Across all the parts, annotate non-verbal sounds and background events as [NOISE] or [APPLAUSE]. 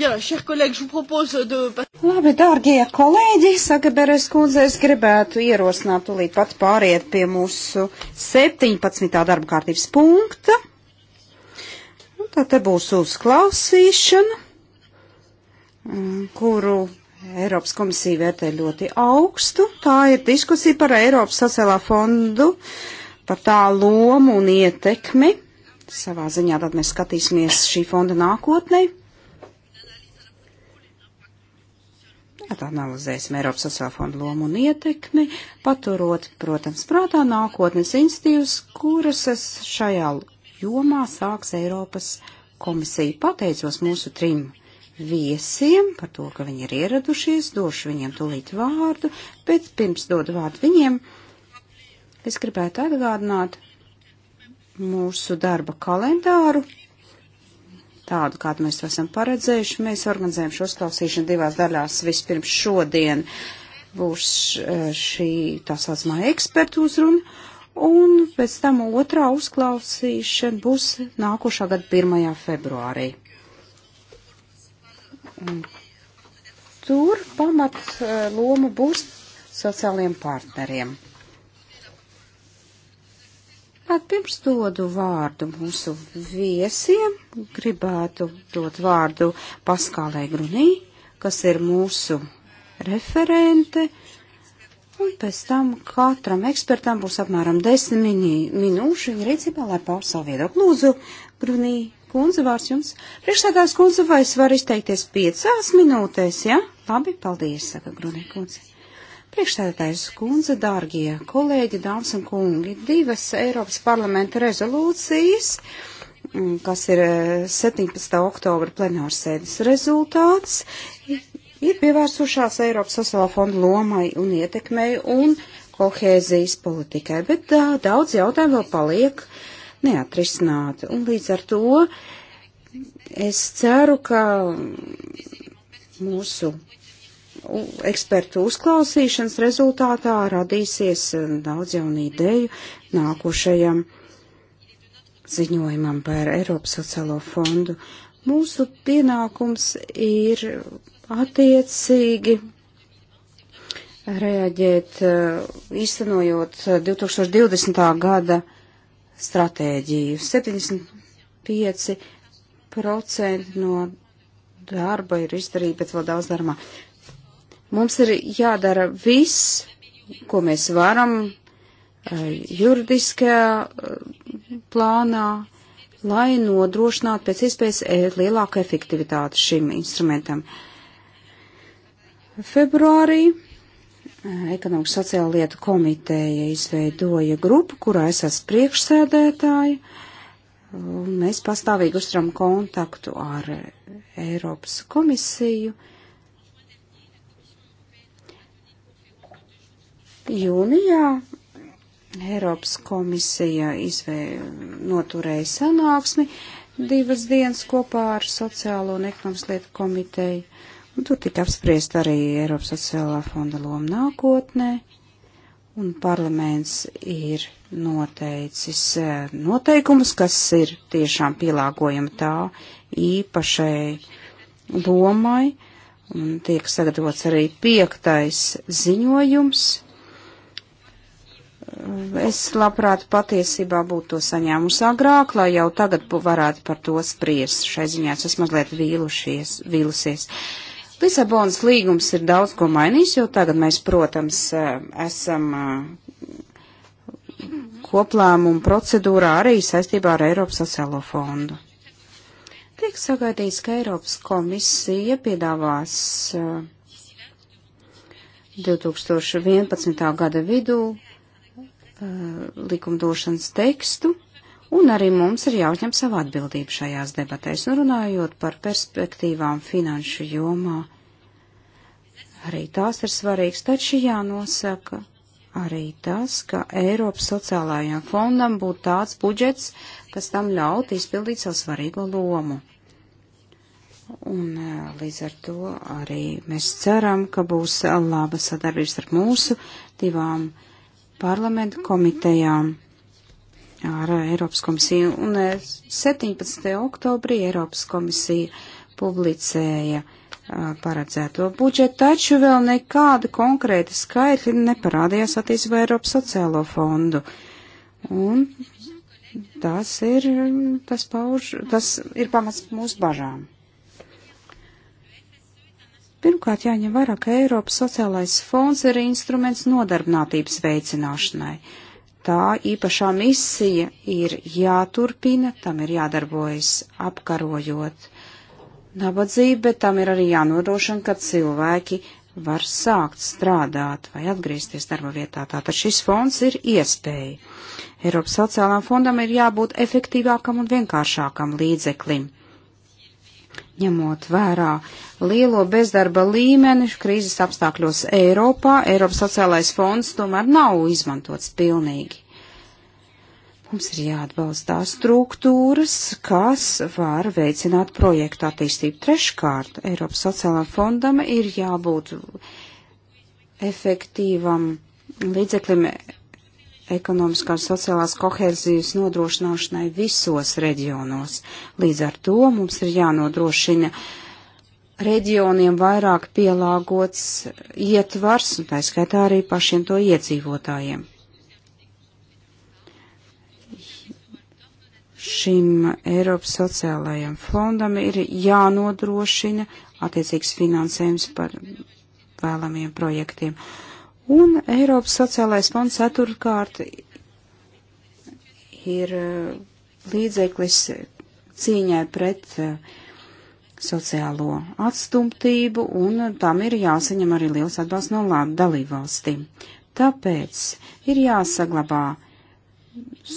Jā, šie kolēģi, es propozu de... Labi, dārgie kolēģi, saka Beres kundze, es gribētu ierosināt tūlīt pat pāriet pie mūsu 17. darba kārtības punkta. Un nu, tā te būs uzklausīšana, mm, kuru Eiropas komisija vērtē ļoti augstu. Tā ir diskusija par Eiropas sociālā fondu, par tā lomu un ietekmi. Savā ziņā tad mēs skatīsimies šī fonda nākotnei. Tad analizēsim Eiropas sociālā fonda lomu un ietekmi, paturot, protams, prātā nākotnes institīvas, kuras es šajā jomā sāks Eiropas komisija. Pateicos mūsu trim viesiem par to, ka viņi ir ieradušies, došu viņiem tulīt vārdu, bet pirms dodu vārdu viņiem, es gribētu atgādināt mūsu darba kalendāru tādu, kādu mēs esam paredzējuši. Mēs organizējam šo uzklausīšanu divās daļās. Vispirms šodien būs eh, šī tā saucamā ekspertu uzruna, un pēc tam otrā uzklausīšana būs nākošā gada 1. februārī. Un tur pamat eh, loma būs sociālajiem partneriem. Bet pirms dodu vārdu mūsu viesiem, gribētu dot vārdu Paskālai Grunī, kas ir mūsu referente, un pēc tam katram ekspertam būs apmēram desmit mini, minūšu viņa rīcībā, lai paus savu viedokli. Lūdzu, Grunī, kundze, vārds jums. Priekšsēdās kundze, vai es varu izteikties piecās minūtēs, ja? Labi, paldies, saka Grunī kundze. Priekšstādātais kundze, dārgie kolēģi, dāmas un kungi, divas Eiropas parlamenta rezolūcijas, mm, kas ir 17. Eh, oktobra plenārsēdes rezultāts, ir pievērsušās Eiropas sociālā fonda lomai un ietekmei un kohēzijas politikai, bet daudz jautājumu vēl paliek neatrisināti. Un līdz ar to es ceru, ka mūsu ekspertu uzklausīšanas rezultātā radīsies e, daudz jaunu ideju nākošajam ziņojumam par Eiropas sociālo fondu. Mūsu pienākums ir attiecīgi reaģēt, e, īstenojot 2020. E, gada stratēģiju. 75% no darba ir izdarīta, bet vēl daudz darāmā. Mums ir jādara viss, ko mēs varam eh, juridiskajā eh, plānā, lai nodrošinātu pēc iespējas e, lielāku efektivitāti šim instrumentam. Februārī eh, Ekonomikas sociāla lietu komiteja izveidoja grupu, kurā es esmu priekšsēdētāja. Mēs pastāvīgi uzturam kontaktu ar Eiropas komisiju Jūnijā Eiropas komisija izvē, noturēja sanāksmi divas dienas kopā ar Sociālo un ekonomikas lietu komiteju. Un tur tika apspriest arī Eiropas sociālā fonda loma nākotnē. Un parlaments ir noteicis e, noteikumus, kas ir tiešām pielāgojami tā īpašai lomai. Un tiek sagatavots arī piektais ziņojums es labprāt patiesībā būtu to saņēmusi agrāk, lai jau tagad varētu par to spriest. Šai ziņā es esmu mazliet vīlušies, vīlusies. Lisabonas līgums ir daudz ko mainījis, jo tagad mēs, protams, e, esam e, koplēmumu procedūrā arī saistībā ar Eiropas sociālo fondu. Tiek sagaidīts, ka Eiropas komisija piedāvās 2011. E, gada vidū Eh, likumdošanas tekstu, un arī mums ir jāuzņem savu atbildību šajās debatēs. Un runājot par perspektīvām finanšu jomā, arī tās ir svarīgas, taču jānosaka arī tas, ka Eiropas sociālajām fondam būtu tāds budžets, kas tam ļaut izpildīt savu svarīgo lomu. Un eh, līdz ar to arī mēs ceram, ka būs laba sadarbības ar mūsu divām uh, parlamentu komitejām ar Eiropas komisiju. Un 17. Eh, oktobrī Eiropas komisija publicēja eh, paredzēto budžetu, taču vēl nekāda konkrēta skaitļa neparādījās attīstībā Eiropas sociālo fondu. Un tas ir, tas pauž, tas ir pamats mūsu bažām. Pirmkārt, jāņem vērā, ka Eiropas sociālais fonds ir instruments nodarbinātības veicināšanai. Tā īpašā misija ir jāturpina, tam ir jādarbojas apkarojot nabadzību, bet tam ir arī jānodrošina, ka cilvēki var sākt strādāt vai atgriezties darba vietā. Tātad šis fonds ir iespēja. Eiropas sociālām fondam ir jābūt efektīvākam un vienkāršākam līdzeklim ņemot vērā lielo bezdarba līmeni krīzes apstākļos Eiropā, Eiropas sociālais fonds tomēr nav izmantots pilnīgi. Mums ir jāatbalsta tās struktūras, kas var veicināt projektu attīstību. Treškārt, Eiropas sociālā fondam ir jābūt efektīvam līdzeklim ekonomiskās sociālās kohēzijas nodrošināšanai visos reģionos. Līdz ar to mums ir jānodrošina reģioniem vairāk pielāgots ietvars, un tā skaitā arī pašiem to iedzīvotājiem. Šim Eiropas sociālajam fondam ir jānodrošina attiecīgs finansējums par vēlamiem projektiem. Uh, Un Eiropas sociālais fonds ceturkārt ir e, līdzeklis cīņai pret e, sociālo atstumtību, un tam ir jāsaņem arī liels atbalsts no dalībvalstīm. Tāpēc ir jāsaglabā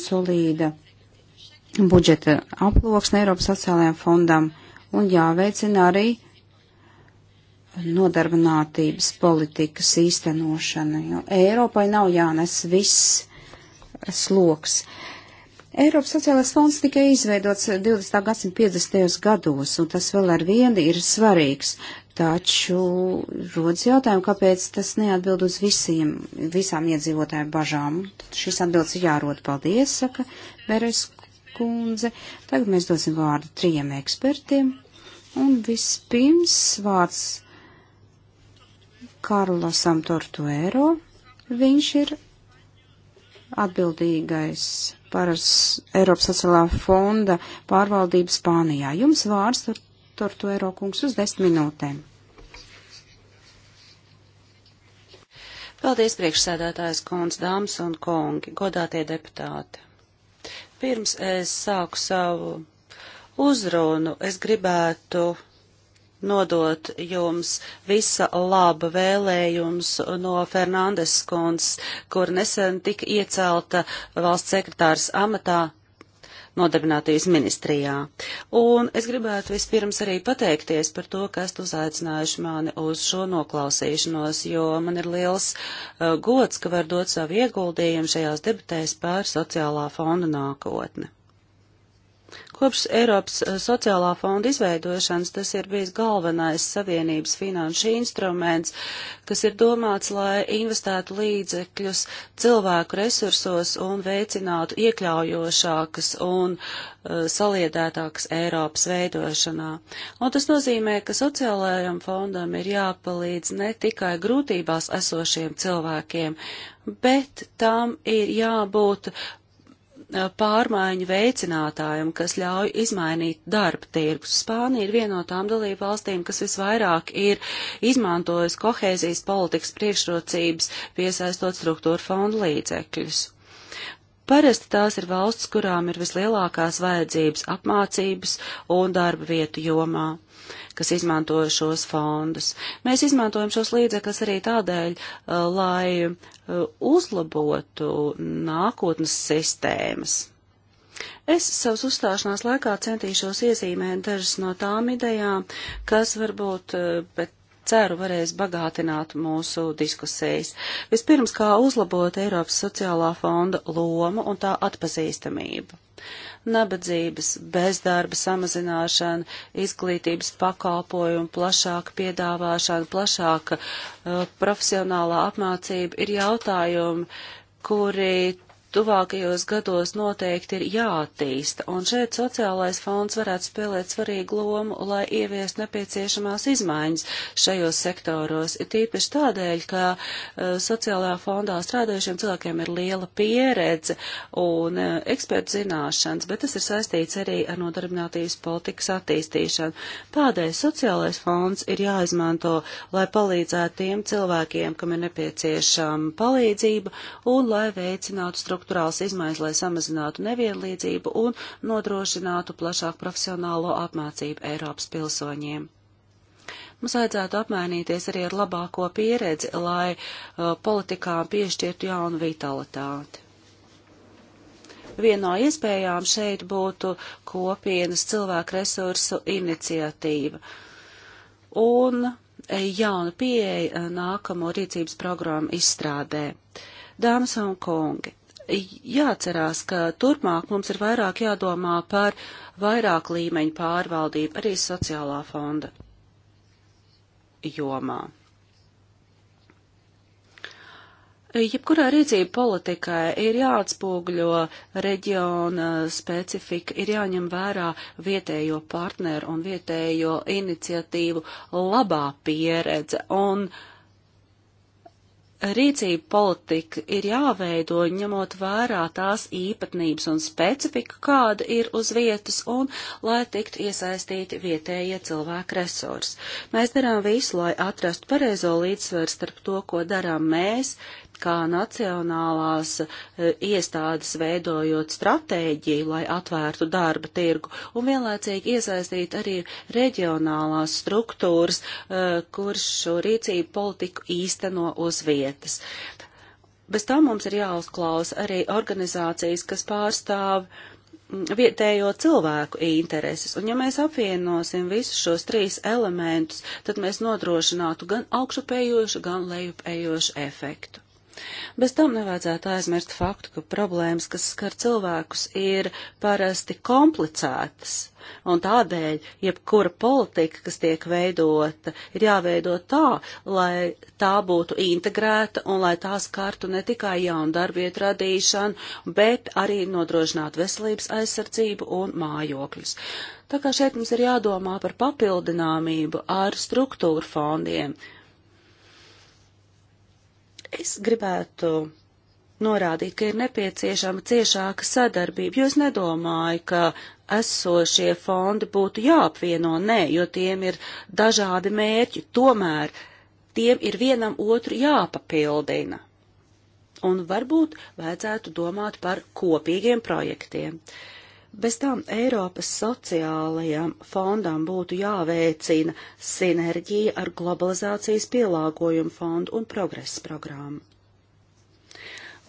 solīda budžeta aploksne Eiropas sociālajām fondam un jāveicina arī nodarbinātības politikas īstenošana, jo Eiropai nav jānes viss sloks. Eiropas sociālais fonds tika izveidots 20. gadsimta 50. gados, un tas vēl ar vienu ir svarīgs. Taču rodas jautājumu, kāpēc tas neatbild uz visiem, visām iedzīvotāju bažām. Tad šis atbildes ir jārod. Paldies, saka Beres kundze. Tagad mēs dosim vārdu trijiem ekspertiem. Un vispirms vārds Karlosam Tortuēro. Viņš ir atbildīgais par Eiropas sociālā fonda pārvaldību Spānijā. Jums vārds Tortuēro kungs uz desmit minūtēm. Paldies, priekšsēdētājs kundz, dāmas un kungi, godātie deputāti. Pirms es sāku savu uzrunu, es gribētu nodot jums visa laba vēlējums no Fernandes kundas, kur nesen tika iecelta valsts sekretārs amatā nodarbinātības ministrijā. Un es gribētu vispirms arī pateikties par to, ka esat uzaicinājuši mani uz šo noklausīšanos, jo man ir liels uh, gods, ka var dot savu ieguldījumu šajās debatēs par sociālā fonda nākotni. Kopš Eiropas eh, sociālā fonda izveidošanas tas ir bijis galvenais savienības finanšu instruments, kas ir domāts, lai investētu līdzekļus cilvēku resursos un veicinātu iekļaujošākas un uh, saliedētākas Eiropas veidošanā. Un tas nozīmē, ka sociālajam fondam ir jāpalīdz ne tikai grūtībās esošiem cilvēkiem, bet tam ir jābūt Uh, pārmaiņu veicinātājam, kas ļauj izmainīt darba tirgus. Spānija ir viena no tām dalību valstīm, kas visvairāk ir izmantojusi kohēzijas politikas priekšrocības, piesaistot struktūra fondu līdzekļus. Parasti tās ir valsts, kurām ir vislielākās vajadzības apmācības un darba vietu jomā kas izmanto šos fondus. Mēs izmantojam šos līdzekļus arī tādēļ, uh, lai uh, uzlabotu nākotnes sistēmas. Es savas uzstāšanās laikā centīšos iezīmēt dažas no tām idejām, kas varbūt, uh, bet ceru, varēs bagātināt mūsu diskusijas. Vispirms, kā uzlabot Eiropas sociālā fonda lomu un tā atpazīstamību nabadzības, bezdarba samazināšana, izglītības pakalpojumu, plašāka piedāvāšana, plašāka uh, profesionālā apmācība ir jautājumi, kuri tuvākajos gados noteikti ir jātīsta, un šeit sociālais fonds varētu spēlēt svarīgu lomu, lai ieviest nepieciešamās izmaiņas šajos sektoros. Tīpaši tādēļ, ka uh, sociālajā fondā strādājušiem cilvēkiem ir liela pieredze un uh, ekspertu zināšanas, bet tas ir saistīts arī ar nodarbinātības politikas attīstīšanu. Tādēļ sociālais fonds ir jāizmanto, lai palīdzētu tiem cilvēkiem, kam ir nepieciešama palīdzība un lai veicinātu struktūru struktūrāls izmaiņas, lai samazinātu nevienlīdzību un nodrošinātu plašāku profesionālo apmācību Eiropas pilsoņiem. Mums vajadzētu apmainīties arī ar labāko pieredzi, lai uh, politikām piešķirtu jaunu vitalitāti. Viena no iespējām šeit būtu kopienas cilvēku resursu iniciatīva. Un eh, jauna pieeja eh, nākamo rīcības programmu izstrādē. Dāmas un kungi, jāatcerās, ka turpmāk mums ir vairāk jādomā par vairāk līmeņu pārvaldību arī sociālā fonda jomā. Jebkurā rīcība politikai ir jāatspūgļo reģiona specifika, ir jāņem vērā vietējo partneru un vietējo iniciatīvu labā pieredze, un uh, rīcība politika ir jāveido ņemot vērā tās īpatnības un specifiku, kāda ir uz vietas, un lai tiktu iesaistīti vietējie cilvēku resursi. Mēs darām visu, lai atrastu pareizo līdzsveru starp to, ko darām mēs, kā nacionālās e, iestādes veidojot stratēģiju, lai atvērtu darba tirgu, un vienlaicīgi iesaistīt arī reģionālās struktūras, e, kurš šo rīcību politiku īsteno uz vietas. Bez tam mums ir jāuzklausa arī organizācijas, kas pārstāv vietējo cilvēku intereses. Un ja mēs apvienosim visus šos trīs elementus, tad mēs nodrošinātu gan augšupējošu, gan lejupējošu efektu. Bez tam nevajadzētu aizmirst faktu, ka problēmas, kas skar cilvēkus, ir parasti komplicētas, un tādēļ jebkura politika, kas tiek veidota, ir jāveido tā, lai tā būtu integrēta un lai tās kartu ne tikai jaunu darbietu radīšanu, bet arī nodrošinātu veselības aizsardzību un mājokļus. Tā kā šeit mums ir jādomā par papildināmību ar struktūru fondiem, Es gribētu norādīt, ka ir nepieciešama ciešāka sadarbība, jo es nedomāju, ka esošie fondi būtu jāapvieno, nē, jo tiem ir dažādi mērķi, tomēr tiem ir vienam otru jāpapildina. Un varbūt vajadzētu domāt par kopīgiem projektiem. Uh, Bez tām Eiropas sociālajam fondam būtu jāveicina sinerģija ar globalizācijas pielāgojumu fondu un progresa programmu.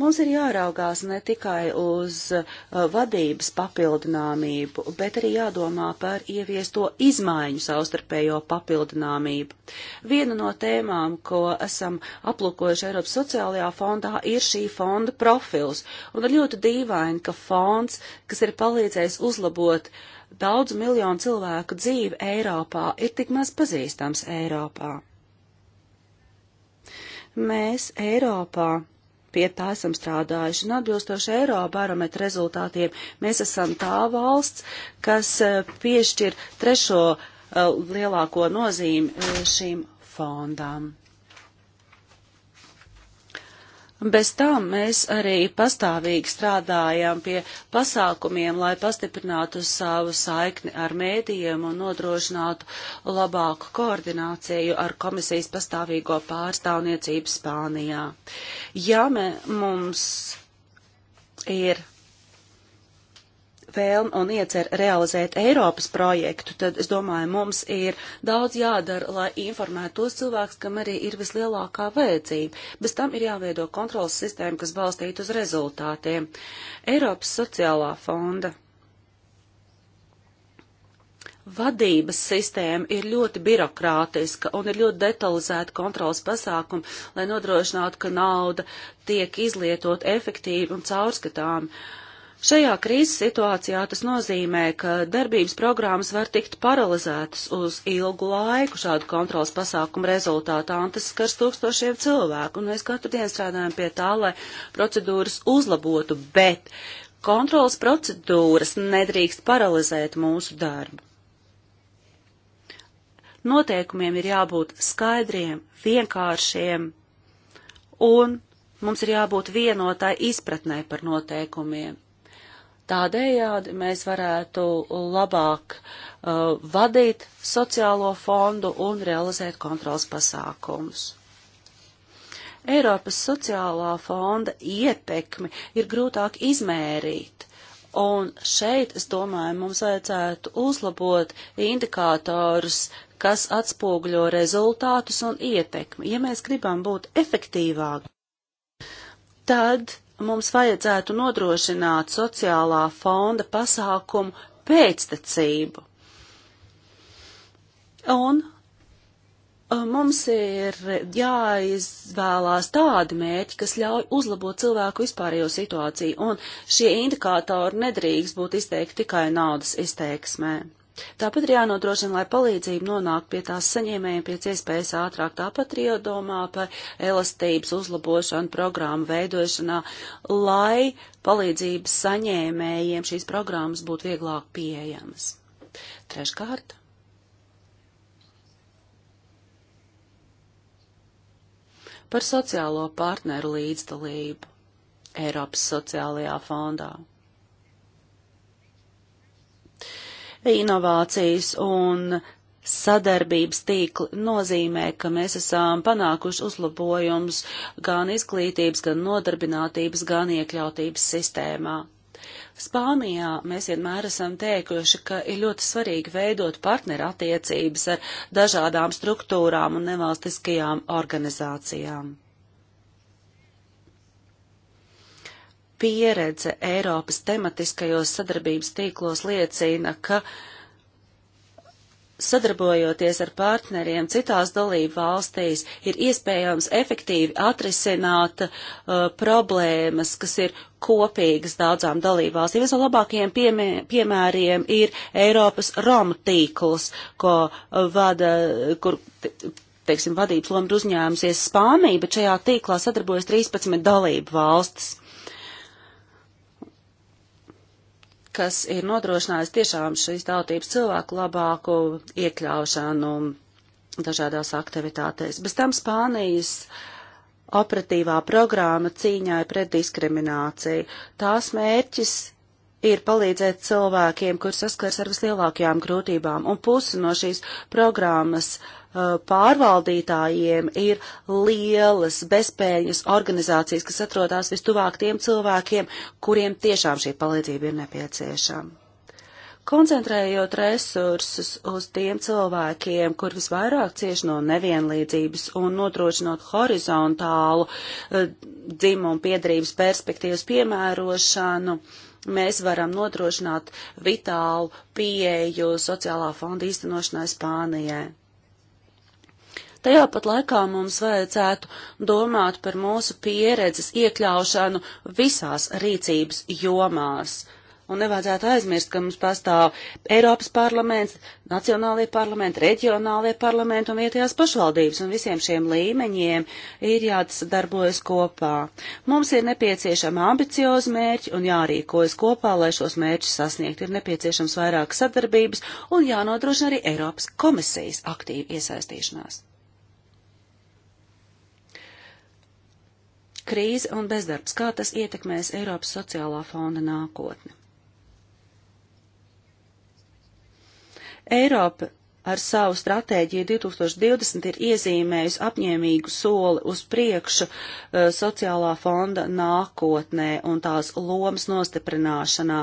Mums ir jāraugās ne tikai uz uh, vadības papildināmību, bet arī jādomā par ieviesto izmaiņu saustarpējo papildināmību. Viena no tēmām, ko esam aplūkojuši Eiropas sociālajā fondā, ir šī fonda profils. Un ir ļoti dīvaini, ka fonds, kas ir palīdzējis uzlabot daudzu miljonu cilvēku dzīvi Eiropā, ir tik maz pazīstams Eiropā. Mēs Eiropā pie tā esam strādājuši. Un atbilstoši eiro barometra rezultātiem, mēs esam tā valsts, kas e, piešķir trešo e, lielāko nozīmi e, šīm fondām. Bez tam mēs arī pastāvīgi strādājam pie pasākumiem, lai pastiprinātu savu saikni ar mēdījiem un nodrošinātu labāku koordināciju ar komisijas pastāvīgo pārstāvniecību Spānijā. Ja mē, mums ir vēlmi un iecer realizēt Eiropas projektu, tad es domāju, mums ir daudz jādara, lai informētu tos cilvēkus, kam arī ir vislielākā vajadzība. Bez tam ir jāveido kontrolas sistēma, kas balstītu uz rezultātiem. Eiropas sociālā fonda vadības sistēma ir ļoti birokrātiska un ir ļoti detalizēta kontrolas pasākuma, lai nodrošinātu, ka nauda tiek izlietot efektīvi un caurskatām. Uh, Šajā krīzes situācijā tas nozīmē, ka darbības programmas var tikt paralizētas uz ilgu laiku šādu kontrolas pasākumu rezultātā, un tas skars tūkstošiem cilvēku, un mēs katru dienu strādājam pie tā, lai procedūras uzlabotu, bet kontrolas procedūras nedrīkst paralizēt mūsu darbu. Noteikumiem ir jābūt skaidriem, vienkāršiem, un mums ir jābūt vienotai izpratnē par noteikumiem. Tādējādi mēs varētu labāk uh, vadīt sociālo fondu un realizēt kontrols pasākumus. Eiropas sociālā fonda ietekmi ir grūtāk izmērīt, un šeit, es domāju, mums vajadzētu uzlabot indikātorus, kas atspoguļo rezultātus un ietekmi. Ja mēs gribam būt efektīvāki, tad mums vajadzētu nodrošināt sociālā fonda pasākumu pēctecību. Un uh, mums ir jāizvēlās tādi mērķi, kas ļauj uzlabot cilvēku vispārējo situāciju, un šie indikātori nedrīkst būt izteikti tikai naudas izteiksmē. Tāpat ir jānodrošina, lai palīdzība nonāk pie tās saņēmējiem pēc iespējas ātrāk. Tāpat ir jādomā par elastības uzlabošanu programmu veidošanā, lai palīdzības saņēmējiem šīs programmas būtu vieglāk pieejamas. Treškārt. Par sociālo partneru līdzdalību Eiropas sociālajā fondā. Inovācijas un sadarbības tīkli nozīmē, ka mēs esam panākuši uzlabojums gan izglītības, gan nodarbinātības, gan iekļautības sistēmā. Spānijā mēs vienmēr esam teikuši, ka ir ļoti svarīgi veidot partneru attiecības ar dažādām struktūrām un nevalstiskajām organizācijām. pieredze Eiropas tematiskajos sadarbības tīklos liecina, ka sadarbojoties ar partneriem citās dalību valstīs, ir iespējams efektīvi atrisināt uh, problēmas, kas ir kopīgas daudzām dalību valstīm. Viens no labākajiem piemē, piemēriem ir Eiropas Roma tīkls, ko uh, vada, kur, te, teiksim, vadības lomu ir uzņēmusies Spānija, bet šajā tīklā sadarbojas 13 dalību valstis. kas ir nodrošinājis tiešām šīs tautības cilvēku labāku iekļaušanu dažādās aktivitātēs. Bez tam Spānijas operatīvā programma cīņai pret diskrimināciju. Tās mērķis ir palīdzēt cilvēkiem, kur saskars ar vislielākajām grūtībām, un pusi no šīs programmas uh, pārvaldītājiem ir lielas bezpēļņas organizācijas, kas atrodas vistuvāk tiem cilvēkiem, kuriem tiešām šī palīdzība ir nepieciešama. Koncentrējot resursus uz tiem cilvēkiem, kur visvairāk cieš no nevienlīdzības un nodrošinot horizontālu uh, dzimumu piedarības perspektīvas piemērošanu, uh, mēs varam nodrošināt vitālu pieeju sociālā fonda īstenošanai Spānijai. Tajā pat laikā mums vajadzētu domāt par mūsu pieredzes iekļaušanu visās rīcības jomās, Un nevajadzētu aizmirst, ka mums pastāv Eiropas parlaments, nacionālajie parlamenti, reģionālajie parlamenti un vietējās pašvaldības, un visiem šiem līmeņiem ir jādarbojas kopā. Mums ir nepieciešama ambicioza mērķi un jārīkojas kopā, lai šos mērķus sasniegt. Ir nepieciešams vairāk sadarbības un jānodrošina arī Eiropas komisijas aktīva iesaistīšanās. Krīze un bezdarbs, kā tas ietekmēs Eiropas sociālā fonda nākotni? Eiropa ar savu stratēģiju 2020 ir iezīmējusi apņēmīgu soli uz priekšu uh, sociālā fonda nākotnē un tās lomas nostiprināšanā.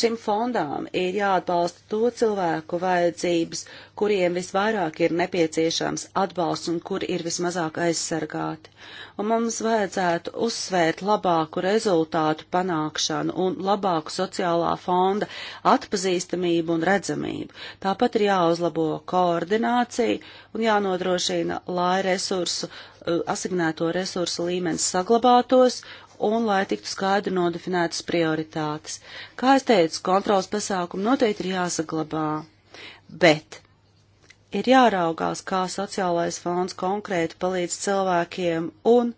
Šim fondām ir jāatbalsta to cilvēku vajadzības, kuriem visvairāk ir nepieciešams atbalsts un kur ir vismazāk aizsargāti. Un mums vajadzētu uzsvērt labāku rezultātu panākšanu un labāku sociālā fonda atpazīstamību un redzamību. Tāpat ir jāuzlabo koordinācija un jānodrošina, lai resursu uh, asignēto resursu līmenis saglabātos un lai tiktu skaidri nodefinētas prioritātes. Kā es teicu, kontrols pasākumi noteikti ir jāsaglabā, bet ir jāraugās, kā sociālais fonds konkrēti palīdz cilvēkiem un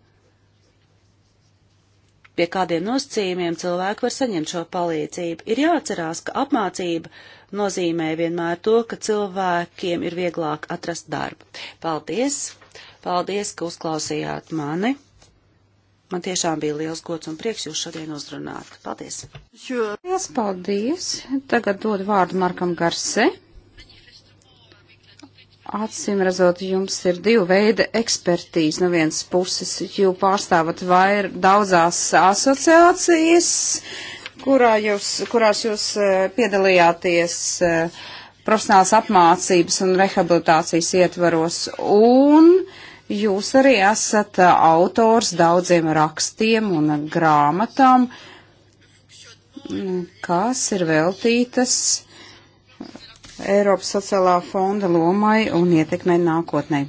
pie kādiem nosacījumiem cilvēki var saņemt šo palīdzību. Ir jāatcerās, ka apmācība nozīmē vienmēr to, ka cilvēkiem ir vieglāk atrast darbu. Paldies! Paldies, ka uzklausījāt mani! Man tiešām bija liels gods un prieks jūs šodien uzrunāt. Paldies! Liels paldies! Tagad dod vārdu Markam Garse. Acīm redzot, jums ir divi veidi ekspertīze. No vienas puses, jūs pārstāvat vair daudzās asociācijas, kurā jūs, kurās jūs eh, piedalījāties eh, profesionālās apmācības un rehabilitācijas ietvaros. Un Jūs arī esat autors daudziem rakstiem un grāmatām, kas ir veltītas Eiropas sociālā fonda lomai un ietekmē nākotnē.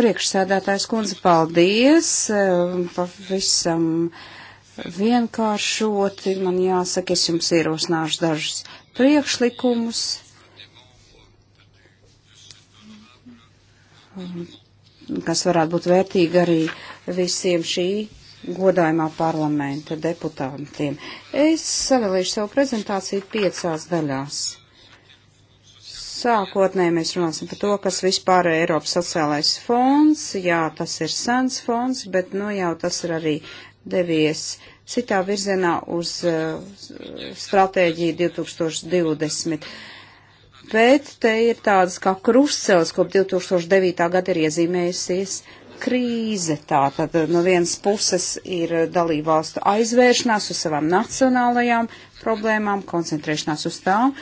Priekšsēdētājs kundze, paldies! Pavisam vienkāršoti man jāsaka, es jums ierosināšu dažus priekšlikumus kas varētu būt vērtīga arī visiem šī godājumā parlamenta deputātiem. Es sadalīšu savu prezentāciju piecās daļās. Sākotnēji mēs runāsim par to, kas vispār ir Eiropas sociālais fonds. Jā, tas ir sens fonds, bet nu jau tas ir arī devies citā virzienā uz uh, stratēģiju 2020 bet te ir tādas kā krusceles, kop 2009. gada ir iezīmējusies krīze. Tātad no vienas puses ir dalībvalstu aizvēršanās uz savām nacionālajām problēmām, koncentrēšanās uz tām.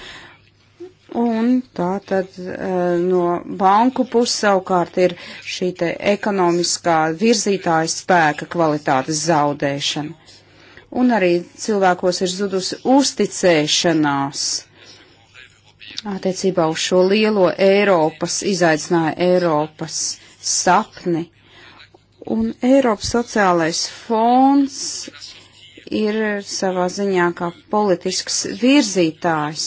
Un tā tad eh, no banku puses savukārt ir šī te ekonomiskā virzītāja spēka kvalitātes zaudēšana. Un arī cilvēkos ir zudusi uzticēšanās attiecībā uz šo lielo Eiropas, izaicināja Eiropas sapni. Un Eiropas sociālais fonds ir savā ziņā kā politisks virzītājs,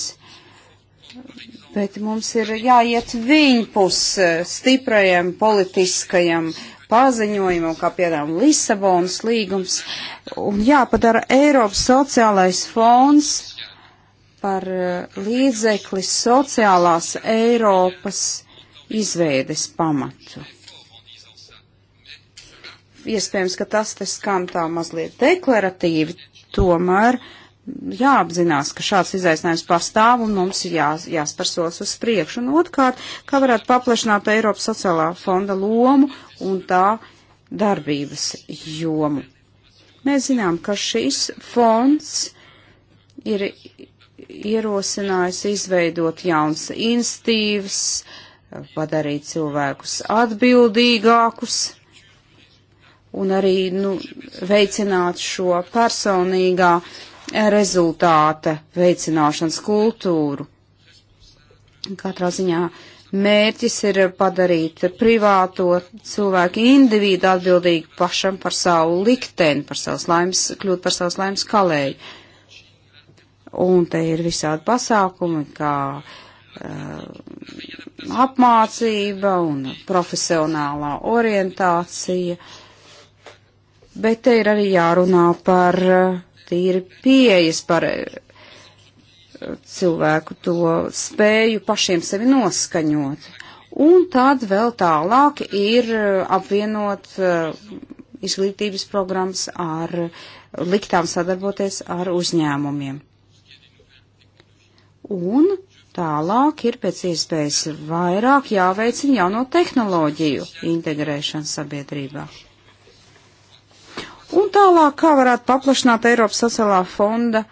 bet mums ir jāiet viņpus eh, stiprajam politiskajam paziņojumam, kā piemēram Lisabonas līgums, un jāpadara Eiropas sociālais fonds par eh, līdzekli sociālās Eiropas izveides pamatu. Iespējams, ka tas te skan tā mazliet deklaratīvi, tomēr jāapzinās, ka šāds izaicinājums pastāv un mums ir jā, jāsparsos uz priekšu. Un otrkārt, kā varētu paplašināt Eiropas sociālā fonda lomu un tā darbības jomu. Mēs zinām, ka šis fonds ir ierosinājusi izveidot jauns institīvs, padarīt cilvēkus atbildīgākus un arī nu, veicināt šo personīgā rezultāta veicināšanas kultūru. Katrā ziņā mērķis ir padarīt privāto cilvēku individu atbildīgu pašam par savu likteni, par savas laimes, kļūt par savas laimes kalēju un te ir visādi pasākumi, kā uh, apmācība un profesionālā orientācija, bet te ir arī jārunā par uh, tīri pieejas, par uh, cilvēku to spēju pašiem sevi noskaņot. Un tad vēl tālāk ir apvienot izglītības programmas ar liktām sadarboties ar uzņēmumiem. Un tālāk ir pēc iespējas vairāk jāveicina jauno tehnoloģiju integrēšana sabiedrībā. Un tālāk, kā varētu paplašināt Eiropas sociālā fonda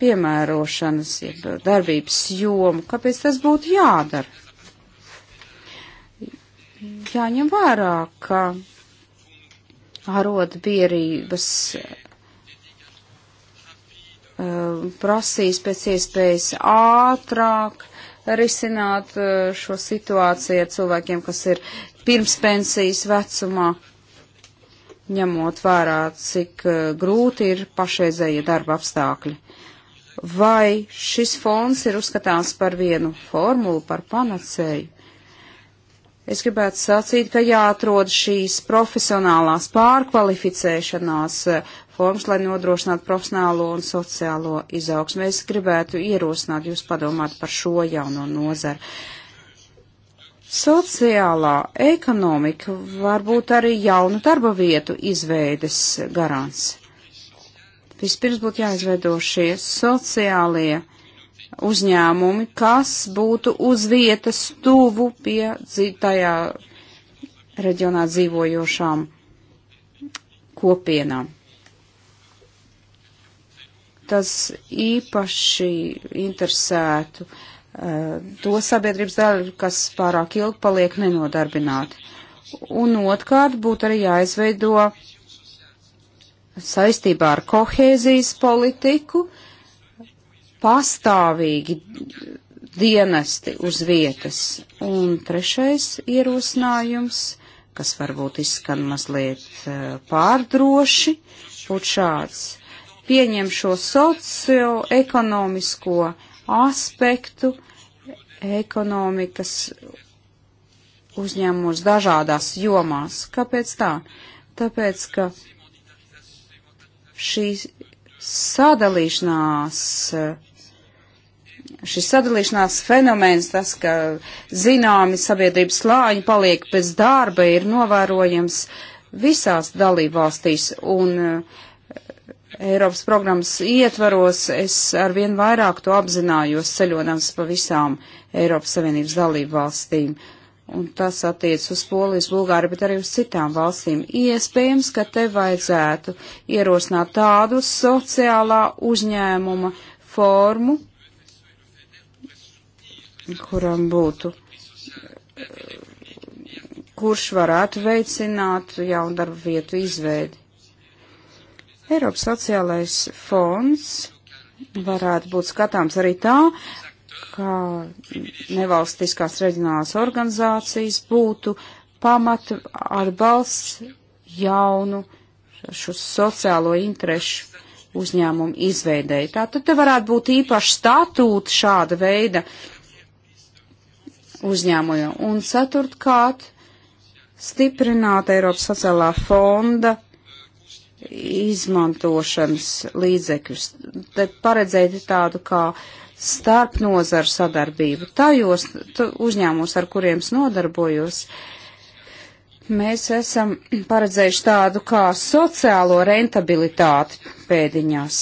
piemērošanas, jeb darbības jomu, kāpēc tas būtu jādara? Jāņem vērā, ka arotbierības Uh, prasīs pēc iespējas ātrāk risināt uh, šo situāciju ar cilvēkiem, kas ir pirms pensijas vecumā, ņemot vērā, cik uh, grūti ir pašreizēja darba apstākļi. Vai šis fonds ir uzskatāms par vienu formulu, par panacēju? Es gribētu sacīt, ka jāatrod šīs profesionālās pārkvalificēšanās platformas, lai nodrošinātu profesionālo un sociālo izaugsmu. Es gribētu ierosināt jūs padomāt par šo jauno nozaru. Sociālā ekonomika var būt arī jaunu darba vietu izveides garants. Vispirms būtu jāizveido šie sociālie uzņēmumi, kas būtu uz vietas tuvu pie tajā reģionā dzīvojošām kopienām tas īpaši interesētu uh, to sabiedrības daļu, kas pārāk ilgi paliek nenodarbināti. Un otrkārt būtu arī jāizveido saistībā ar kohēzijas politiku pastāvīgi dienesti uz vietas. Un trešais ierosinājums, kas varbūt izskan mazliet eh, pārdroši, būtu šāds pieņem šo socioekonomisko aspektu ekonomikas uzņēmumos dažādās jomās. Kāpēc tā? Tāpēc, ka šī sadalīšanās, šis sadalīšanās fenomens, tas, ka zināmi sabiedrības slāņi paliek bez darba, ir novērojams visās dalībvalstīs, un Eiropas programmas ietvaros es arvien vairāk to apzinājos ceļodams pa visām Eiropas Savienības dalību valstīm. Un tas attiec uz Polijas, Bulgāriju, bet arī uz citām valstīm. Iespējams, ka te vajadzētu ierosināt tādu sociālā uzņēmuma formu, kuram būtu kurš varētu veicināt jaunu darba vietu izveidi. Eiropas sociālais fonds varētu būt skatāms arī tā, ka nevalstiskās reģionālās organizācijas būtu pamatu atbalsts jaunu šo sociālo interešu uzņēmumu izveidēji. Tā tad te varētu būt īpaši statūti šāda veida uzņēmumiem. Un ceturtkārt, stiprināt Eiropas sociālā fonda izmantošanas līdzekļus. Tad paredzēt tādu kā starp nozaru sadarbību. Tajos uzņēmumos, ar kuriem es nodarbojos, mēs esam paredzējuši tādu kā sociālo rentabilitāti pēdiņās.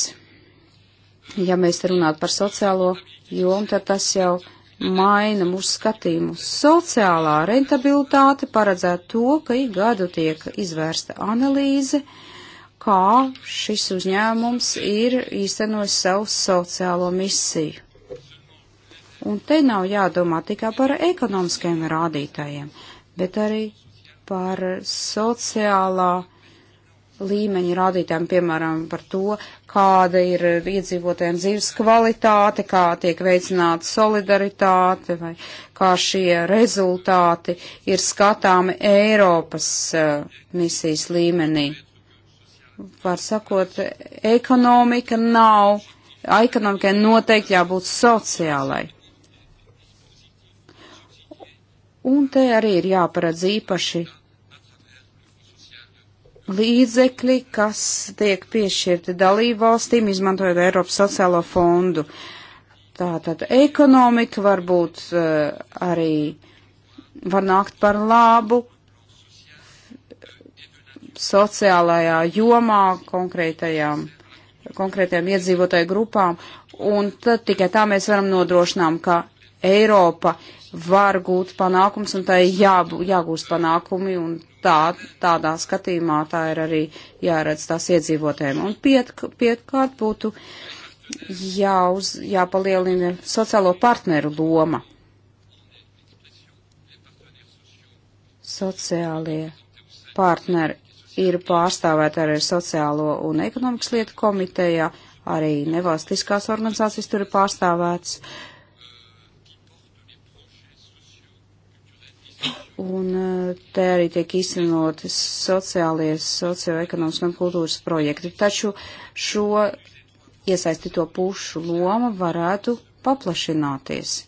Ja mēs te runātu par sociālo jomu, tad tas jau maina mūsu skatījumu. Sociālā rentabilitāte paredzētu to, ka ik gadu tiek izvērsta analīze, uh, kā šis uzņēmums ir īstenojis savu sociālo misiju. Un te nav jādomā tikai par ekonomiskajiem rādītājiem, bet arī par sociālā līmeņa rādītājiem, piemēram, par to, kāda ir iedzīvotājiem dzīves kvalitāte, kā tiek veicināta solidaritāte vai kā šie rezultāti ir skatāmi Eiropas uh, misijas līmenī var sakot, ekonomika nav, ekonomikai noteikti jābūt sociālai. Un te arī ir jāparedz īpaši līdzekļi, kas tiek piešķirti dalību valstīm, izmantojot Eiropas sociālo fondu. Tātad ekonomika varbūt uh, arī var nākt par labu sociālajā jomā konkrētajām, konkrētajām iedzīvotāju grupām, un tad tikai tā mēs varam nodrošinām, ka Eiropa var gūt panākums, un tai jā, jāgūst panākumi, un tā, tādā skatījumā tā ir arī jāredz tās iedzīvotēm. Un piet, pietkārt būtu jāuz, jāpalielina sociālo partneru loma. Sociālie partneri ir pārstāvēta arī sociālo un ekonomikas lietu komitejā, arī nevalstiskās organizācijas tur ir pārstāvēts. Un eh, te arī tiek īstenoti sociālie, socioekonomiski un kultūras projekti. Taču šo iesaistīto pušu loma varētu paplašināties.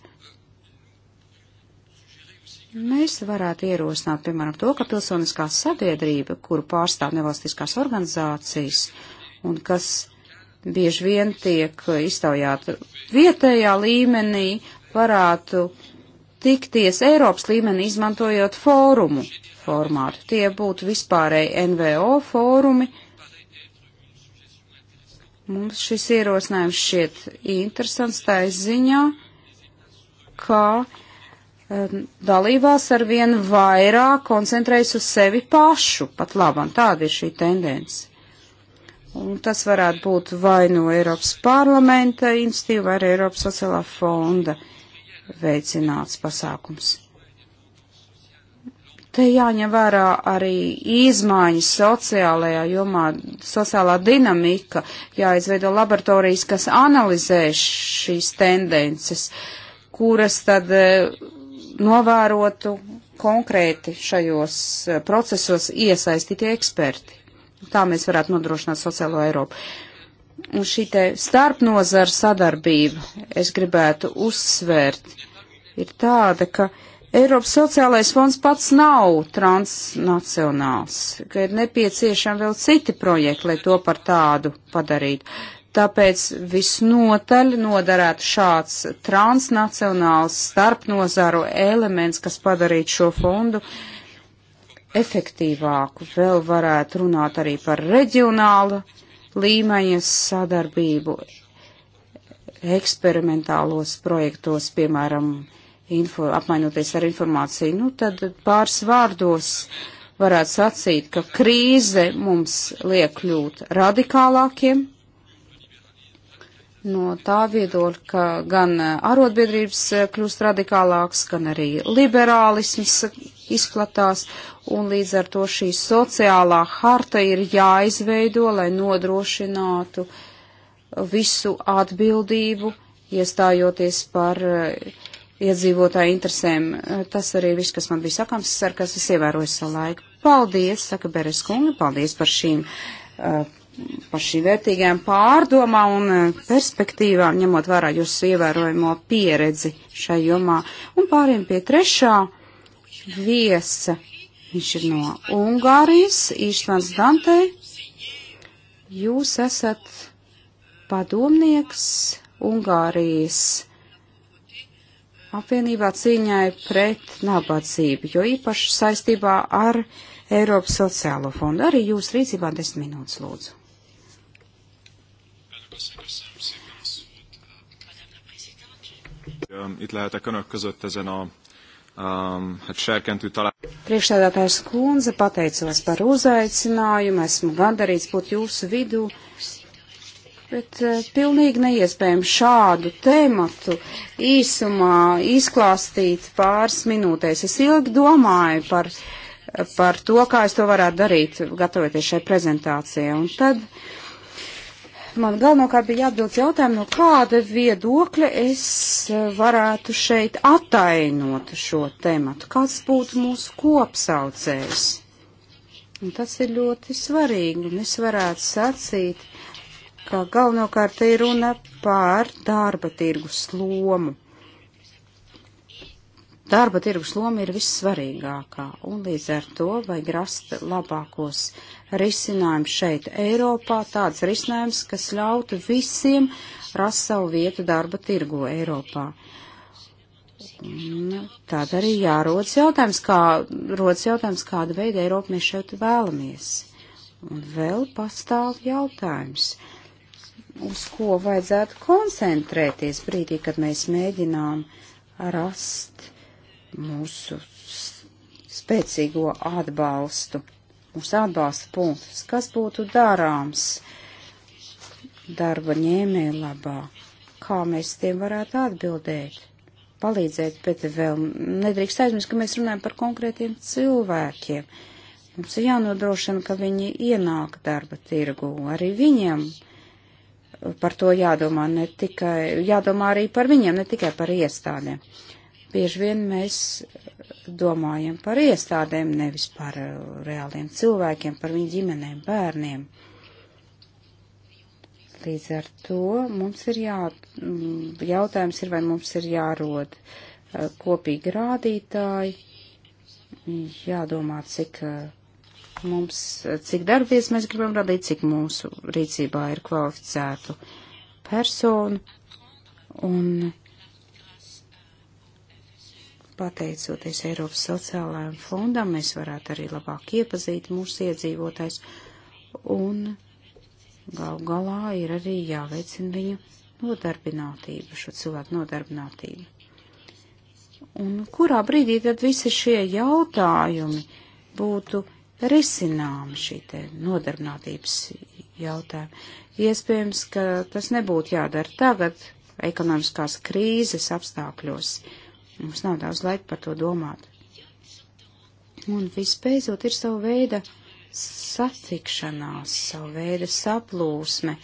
Mēs varētu ierosināt, piemēram, to, ka pilsoniskā sabiedrība, kuru pārstāv nevalstiskās organizācijas un kas bieži vien tiek iztaujāta vietējā līmenī, varētu tikties Eiropas līmenī izmantojot fórumu formātu. Tie būtu vispārēji NVO fórumi. Mums šis ierosinājums šķiet interesants tā ziņā, ka dalībās ar vien vairāk koncentrējas uz sevi pašu, pat labam, tāda ir šī tendence. Un tas varētu būt vai no Eiropas parlamenta institīva, vai arī Eiropas sociālā fonda veicināts pasākums. Te jāņem vērā arī izmaiņas sociālajā jomā, sociālā dinamika, jāizveido laboratorijas, kas analizē šīs tendences, kuras tad eh, novērotu konkrēti šajos eh, procesos iesaistīti eksperti. Tā mēs varētu nodrošināt sociālo Eiropu. Un šī te starpnozara sadarbība, es gribētu uzsvērt, ir tāda, ka Eiropas sociālais fonds pats nav transnacionāls, ka ir nepieciešami vēl citi projekti, lai to par tādu padarītu. Tāpēc visnotaļ nodarētu šāds transnacionāls starpnozaru elements, kas padarītu šo fondu efektīvāku. Vēl varētu runāt arī par reģionālu līmeņa sadarbību eksperimentālos projektos, piemēram, info, apmainoties ar informāciju. Nu, tad pāris vārdos varētu sacīt, ka krīze mums liek kļūt radikālākiem no tā viedokļa, ka gan e, arotbiedrības e, kļūst radikālāks, gan arī liberālisms izplatās, un līdz ar to šī sociālā harta ir jāizveido, lai nodrošinātu visu atbildību, iestājoties par e, iedzīvotāju interesēm. Tas arī viss, kas man bija sakāms, es ceru, ka es ievēroju savu laiku. Paldies, saka Beres kunga, paldies par šīm uh, par šīm vērtīgām pārdomām un eh, perspektīvām, ņemot vērā jūsu ievērojamo pieredzi šai jomā. Un pāriem pie trešā viesa. Viņš ir no Ungārijas, Īštvans Dantē. Jūs esat padomnieks Ungārijas apvienībā cīņai pret nabadzību, jo īpaši saistībā ar Eiropas sociālo fondu. Arī jūs rīcībā desmit minūtes lūdzu. Um, itt lehetek önök között ezen a um, hát serkentű talál. Priekšstādātājs kundze, pateicos par uzaicinājumu, esmu gandarīts būt jūsu vidū, bet uh, pilnīgi neiespējami šādu tēmatu īsumā izklāstīt pāris minūtēs. Es ilgi domāju par, par to, kā es to varētu darīt, gatavoties šai prezentācijai. Un tad uh, Man galvenokārt bija jāatbild jautājumu, no kāda viedokļa es eh, varētu šeit atainot šo tematu, kāds būtu mūsu kopsaucējs. Un tas ir ļoti svarīgi, un es varētu sacīt, ka galvenokārt te ir runa pār darba tirgus lomu. Darba tirgus loma ir vissvarīgākā, un līdz ar to vajag rast labākos risinājums šeit Eiropā, tāds risinājums, kas ļautu visiem rast savu vietu darba tirgu Eiropā. Un tad arī jārodas jautājums, kā, rodas jautājums, kāda veida Eiropu mēs šeit vēlamies. Un vēl pastāv jautājums, uz ko vajadzētu koncentrēties brīdī, kad mēs mēģinām rast mūsu spēcīgo atbalstu mums atbalsta punktus, kas būtu darāms darba ņēmēja labā, kā mēs tiem varētu atbildēt, palīdzēt, bet vēl nedrīkst aizmirst, ka mēs runājam par konkrētiem cilvēkiem. Mums ir jānodrošina, ka viņi ienāk darba tirgu, arī viņiem par to jādomā ne tikai, jādomā arī par viņiem, ne tikai par iestādēm. Bieži vien mēs domājam par iestādēm, nevis par uh, reāliem cilvēkiem, par viņu ģimenēm, bērniem. Līdz ar to mums ir jā, mm, jautājums ir, vai mums ir jārod uh, kopīgi rādītāji, jādomā, cik uh, mums, cik darbvies mēs gribam radīt, cik mūsu rīcībā ir kvalificētu personu un Pateicoties Eiropas sociālajiem fondam, mēs varētu arī labāk iepazīt mūsu iedzīvotājs un gal galā ir arī jāveicina viņu nodarbinātība, šo cilvēku nodarbinātība. Un kurā brīdī tad visi šie jautājumi būtu risināmi šī te nodarbinātības jautājumi? Iespējams, ka tas nebūtu jādara tagad, ekonomiskās krīzes apstākļos. Uh, Mums nav daudz laika par to domāt. Un vispēcot ir savu veidu satikšanās, savu veidu saplūsme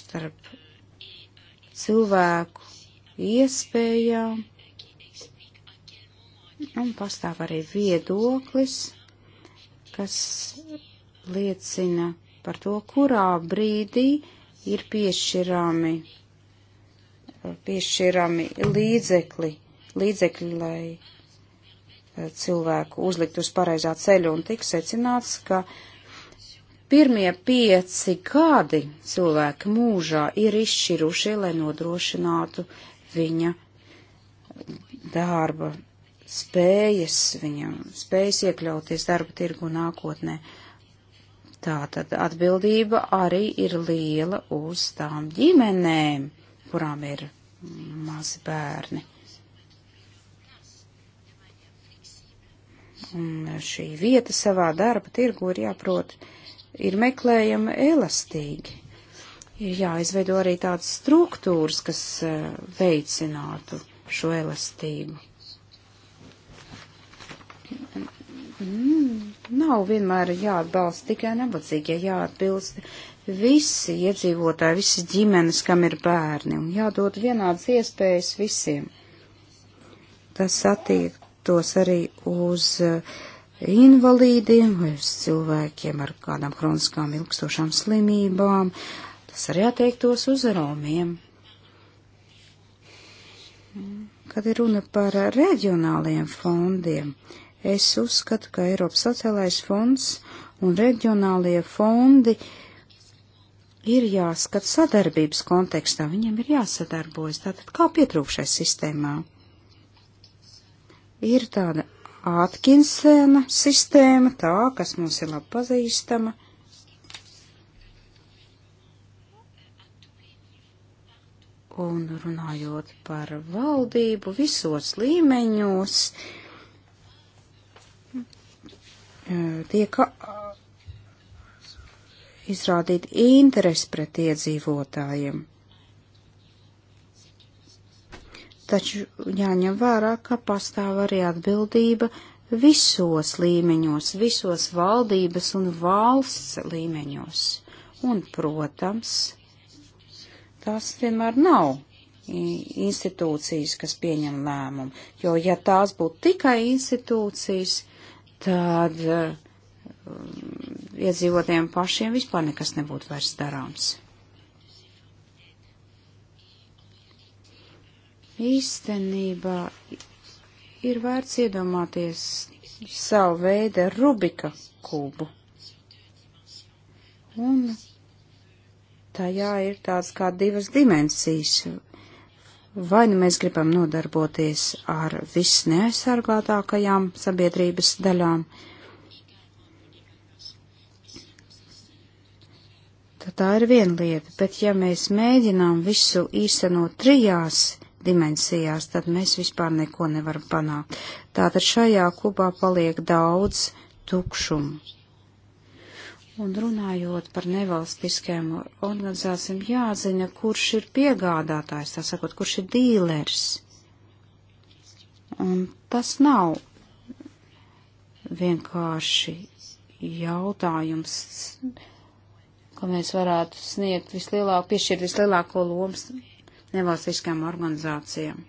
starp cilvēku iespējām. Un pastāv arī viedoklis, kas liecina par to, kurā brīdī ir piešķirami piešķirami līdzekļi, līdzekļi, lai eh, cilvēku uzlikt uz pareizā ceļa un tik secināts, ka pirmie pieci gadi cilvēka mūžā ir izšķirušie, lai nodrošinātu viņa darba spējas, viņam spējas iekļauties darba tirgu nākotnē. Tātad atbildība arī ir liela uz tām ģimenēm, kurām ir mazi bērni. Un šī vieta savā darba tirgu ir jāprot, ir meklējama elastīgi. Ir jāizveido arī tādas struktūras, kas eh, veicinātu šo elastību. Mm, nav vienmēr jāatbalsta tikai nabadzīgie, jāatbilst visi iedzīvotāji, visas ģimenes, kam ir bērni, un jādod vienādas iespējas visiem. Tas attiektos arī uz eh, invalīdiem, uz cilvēkiem ar kādām kroniskām ilgstošām slimībām, tas arī attiektos uz romiem. Kad ir runa par reģionāliem fondiem, es uzskatu, ka Eiropas sociālais fonds un reģionālie fondi uh, ir jāskat sadarbības kontekstā, viņiem ir jāsadarbojas. Tātad kā pietrūkšai sistēmā? Ir tāda Atkinsēna sistēma, tā, kas mums ir labi pazīstama. Un runājot par valdību visos līmeņos, tiek izrādīt interesi pret iedzīvotājiem. Taču jāņem vērā, ka pastāv arī atbildība visos līmeņos, visos valdības un valsts līmeņos. Un, protams, tās vienmēr nav institūcijas, kas pieņem lēmumu, jo ja tās būtu tikai institūcijas, tad uh, iedzīvotiem pašiem vispār nekas nebūtu vairs darāms. Īstenībā ir vērts iedomāties savu veidu Rubika kubu. Un tajā ir tāds kā divas dimensijas. Vai nu mēs gribam nodarboties ar visneaizsargātākajām sabiedrības daļām, uh, tad tā ir viena lieta, bet ja mēs mēģinām visu īstenot trijās dimensijās, tad mēs vispār neko nevaram panākt. Tātad šajā klubā paliek daudz tukšumu. Un runājot par nevalstiskajām organizācijām, jāzina, kurš ir piegādātājs, tā sakot, kurš ir dīlers. Un tas nav vienkārši jautājums ko mēs varētu sniegt vislielāko, piešķirt vislielāko lomas nevalstiskām organizācijām.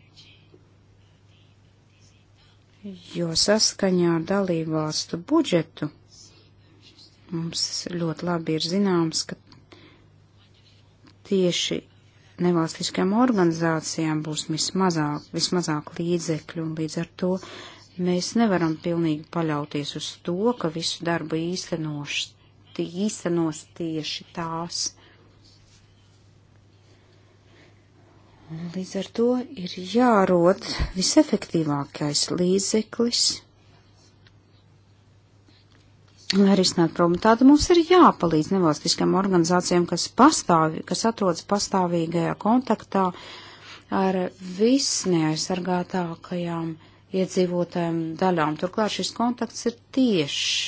Jo saskaņā ar dalībvalstu budžetu mums ļoti labi ir zināms, ka tieši nevalstiskajām organizācijām būs vismazāk, vismazāk līdzekļu, un līdz ar to mēs nevaram pilnīgi paļauties uz to, ka visu darbu īstenošs īstenos tieši tās. Līdz ar to ir jārod visefektīvākais līdzeklis, lai risinātu problēmu. Tāda mums ir jāpalīdz nevalstiskām organizācijām, kas, pastāv, kas atrodas pastāvīgajā kontaktā ar visneaizsargātākajām iedzīvotājiem daļām. Turklāt šis kontakts ir tieši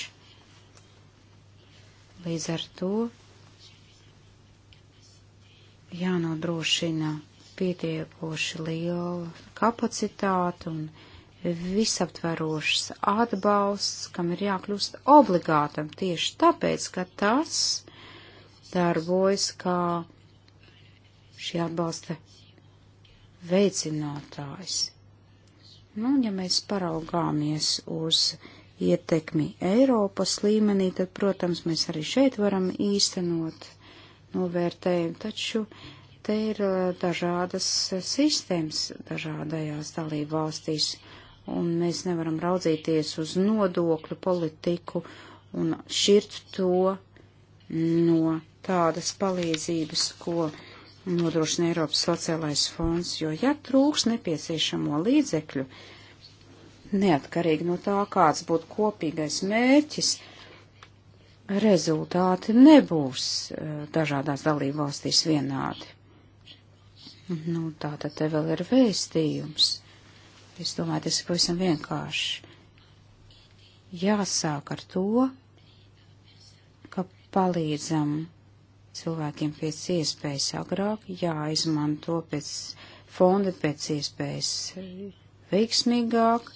Līdz ar to jānodrošina pietiekoši liela kapacitāte un visaptverošs atbalsts, kam ir jākļūst obligātam tieši tāpēc, ka tas darbojas kā šī atbalsta veicinātājs. Nu, ja mēs paraugāmies uz ietekmi Eiropas līmenī, tad, protams, mēs arī šeit varam īstenot novērtējumu, taču te ir dažādas sistēmas dažādajās dalību valstīs, un mēs nevaram raudzīties uz nodokļu politiku un šķirt to no tādas palīdzības, ko nodrošina Eiropas sociālais fonds, jo ja trūks nepieciešamo līdzekļu, uh, neatkarīgi no tā, kāds būtu kopīgais mērķis, rezultāti nebūs eh, dažādās dalībvalstīs vienādi. Nu, tā tad te vēl ir vēstījums. Es domāju, tas ir pavisam vienkārši. Jāsāk ar to, ka palīdzam cilvēkiem pēc iespējas agrāk, jāizmanto pēc fonda pēc iespējas veiksmīgāk,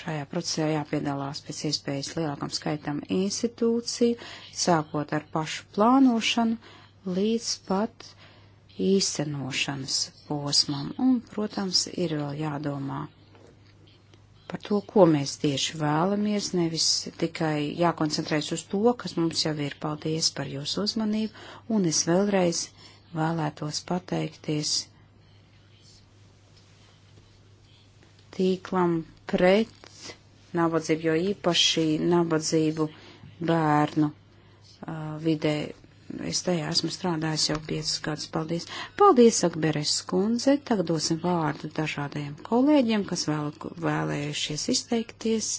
Šajā procesā jāpiedalās pēc iespējas lielākam skaitam institūciju, sākot ar pašu plānošanu līdz pat īstenošanas posmam. Un, protams, ir vēl jādomā par to, ko mēs tieši vēlamies, nevis tikai jākoncentrēs uz to, kas mums jau ir. Paldies par jūsu uzmanību, un es vēlreiz vēlētos pateikties tīklam pret nabadzību, jo īpaši nabadzību bērnu uh, vidē. Es tajā esmu strādājis jau piecus gadus. Paldies! Paldies, saka Beres kundze. Tagad dosim vārdu dažādajiem kolēģiem, kas vēl, vēlējušies izteikties.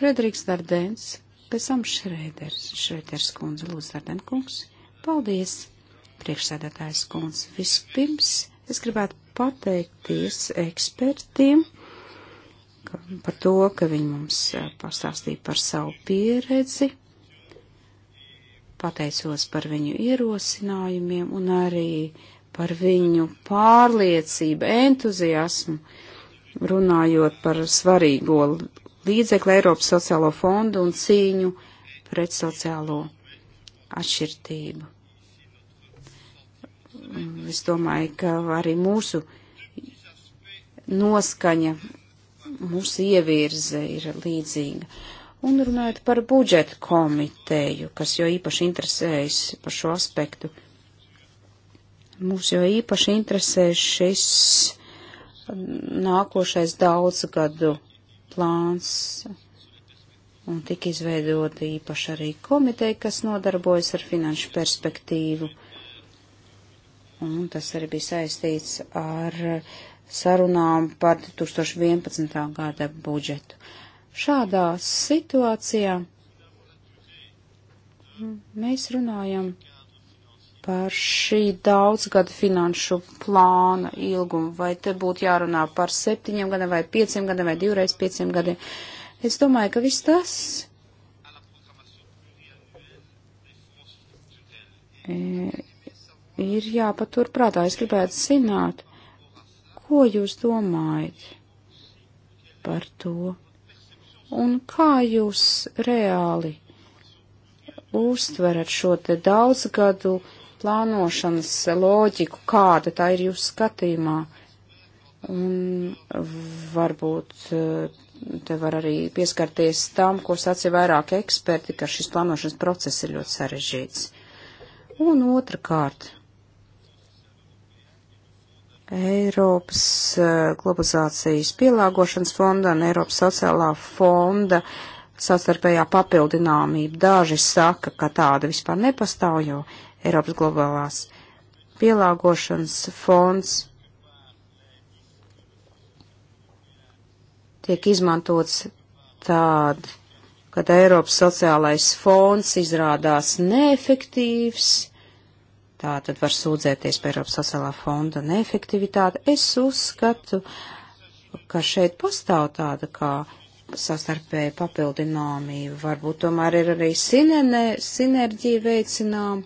Frederiks Dardens, pēc tam Šrēders, Šrēders kundze, lūdzu, Darden kungs. Paldies! priekšsēdētājs kundze. Vispirms es gribētu pateikties ekspertiem par to, ka viņi mums pastāstīja par savu pieredzi, pateicos par viņu ierosinājumiem un arī par viņu pārliecību, entuziasmu, runājot par svarīgo līdzekli Eiropas sociālo fondu un cīņu pret sociālo atšķirtību. Es domāju, ka arī mūsu noskaņa mūsu ievirze ir līdzīga. Un runājot par budžetu komiteju, kas jau īpaši interesējas par šo aspektu. Mūs jau īpaši interesē šis nākošais daudzgadu plāns. Un tika izveidota īpaši arī komiteja, kas nodarbojas ar finanšu perspektīvu. Un tas arī bija saistīts ar uh, sarunām par 2011. gada budžetu. Šādā situācijā mēs runājam par šī daudzgada finanšu plāna ilgumu, vai te būtu jārunā par septiņiem gadiem, vai pieciem gadiem, vai divreiz pieciem gadiem. Es domāju, ka viss tas e, ir jāpatur prātā. Es gribētu zināt, Ko jūs domājat par to? Un kā jūs reāli uztverat šo te daudzgadu plānošanas loģiku, kāda tā ir jūsu skatījumā? Un varbūt eh, te var arī pieskarties tam, ko sacīja vairāk eksperti, ka šis plānošanas process ir ļoti sarežģīts. Un otrkārt, Eiropas eh, globalizācijas pielāgošanas fonda un Eiropas sociālā fonda savstarpējā papildināmība. Daži saka, ka tāda vispār nepastāv, jo Eiropas globālās pielāgošanas fonds tiek izmantots tādi, kad Eiropas sociālais fonds izrādās neefektīvs Tā tad var sūdzēties par Eiropas sociālā fonda neefektivitāti. Es uzskatu, ka šeit pastāv tāda kā sastarpēja papildināmība. Varbūt tomēr ir arī sinene, sinerģija veicinām.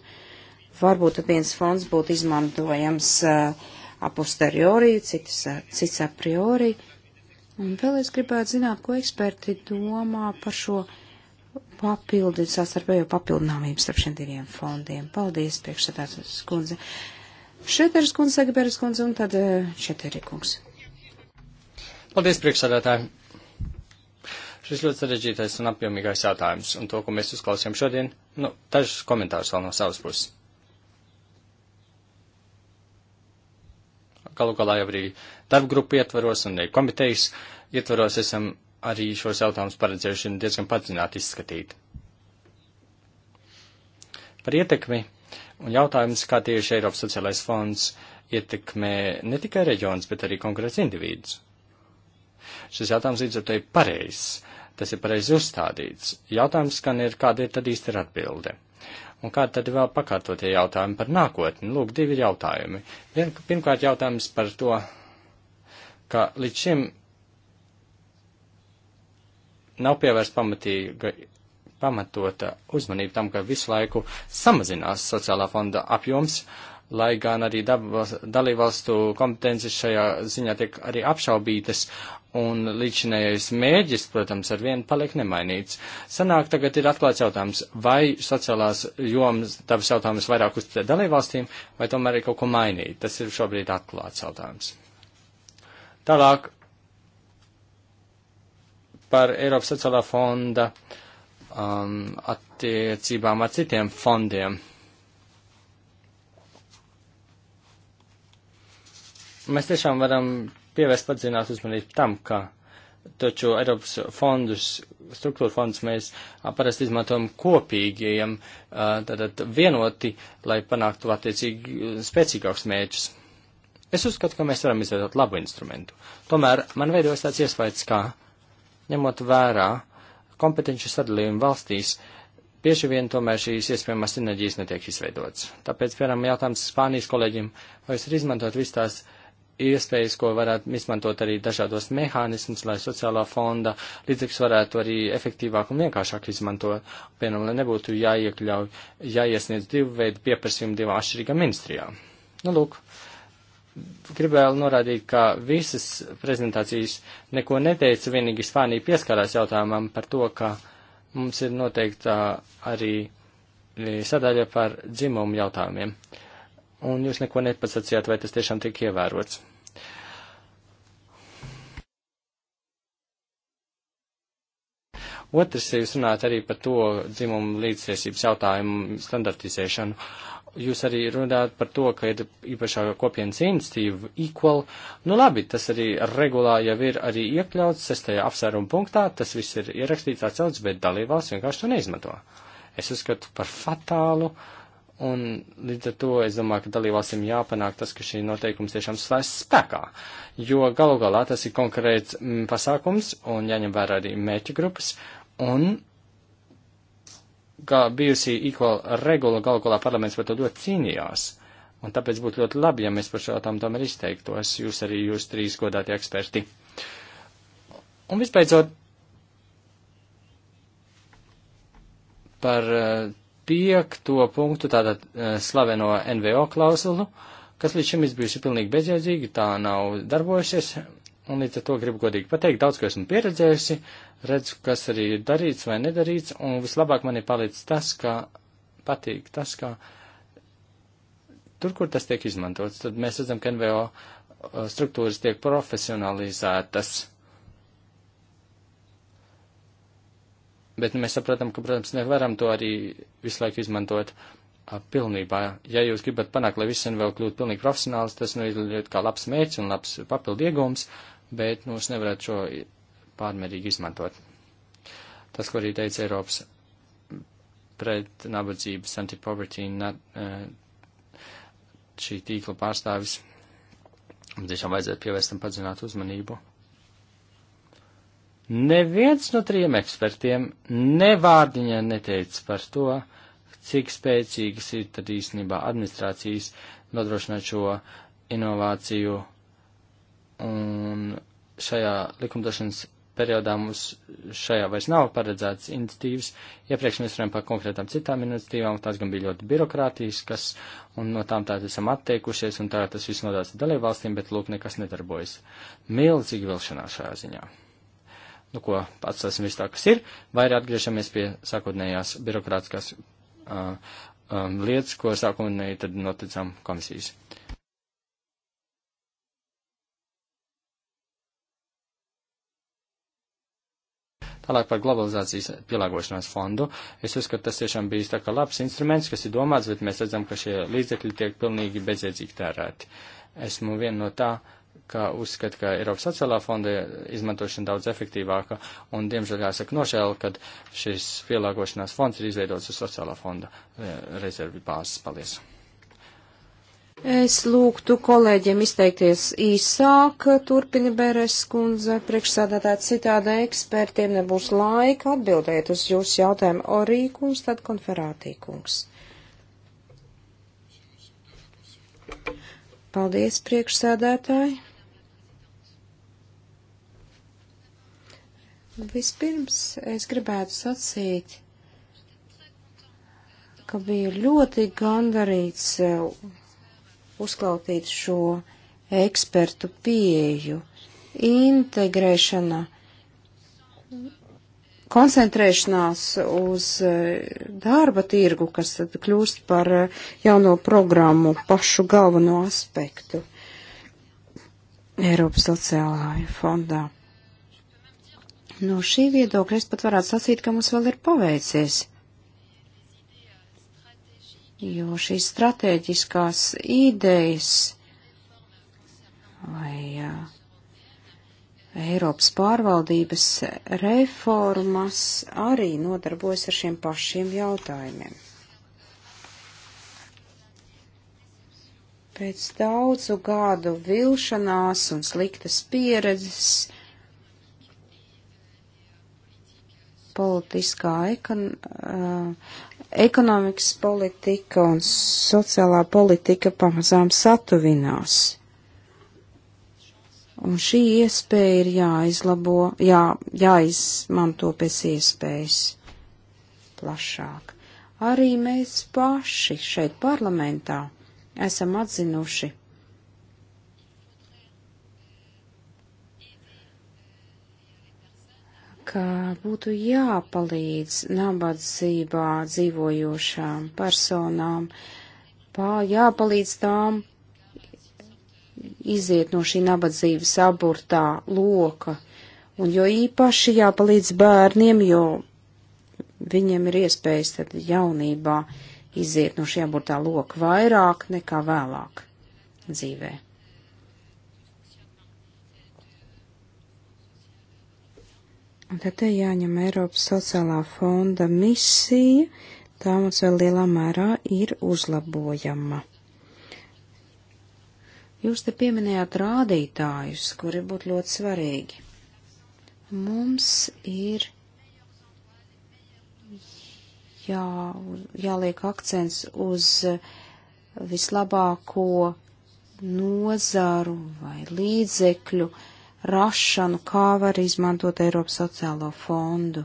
Varbūt viens fonds būtu izmantojams uh, a posteriori, cits, eh, cits a priori. Un vēl es gribētu zināt, ko eksperti domā par šo papildināt sastarpējo papildināmību starp šiem diviem fondiem. Paldies, priekšsēdātas skundze. Šeteris kundze, Segeberis kundze un tad Četeri eh, kungs. Paldies, priekšsēdētāji. Šis ļoti sarežģītais un apjomīgais jautājums, un to, ko mēs uzklausījām šodien, nu, dažs komentārs vēl no savas puses. Galu galā jau arī darba grupu ietvaros un arī komitejas ietvaros esam arī šos jautājumus paredzējuši un diezgan padzināti izskatīt. Par ietekmi un jautājums, kā tieši Eiropas sociālais fonds ietekmē ne tikai reģions, bet arī konkrēts individus. Šis jautājums līdz ar to ir pareizs, tas ir pareizi uzstādīts. Jautājums gan ir, kāda ir tad īsti ir atbilde. Un kā tad vēl pakārtotie jautājumi par nākotni? Lūk, divi jautājumi. Pirmkārt, jautājums par to, ka līdz šim nav pievērsta pamatīga pamatota uzmanība tam, ka visu laiku samazinās sociālā fonda apjoms, lai gan arī dalībvalstu kompetences šajā ziņā tiek arī apšaubītas, un līdzinējais mēģis, protams, ar vienu paliek nemainīts. Sanāk, tagad ir atklāts jautājums, vai sociālās jomas tavas jautājumas vairāk uz dalībvalstīm, vai tomēr ir kaut ko mainīt. Tas ir šobrīd atklāts jautājums. Tālāk par Eiropas sociālā fonda um, attiecībām ar citiem fondiem. Mēs tiešām varam pievērst padzināt uzmanību tam, ka taču Eiropas fondus, struktūra fondus mēs parasti izmantojam kopīgiem, tātad vienoti, lai panāktu attiecīgi spēcīgākus mērķus. Es uzskatu, ka mēs varam izveidot labu instrumentu. Tomēr man veidojas tāds iespējas, ka ņemot vērā kompetenci sadalījumu valstīs, bieži vien tomēr šīs iespējamās sinerģijas netiek izveidotas. Tāpēc, piemēram, jautājums Spānijas kolēģim, vai jūs izmantot visu tās iespējas, ko varētu izmantot arī dažādos mehānismus, lai sociālā fonda līdzekļus varētu arī efektīvāk un vienkāršāk izmantot, piemēram, lai nebūtu jāiekļauj, jāiesniedz divu veidu pieprasījumu divām atšķirīgām ministrijām. Nu, lūk, gribēju norādīt, ka visas prezentācijas neko neteica, vienīgi Spānija pieskārās jautājumam par to, ka mums ir noteikta arī e, sadaļa par dzimumu jautājumiem. Un jūs neko nepasacījāt, vai tas tiešām tiek ievērots. Otrs, jūs runājat arī par to dzimumu līdztiesības jautājumu standartizēšanu jūs arī runājat par to, ka ir īpašā kopienas iniciatīva Equal. Nu labi, tas arī regulā jau ir arī iekļauts sestajā apsvēruma punktā, tas viss ir ierakstīts atcelts, bet dalībvalsts vienkārši to neizmanto. Es uzskatu par fatālu, un līdz ar to es domāju, ka dalībvalstīm jāpanāk tas, ka šī noteikums tiešām slēs spēkā, jo galu galā tas ir konkrēts m, mm, pasākums un jāņem vērā arī mēķi grupas, un kā bijusī equal regula galu galā parlaments par to ļoti cīnījās. Un tāpēc būtu ļoti labi, ja mēs par šo jautājumu tomēr izteiktos, jūs arī jūs trīs godātie eksperti. Un visbeidzot, par eh, piekto punktu, tātad eh, slaveno NVO klausulu, kas līdz šim ir bijusi pilnīgi bezjēdzīga, tā nav darbojusies, un līdz ar to gribu godīgi pateikt, daudz ko esmu pieredzējusi, redzu, kas arī ir darīts vai nedarīts, un vislabāk man ir palicis tas, kā patīk tas, kā tur, kur tas tiek izmantots, tad mēs redzam, ka NVO uh, struktūras tiek profesionalizētas. Bet mēs saprotam, ka, protams, nevaram to arī visu laiku izmantot uh, pilnībā. Ja jūs gribat panākt, lai viss NVO kļūtu pilnīgi profesionāls, tas nu ir kā labs mērķis un labs papildu iegums, bet nu, es nevarētu šo pārmērīgi izmantot. Tas, ko arī teica Eiropas pret nabadzības anti-poverty e, šī tīkla pārstāvis, tiešām vajadzētu pievērst tam padzināt uzmanību. Neviens no trim ekspertiem nevārdiņā neteica par to, cik spēcīgas ir tad īstenībā administrācijas nodrošināt šo inovāciju uh, Un šajā likumdošanas periodā mums šajā vairs nav paredzēts iniciatīvas. Iepriekš mēs runājam par konkrētām citām iniciatīvām, tās gan bija ļoti birokrātīskas, un no tām tātad esam atteikušies, un tagad tas viss nodās dalībvalstīm, bet lūk, nekas nedarbojas. Milzīgi vilšanās šajā ziņā. Nu ko, atstāsim visu tā, kas ir, vai arī atgriežamies pie sākotnējās birokrātiskās uh, um, lietas, ko sākotnēji tad noticām komisijas. Uh, Tālāk par globalizācijas pielāgošanās fondu. Es uzskatu, tas tiešām bijis tā kā labs instruments, kas ir domāts, bet mēs redzam, ka šie līdzekļi tiek pilnīgi bezjēdzīgi tērēti. Esmu viena no tā, ka uzskata, ka Eiropas sociālā fonda izmantošana daudz efektīvāka, un diemžēl jāsaka nožēla, kad šis pielāgošanās fonds ir izveidots uz sociālā fonda eh, rezervi bāzes. Paldies! Es lūgtu kolēģiem izteikties īsāk, turpina Beres kundze, priekšsādātāji citādi ekspertiem nebūs laika atbildēt uz jūsu jautājumu. Orī kungs, tad konferātī kungs. Paldies, priekšsādātāji. Vispirms es gribētu sacīt, ka biju ļoti gandarīts. Uh, uzklausīt šo ekspertu pieeju. Integrēšana, koncentrēšanās uz eh, darba tirgu, kas tad kļūst par eh, jauno programmu pašu galveno aspektu Eiropas sociālā fondā. No šī viedokļa es pat varētu sacīt, ka mums vēl ir paveicies jo šīs strateģiskās idejas vai uh, Eiropas pārvaldības reformas arī nodarbojas ar šiem pašiem jautājumiem. Pēc daudzu gadu vilšanās un sliktas pieredzes politiskā ekon, uh, Ekonomikas politika un sociālā politika pamazām satuvinās. Un šī iespēja ir jāizlabo, jā, jāizmanto pēc iespējas plašāk. Arī mēs paši šeit parlamentā esam atzinuši ka būtu jāpalīdz nabadzībā dzīvojošām personām, pā, jāpalīdz tām iziet no šī nabadzības aburtā loka, un jo īpaši jāpalīdz bērniem, jo viņiem ir iespējas tad jaunībā iziet no šī aburtā loka vairāk nekā vēlāk dzīvē. Un tad te jāņem Eiropas sociālā fonda misija, tā mums vēl lielā mērā ir uzlabojama. Jūs te pieminējāt rādītājus, kuri būtu ļoti svarīgi. Mums ir jā, jāliek akcents uz vislabāko nozaru vai līdzekļu uh, rašanu, kā var izmantot Eiropas sociālo fondu.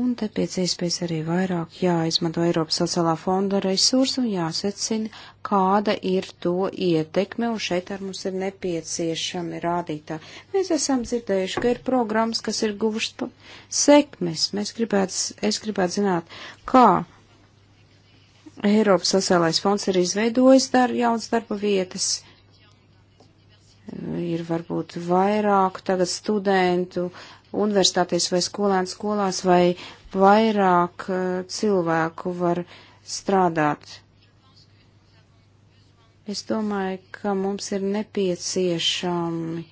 Un te pēc iespējas arī vairāk jāizmanto Eiropas sociālā fonda resursu un jāsecina, kāda ir to ietekme, un šeit ar mums ir nepieciešami rādītā. Mēs esam dzirdējuši, ka ir programmas, kas ir guvušas sekmes. Mēs gribētu, es gribētu zināt, kā Eiropas sociālais fonds ir izveidojis dar, jauns darba vietas. Ir varbūt vairāk tagad studentu universitātēs vai skolēnu skolās, vai vairāk uh, cilvēku var strādāt. Es domāju, ka mums ir nepieciešami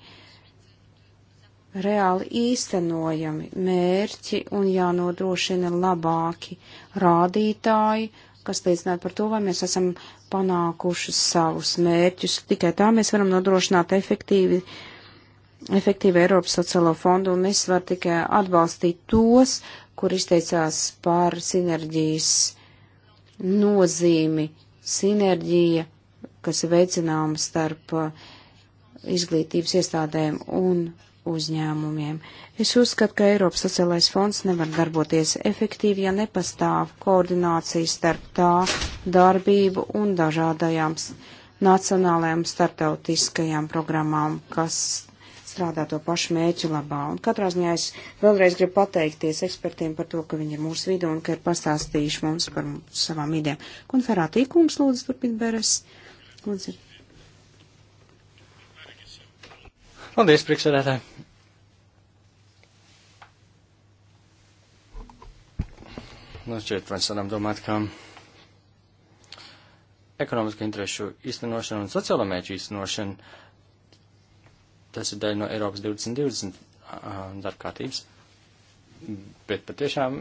reāli īstenojami mērķi un jānodrošina labāki rādītāji, kas liecinātu par to, vai mēs esam panākuši savus mērķus. Tikai tā mēs varam nodrošināt efektīvi, efektīvi Eiropas sociālo fondu, un es varu tikai atbalstīt tos, kur izteicās par sinerģijas nozīmi, sinerģija, kas ir veicināma starp uh, izglītības iestādēm un uzņēmumiem. Es uzskatu, ka Eiropas sociālais fonds nevar darboties efektīvi, ja nepastāv koordinācija starp tā darbību un dažādajām nacionālajām starptautiskajām programmām, kas strādā to pašu mēķu labā. Un katrā ziņā es vēlreiz gribu pateikties ekspertiem par to, ka viņi ir mūsu vidū un ka ir pastāstījuši mums par savām idejām. Konferātī kungs lūdzu turpin beres. Lūdzu. Paldies, priekšsēdētāji! Nu, šķiet, mēs varam domāt, ka ekonomisko interesu īstenošana un sociālo mērķu īstenošana tas ir daļa no Eiropas 2020 darbkārtības. Bet patiešām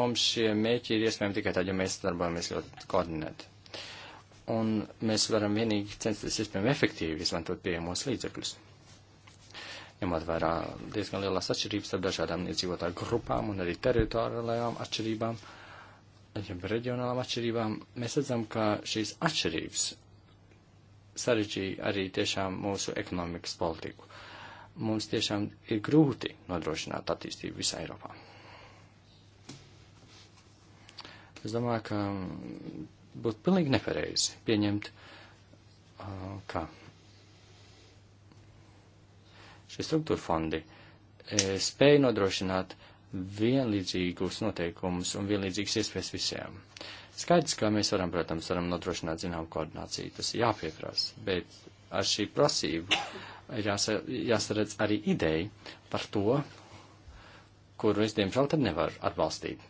mums šie mērķi ir iespējami tikai tad, ja mēs darbojamies ļoti koordinēti. Un mēs varam vienīgi censties iespējami efektīvi izmantot pieejamos līdzekļus ņemot vērā diezgan lielās atšķirības starp dažādām iedzīvotāju grupām un arī teritoriālajām atšķirībām, jeb reģionālām atšķirībām, mēs redzam, ka šīs atšķirības sarežģīja arī tiešām mūsu ekonomikas politiku. Mums tiešām ir grūti nodrošināt attīstību visā Eiropā. Es domāju, ka būtu pilnīgi nepareizi pieņemt, uh, ka šie struktūra fondi e, spēja nodrošināt vienlīdzīgus noteikumus un vienlīdzīgas iespējas visiem. Skaidrs, ka mēs varam, protams, varam nodrošināt zināmu koordināciju, tas ir jāpieprasa, bet ar šī prasību ir jāsa, jāsaredz arī ideja par to, kuru es, diemžēl, tad nevaru atbalstīt.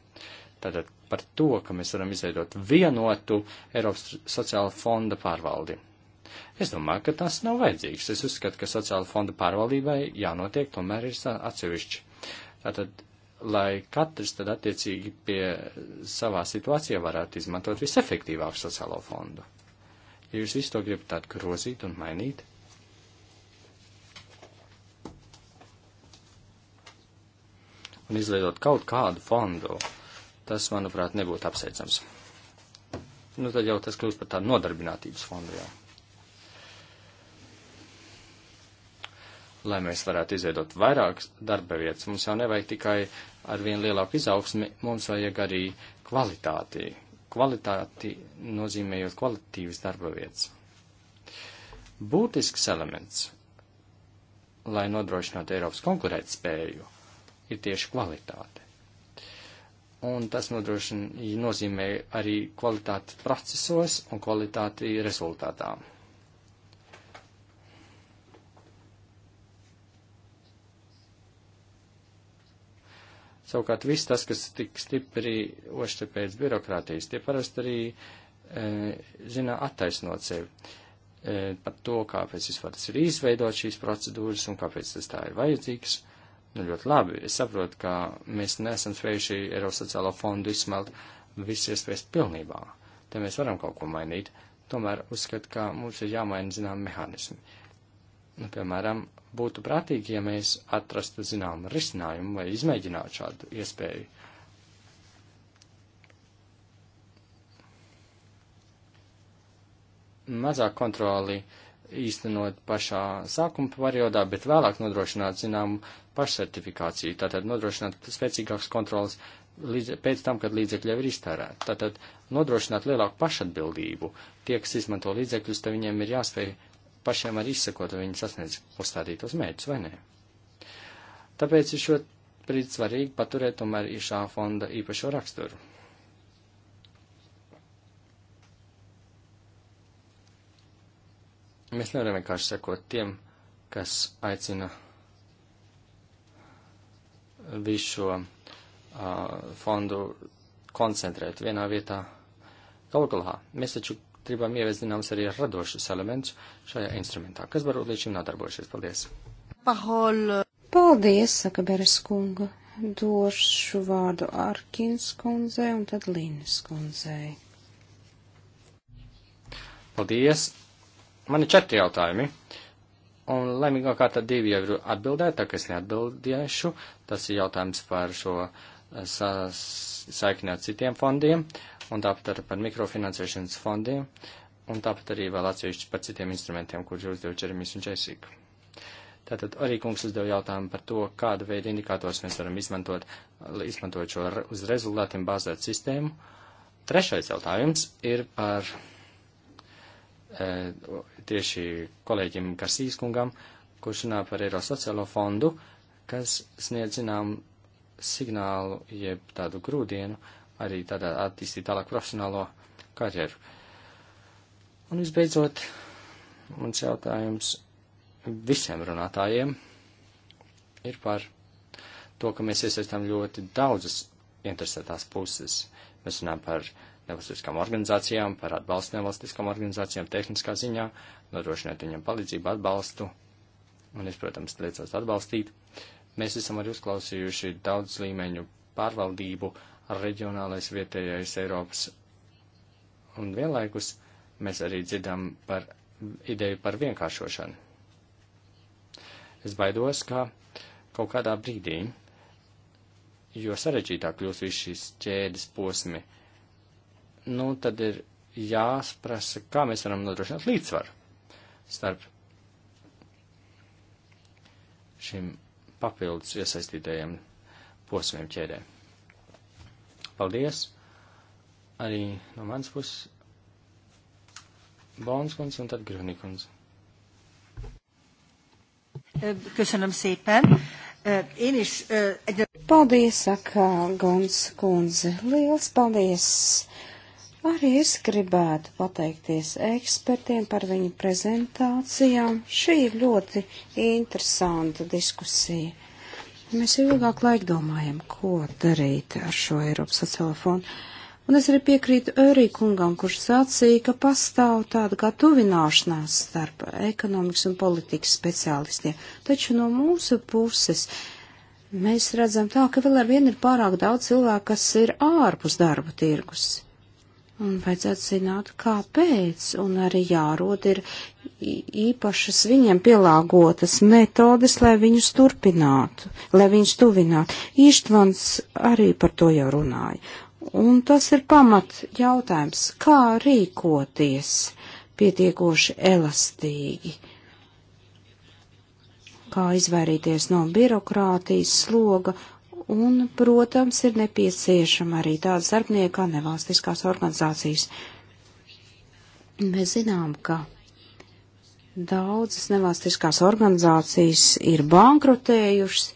Tātad par to, ka mēs varam izveidot vienotu Eiropas sociāla fonda pārvaldi. Es domāju, ka tas nav vajadzīgs. Es uzskatu, ka sociāla fonda pārvaldībai jānotiek tomēr ir atsevišķi. Tātad, lai katrs tad attiecīgi pie savā situācijā varētu izmantot visefektīvāku sociālo fondu. Ja jūs visu to gribat tādu grozīt un mainīt, un izveidot kaut kādu fondu, tas, manuprāt, nebūtu apsveicams. Nu, tad jau tas kļūst par tādu nodarbinātības fondu jau. lai mēs varētu izveidot vairākas darba vietas. Mums jau nevajag tikai ar vien lielāku izaugsmi, mums vajag arī kvalitāti. Kvalitāti nozīmējot kvalitīvas darba vietas. Būtisks elements, lai nodrošinātu Eiropas konkurētspēju, ir tieši kvalitāte. Un tas nodrošina, nozīmē arī kvalitāti procesos un kvalitāti rezultātām. Savukārt viss tas, kas tik stipri ošķi pēc birokrātijas, tie parasti arī e, zina attaisnot sevi e, par to, kāpēc vispār tas ir izveidot šīs procedūras un kāpēc tas tā ir vajadzīgs. Nu, ļoti labi, es saprotu, ka mēs nesam spējuši Eiropas sociālo fondu izsmelt visas iespējas pilnībā. Te mēs varam kaut ko mainīt. Tomēr uzskatu, ka mums ir jāmaina zinām mehānismi. Nu, piemēram, būtu prātīgi, ja mēs atrastu zināmu risinājumu vai izmēģinātu šādu iespēju. Mazāk kontroli īstenot pašā sākuma periodā, bet vēlāk nodrošināt zināmu pašsertifikāciju, tātad nodrošināt spēcīgākas kontrolas līdz, pēc tam, kad līdzekļi jau ir iztērēti. Tātad nodrošināt lielāku pašatbildību. Tie, kas izmanto līdzekļus, tad viņiem ir jāspēj pašiem var izsekot, vai viņi sasniedz uzstādītos mērķus vai nē. Tāpēc ir šobrīd svarīgi paturēt tomēr ir šā fonda īpašo raksturu. Mēs nevaram vienkārši sekot tiem, kas aicina visu šo uh, fondu koncentrēt vienā vietā. Galu galā, mēs taču gribam ieviest zināms arī radošus elementus šajā instrumentā, kas varbūt līdz šim nav darbojušies. Paldies! Pahol. Paldies, saka Beres kunga. Došu vārdu Arkins kundzei un tad Līnas kundzei. Paldies! Man ir četri jautājumi. Un laimīgā kārtā divi jau ir atbildēti, tā ka es neatbildēšu. Tas ir jautājums par šo eh, sa saikni ar citiem fondiem un tāpat arī par mikrofinansēšanas fondiem, un tāpat arī vēl atsevišķi par citiem instrumentiem, kurus uzdev Čeremijs un Česīka. Tātad arī kungs uzdeva jautājumu par to, kādu veidu indikātors mēs varam izmantot, izmantot šo uz rezultātiem bāzēt sistēmu. Trešais jautājums ir par e, tieši kolēģim Karsīs kungam, kurš runā par Eiropas sociālo fondu, kas sniedz, zinām, signālu, jeb tādu grūdienu, uh, arī tādā attīstīt tālāk profesionālo karjeru. Un visbeidzot, mans jautājums visiem runātājiem ir par to, ka mēs iesaistām ļoti daudzas interesētās puses. Mēs runājam par nevalstiskām organizācijām, par atbalstu nevalstiskām organizācijām tehniskā ziņā, nodrošināt viņam palīdzību, atbalstu, un es, protams, liecos atbalstīt. Mēs esam arī uzklausījuši daudz līmeņu pārvaldību, uh, reģionālais vietējais Eiropas. Un vienlaikus mēs arī dzirdam par ideju par vienkāršošanu. Es baidos, ka kaut kādā brīdī, jo sarežģītāk kļūst viss šīs ķēdes posmi, nu tad ir jāsprasa, kā mēs varam nodrošināt līdzsvaru starp šim papildus iesaistītajiem posmiem ķēdēm paldies arī no manas puses Bonskons un tad Grunikuns. Köszönöm szépen. Én is egy... Paldies, saka Gons kundze. Liels paldies. Arī es gribētu pateikties ekspertiem par viņu prezentācijām. Šī ir ļoti interesanta diskusija. Mēs jau ilgāk laik domājam, ko darīt ar šo Eiropas sociālo fondu. Un es arī piekrītu Örī kungam, kurš sacīja, ka pastāv tāda kā tuvināšanās starp ekonomikas un politikas speciālistiem. Taču no mūsu puses mēs redzam tā, ka vēl ar vienu ir pārāk daudz cilvēku, kas ir ārpus darba tirgus. Un vajadzētu zināt, kāpēc, un arī jārod ir īpašas viņiem pielāgotas metodes, lai viņus turpinātu, lai viņus tuvinātu. Ištvans arī par to jau runāja. Un tas ir pamat jautājums, kā rīkoties pietiekoši elastīgi, kā izvairīties no birokrātijas sloga Un, protams, ir nepieciešama arī tāda starpnieka kā nevalstiskās organizācijas. Mēs zinām, ka daudzas nevalstiskās organizācijas ir bankrotējušas.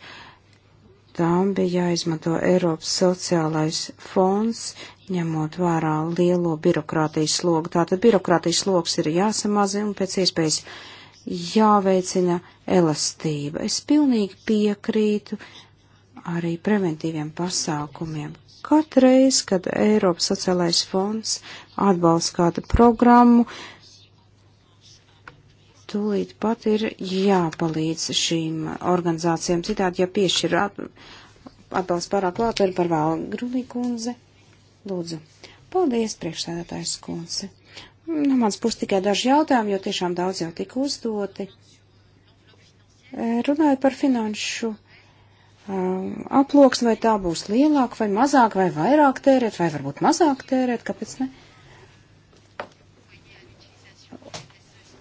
Tām bija jāizmanto Eiropas sociālais fonds, ņemot vērā lielo birokrātijas slogu. Tātad birokrātijas sloks ir jāsamazina un pēc iespējas jāveicina elastība. Es pilnīgi piekrītu arī preventīviem pasākumiem. Katreiz, kad Eiropas sociālais fonds atbalsta kādu programmu, tūlīt pat ir jāpalīdz šīm organizācijām. Citādi, ja piešķir atbalsts pārāk lātu, ir par vēl Grunī kundze. Lūdzu. Paldies, priekšsēdētājs kundze. Nu, mans būs tikai daži jautājumi, jo tiešām daudz jau tika uzdoti. Runāju par finanšu Um, aploksni, vai tā būs lielāka vai mazāka, vai vairāk tērēt, vai varbūt mazāk tērēt, kāpēc ne?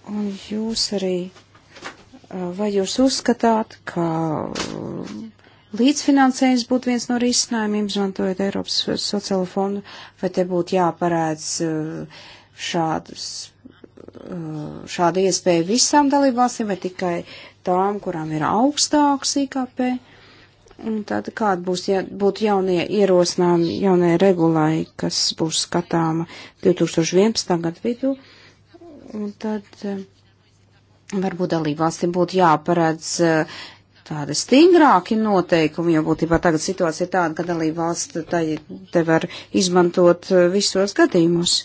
Un jūs arī, uh, vai jūs uzskatāt, ka uh, līdzfinansējums būtu viens no risinājumiem, izmantojot Eiropas sociālo fondu, vai te būtu jāparēdz uh, šādas, šāda iespēja visām dalībvalstīm, vai tikai tām, kurām ir augstāks IKP? Un tad kāda būs, ja būtu jaunie ierosinājumi, jaunie regulāji, kas būs skatāma 2011. gadu vidū, un tad eh, varbūt dalībvalstīm būtu jāparedz eh, tādi stingrāki noteikumi, jo būtībā tagad situācija ir tāda, ka dalībvalsts te var izmantot eh, visos gadījumos.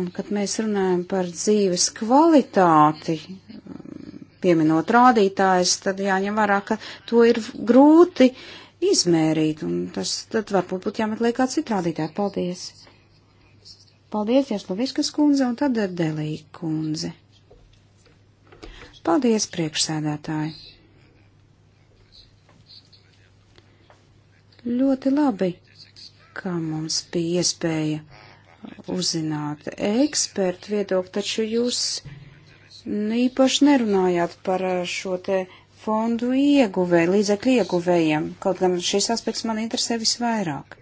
Un kad mēs runājam par dzīves kvalitāti, pieminot rādītājs, tad jāņem vērā, ka to ir grūti izmērīt, un tas tad varbūt būtu jāmeklē kā citu rādītāju. Paldies! Paldies, Jāslaviskas kundze, un tad Delī kundze. Paldies, priekšsēdētāji! Ļoti labi, ka mums bija iespēja uzzināt ekspertu viedokli, taču jūs īpaši nerunājāt par eh, šo te fondu ieguvēju, līdzekļu ieguvējiem, kaut gan šis aspekts man interesē visvairāk.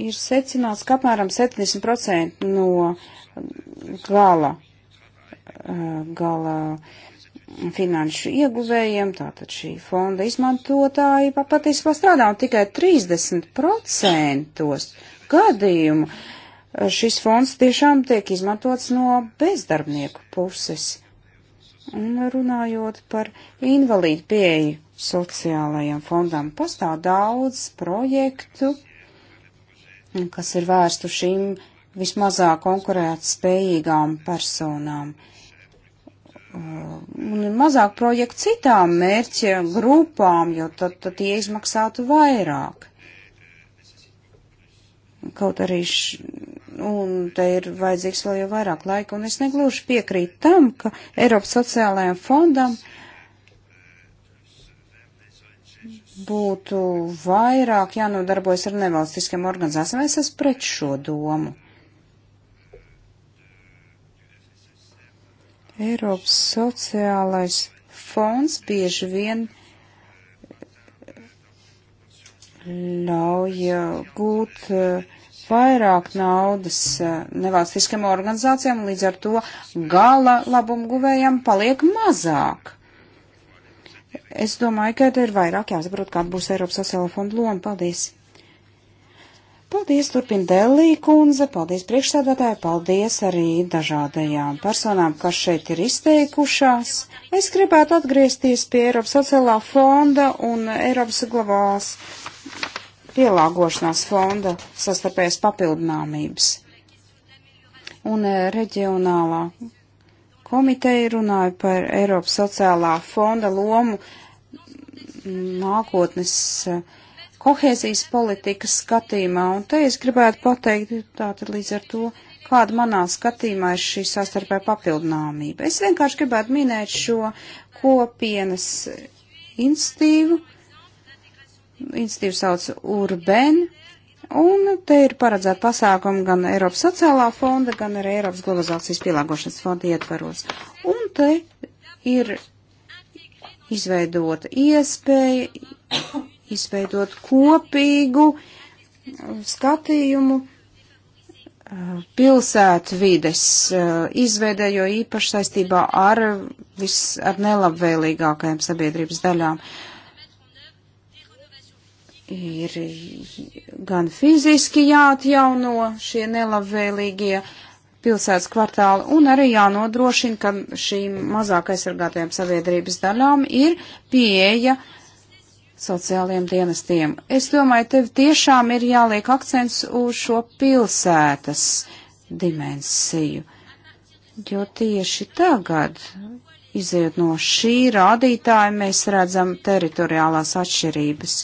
Ir secināts, ka apmēram 70% no mm, gala, eh, gala finanšu ieguvējiem, tātad šī fonda izmantotāji patiesībā strādā un tikai 30% gadījumu šis fonds tiešām tiek izmantots no bezdarbnieku puses. Un runājot par invalīdu pieeju sociālajiem fondam, pastāv daudz projektu, kas ir vērstu šīm vismazāk konkurēt spējīgām personām. Un ir mazāk projektu citām mērķa grupām, jo tad, tad tie izmaksātu vairāk. Kaut arī, š... Nu, un te ir vajadzīgs vēl jau vairāk laika, un es negluži piekrītu tam, ka Eiropas sociālajiem fondam būtu vairāk jānodarbojas ar nevalstiskiem organizācijām. Es esmu pret šo domu. Eiropas sociālais fonds bieži vien ļauj eh, gūt eh, vairāk naudas eh, nevalstiskajām organizācijām, līdz ar to gala labumguvējiem paliek mazāk. Es domāju, ka te ir vairāk jāsaprot, kāda būs Eiropas sociāla fonda loma. Paldies! Paldies, turpina Delī kundze, paldies priekšsēdētāji, paldies arī dažādajām personām, kas šeit ir izteikušās. Es gribētu atgriezties pie Eiropas sociālā fonda un Eiropas globālās pielāgošanās fonda sastarpējas papildināmības. Un e, reģionālā komiteja runāja par Eiropas sociālā fonda lomu nākotnes e, kohēzijas politikas skatījumā, un te es gribētu pateikt tātad līdz ar to, kāda manā skatījumā ir šī sastarpē papildināmība. Es vienkārši gribētu minēt šo kopienas institīvu, institīvu sauc Urben, un te ir paredzēta pasākuma gan Eiropas sociālā fonda, gan arī Eiropas globalizācijas pielāgošanas fonda ietvaros. Un te ir izveidota iespēja izveidot kopīgu uh, skatījumu uh, pilsētu vides uh, izveidē, jo īpaši saistībā ar, vis, ar nelabvēlīgākajām sabiedrības daļām. Uh, ir gan fiziski jāatjauno šie nelabvēlīgie pilsētas kvartāli, un arī jānodrošina, ka šīm mazāk aizsargātajām sabiedrības daļām ir pieeja sociālajiem dienestiem. Es domāju, tev tiešām ir jāliek akcents uz šo pilsētas dimensiju, jo tieši tagad, izējot no šī rādītāja, mēs redzam teritoriālās atšķirības.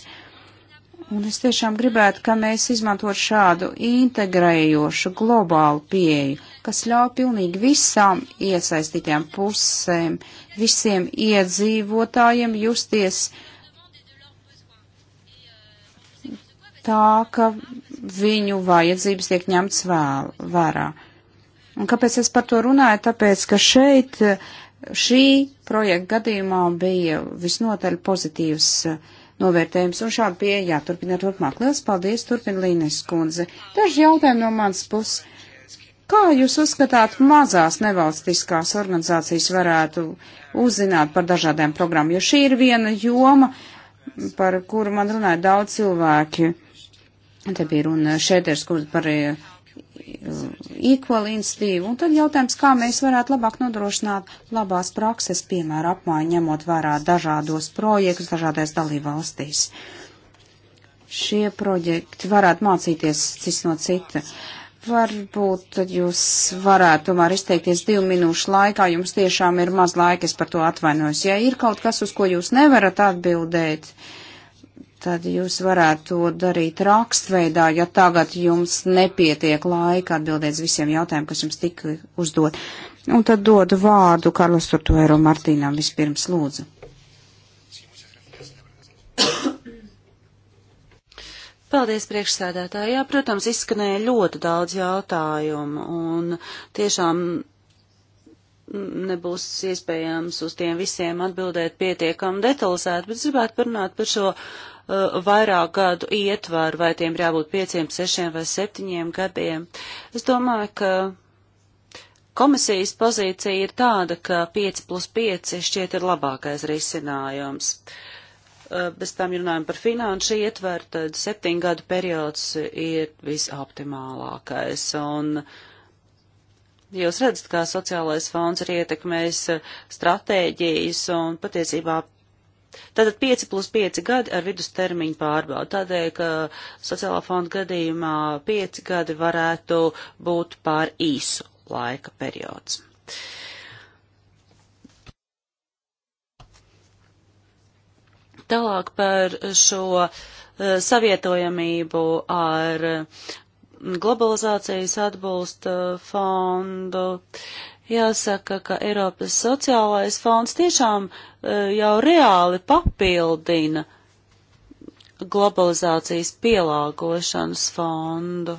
Un es tiešām gribētu, ka mēs izmantot šādu integrējošu globālu pieeju, kas ļauj pilnīgi visām iesaistītajām pusēm, visiem iedzīvotājiem justies tā, ka viņu vajadzības tiek ņemts vēl, vērā. Un kāpēc es par to runāju? Tāpēc, ka šeit šī projekta gadījumā bija visnotaļ pozitīvs uh, novērtējums, un šāda pieeja jāturpina turpmāk. Lielas paldies, turpina Līnes kundze. Daži jautājumi no manas puses. Kā jūs uzskatāt, mazās nevalstiskās organizācijas varētu uzzināt par dažādām programmām, jo šī ir viena joma, par kuru man runāja daudz cilvēki. Te bija runa šeit ir skurs par eh, Equal institīvu, un tad jautājums, kā mēs varētu labāk nodrošināt labās prakses, piemēram, apmaiņu ņemot vērā dažādos projektus, dažādās dalībvalstīs. Šie projekti varētu mācīties cits no cita. Varbūt jūs varētu tomēr izteikties divu minūšu laikā, jums tiešām ir maz laika, es par to atvainojos. Ja ir kaut kas, uz ko jūs nevarat atbildēt, uh, tad jūs varētu to darīt rakstveidā, ja tagad jums nepietiek laika atbildēt visiem jautājumiem, kas jums tika uzdot. Un tad dodu vārdu Karlos Turtuero Martīnam vispirms lūdzu. Paldies, priekšsēdētāji. Jā, protams, izskanēja ļoti daudz jautājumu, un tiešām nebūs iespējams uz tiem visiem atbildēt pietiekam detalizēt, bet gribētu parunāt par šo uh, vairāk gadu ietvaru, vai tiem ir jābūt pieciem, sešiem vai septiņiem gadiem. Es domāju, ka komisijas pozīcija ir tāda, ka 5 plus 5 šķiet ir labākais risinājums. Uh, bez tam runājam par finanšu ietveru, tad septiņu gadu periods ir visoptimālākais. Un, uh, Jūs redzat, kā sociālais fonds ir ietekmējis eh, stratēģijas un patiesībā Tātad 5 plus 5 gadi ar vidustermiņu pārbaudu. Tādēļ, ka sociālā fonda gadījumā 5 gadi varētu būt pār īsu laika periods. Tālāk par šo uh, savietojamību ar globalizācijas atbalsta fondu. Uh, Jāsaka, ka Eiropas sociālais fonds tiešām e, jau reāli papildina globalizācijas pielāgošanas fondu.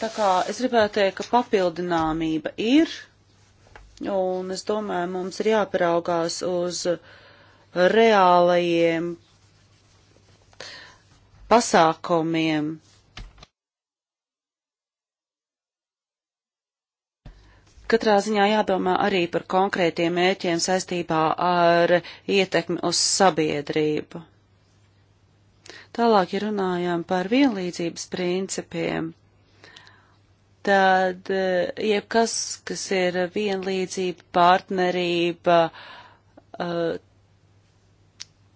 Tā kā es gribētu teikt, ka papildināmība ir, un es domāju, mums ir jāparaugās uz uh, reālajiem pasākumiem. Katrā ziņā jādomā arī par konkrētiem mērķiem saistībā ar ietekmi uz sabiedrību. Tālāk, ja runājam par vienlīdzības principiem, tad eh, jebkas, kas ir vienlīdzība, partnerība, eh,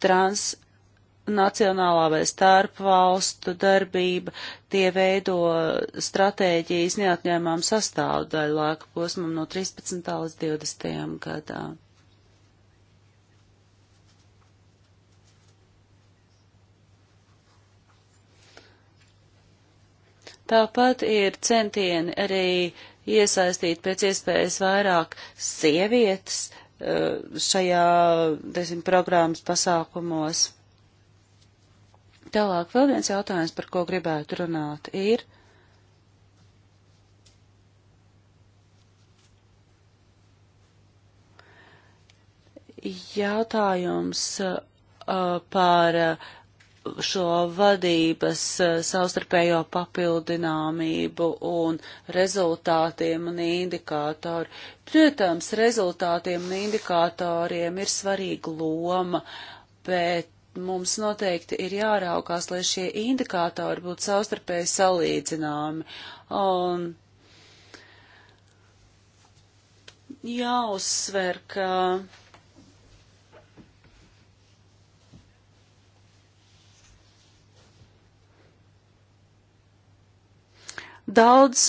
transnacionālā vai starpvalstu darbība, tie veido stratēģijas neatņēmām sastāvdaļu laika posmam no 13. līdz 20. gadām. Tāpat ir centieni arī iesaistīt pēc iespējas vairāk sievietes Eh, šajā, teiksim, programmas pasākumos. Tālāk vēl viens jautājums, par ko gribētu runāt, ir. Jautājums uh, par uh, šo vadības eh, savstarpējo papildināmību un rezultātiem un indikātoru. Protams, rezultātiem un indikātoriem ir svarīga loma, bet mums noteikti ir jāraukās, lai šie indikātori būtu savstarpēji salīdzināmi. Un jāuzsver, ka Daudz,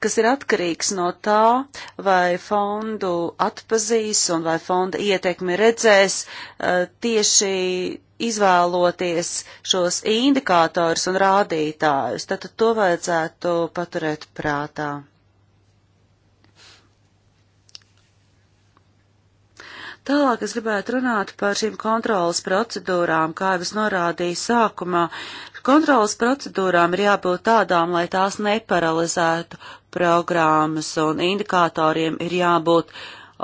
kas ir atkarīgs no tā, vai fondu atpazīs un vai fonda ietekmi redzēs eh, tieši izvēloties šos indikātors un rādītājus, tad to vajadzētu paturēt prātā. Tālāk es gribētu runāt par šīm kontrolas procedūrām, kā jau es norādīju sākumā. Kontrolas procedūrām ir jābūt tādām, lai tās neparalizētu programmas un indikatoriem ir jābūt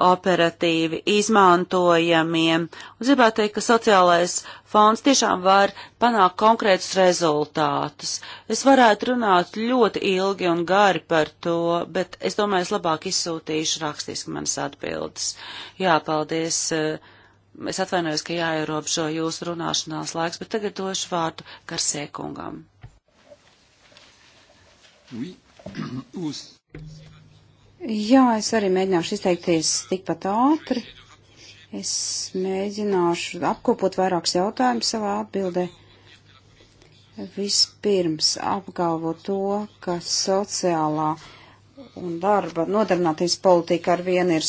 operatīvi izmantojamiem. Un gribētu teikt, ka sociālais fonds tiešām var panākt konkrētus rezultātus. Es varētu runāt ļoti ilgi un gari par to, bet es domāju, es labāk izsūtīšu rakstiski manas atbildes. Jā, paldies. Uh, Es atvainojos, ka jāierobežo jūsu runāšanās laiks, bet tagad došu vārdu Garsiekungam. Oui. [CLEARS THROAT] Jā, es arī mēģināšu izteikties tikpat ātri. Es mēģināšu apkopot vairākus jautājumus savā atbildē. Vispirms apgalvo to, ka sociālā un darba nodarbinātības politika ar vienu ir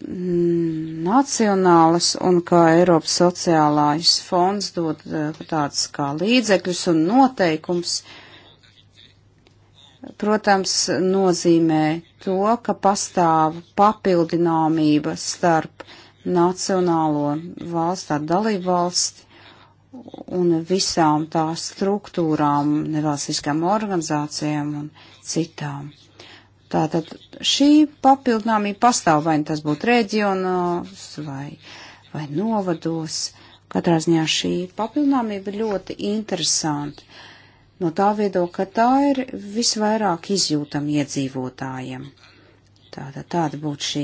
Mm, nacionālas un kā Eiropas sociālais fonds dod eh, tāds kā līdzekļus un noteikums, protams, nozīmē to, ka pastāv papildināmība starp nacionālo valstu, dalību valsti un visām tās struktūrām, nevalstiskām organizācijām un citām. Tātad šī papildināmība pastāv, vai nu tas būtu reģionos vai, vai novados. Katrā ziņā šī papildināmība ir ļoti interesanta. No tā viedokļa, ka tā ir visvairāk izjūtama iedzīvotājiem. Tātad tāda būtu šī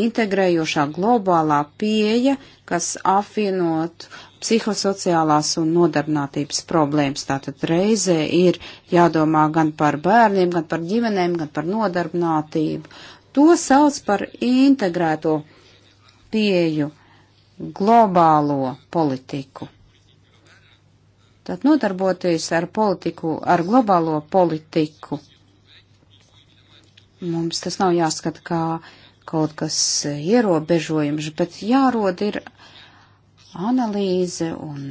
integrējošā globālā pieeja, kas apvienot psihosociālās un nodarbinātības problēmas. Tātad reizē ir jādomā gan par bērniem, gan par ģimenēm, gan par nodarbinātību. To sauc par integrēto pieju globālo politiku. Tad nodarboties ar politiku, ar globālo politiku Mums tas nav jāskata kā kaut kas ierobežojums, bet jārod ir analīze un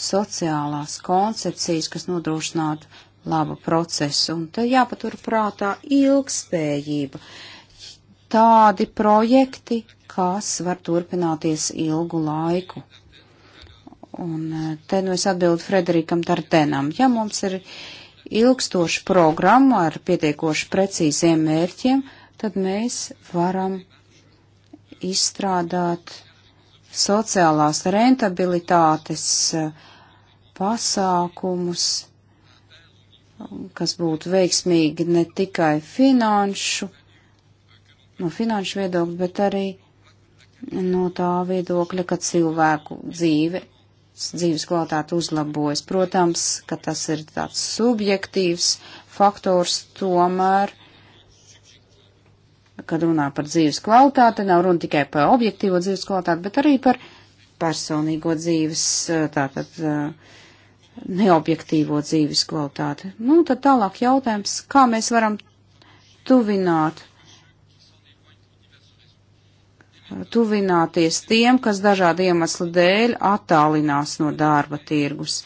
sociālās koncepcijas, kas nodrošinātu labu procesu. Un te jāpatur prātā ilgspējība. Tādi projekti, kas var turpināties ilgu laiku. Un eh, te nu es atbildu Frederikam Tartenam. Ja mums ir ilgstošu programmu ar pietiekoši precīziem mērķiem, tad mēs varam izstrādāt sociālās rentabilitātes eh, pasākumus, kas būtu veiksmīgi ne tikai finanšu, no finanšu viedokļa, bet arī no tā viedokļa, ka cilvēku dzīve dzīves kvalitāte uzlabojas. Protams, ka tas ir tāds subjektīvs faktors, tomēr, kad runā par dzīves kvalitāti, nav runa tikai par objektīvo dzīves kvalitāti, bet arī par personīgo dzīves, eh, tātad eh, neobjektīvo dzīves kvalitāti. Nu, tad tālāk jautājums, kā mēs varam tuvināt tuvināties tiem, kas dažādu iemeslu dēļ attālinās no darba tirgus.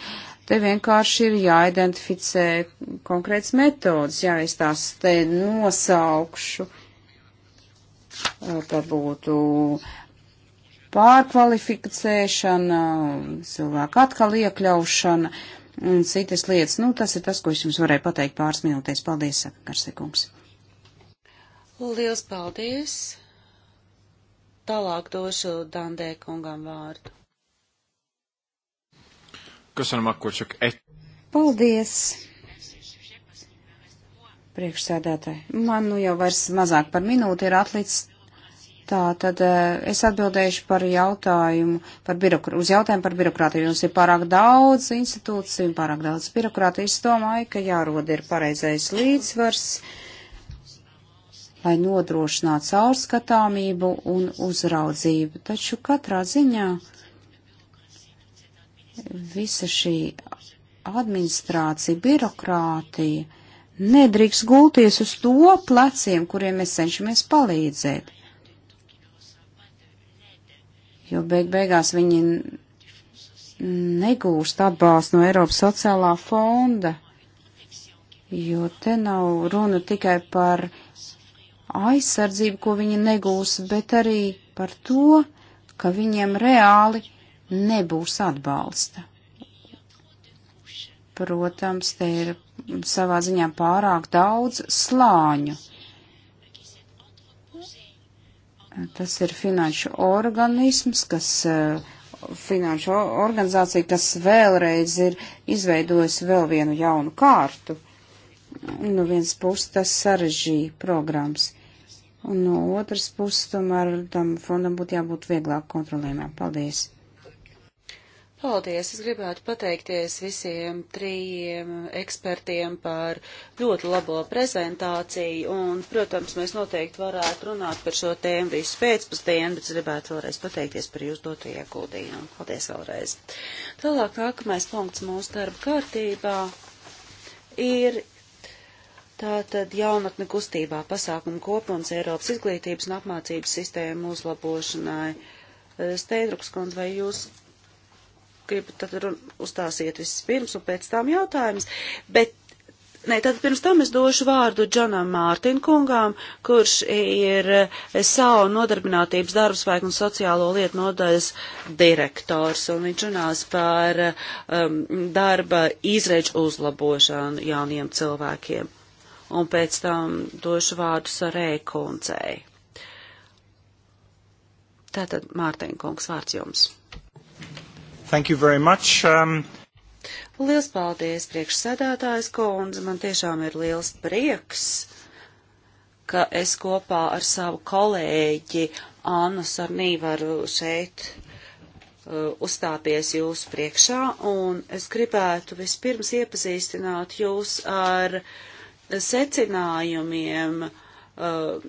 Te vienkārši ir jāidentificē konkrēts metodas, jā, es tās te nosaukšu. Eh, Tā būtu pārkvalificēšana, cilvēku atkal iekļaušana un citas lietas. Nu, tas ir tas, ko es jums varēju pateikt pāris minūtēs. Paldies, saka Karsekungs. Lielas paldies! Tālāk došu Dandē kungam vārdu. Köszönöm, akkor csak egy. Paldies! Priekšsēdētāji, man nu jau vairs mazāk par minūti ir atlicis. Tā tad eh, es atbildēšu par jautājumu, par birokr... uz jautājumu par birokrātiju. Jums ir pārāk daudz institūciju, pārāk daudz birokrātijas. Es domāju, ka jārod ir pareizais līdzsvars. Uh, lai nodrošinātu caurskatāmību un uzraudzību. Taču katrā ziņā visa šī administrācija, birokrātija nedrīkst gulties uz to pleciem, kuriem mēs cenšamies palīdzēt. Jo beig beigās viņi negūst atbalstu no Eiropas sociālā fonda, jo te nav runa tikai par aizsardzību, ko viņi negūs, bet arī par to, ka viņiem reāli nebūs atbalsta. Protams, te ir savā ziņā pārāk daudz slāņu. Tas ir finanšu organisms, kas, eh, finanšu organizācija, kas vēlreiz ir izveidojusi vēl vienu jaunu kārtu. No nu, viens puses tas sarežģīja programmas. Un no otras puses, tomēr tam fondam būtu jābūt vieglāk kontrolējumam. Paldies! Paldies! Es gribētu pateikties visiem trījiem ekspertiem par ļoti labo prezentāciju. Un, protams, mēs noteikti varētu runāt par šo tēmu visu pēcpusdienu, bet es gribētu vēlreiz pateikties par jūsu doto ieguldījumu. Paldies vēlreiz! Tālāk nākamais punkts mūsu darba kārtībā ir Tātad jaunatne kustībā pasākumu kopums Eiropas izglītības un apmācības sistēmu uzlabošanai. Eh, Steidruks kundze, vai jūs gribat tad uzstāsiet vispirms un pēc tam jautājums? Bet, nē, tad pirms tam es došu vārdu Džonam Mārtinkungām, kurš ir eh, savu nodarbinātības darbspēku un sociālo lietu nodaļas direktors, un viņš runās par eh, um, darba izreidžu uzlabošanu jauniem cilvēkiem un pēc tam došu vārdu Sarēja kundzei. Tātad, Mārtiņ kungs, vārds jums. Thank you very much. Um... Liels paldies, priekšsēdētājs kundze. Man tiešām ir liels prieks, ka es kopā ar savu kolēģi Annu Sarnī varu šeit uh, uzstāties jūsu priekšā, un es gribētu vispirms iepazīstināt jūs ar uh, secinājumiem, eh,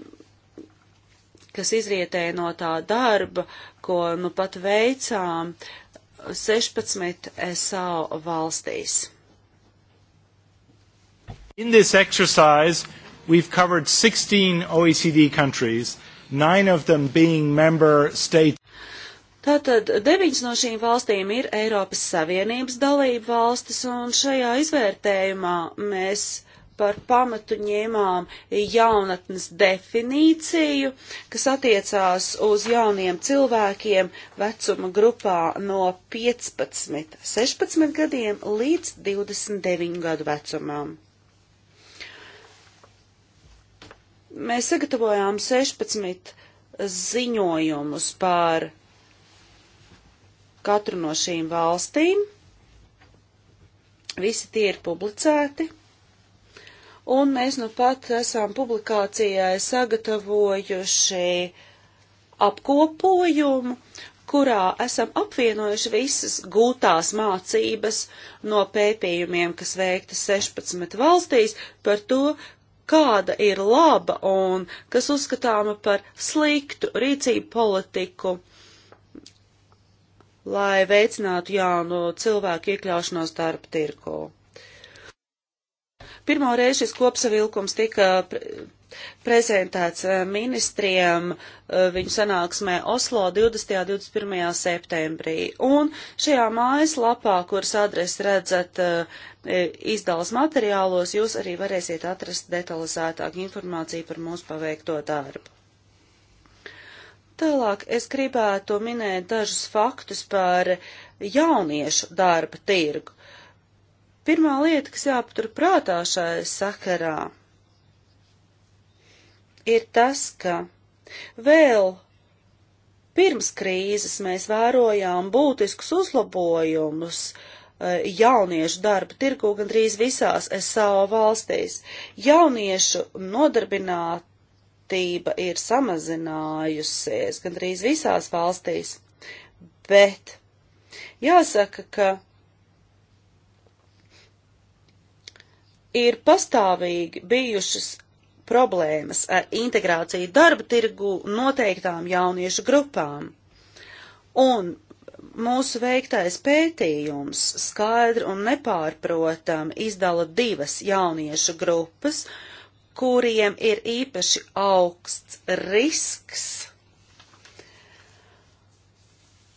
kas izrietēja no tā darba, ko nu pat veicām 16 SAO valstīs. In this exercise, we've covered 16 OECD countries, nine of them being member states. Tātad deviņas no šīm valstīm ir Eiropas Savienības dalība valstis, un šajā izvērtējumā mēs par pamatu ņēmām jaunatnes definīciju, kas attiecās uz jauniem cilvēkiem vecuma grupā no 15, 16 gadiem līdz 29 gadu vecumam. Mēs sagatavojām 16 ziņojumus par katru no šīm valstīm. Visi tie ir publicēti un mēs nu pat esam publikācijai sagatavojuši apkopojumu, kurā esam apvienojuši visas gūtās mācības no pētījumiem, kas veikti 16 valstīs par to, kāda ir laba un kas uzskatāma par sliktu rīcību politiku, lai veicinātu jaunu cilvēku iekļaušanos darba tirko. Pirmo reizi šis kopsavilkums tika prezentēts eh, ministriem eh, viņu sanāksmē Oslo 20. un 21. septembrī. Un šajā mājaslapā, kuras adresi redzat eh, izdalas materiālos, jūs arī varēsiet atrast detalizētāku informāciju par mūsu paveikto darbu. Tālāk es gribētu minēt dažus faktus par jauniešu darba tirgu. Pirmā lieta, kas jāpatur prātā šajā sakarā, ir tas, ka vēl pirms krīzes mēs vērojām būtiskus uzlabojumus e, jauniešu darba tirgu gandrīz visās SAO valstīs. Jauniešu nodarbinātība ir samazinājusies gandrīz visās valstīs, bet jāsaka, ka ir pastāvīgi bijušas problēmas ar integrāciju darba tirgu noteiktām jauniešu grupām. Un mūsu veiktais pētījums skaidri un nepārprotam izdala divas jauniešu grupas, kuriem ir īpaši augsts risks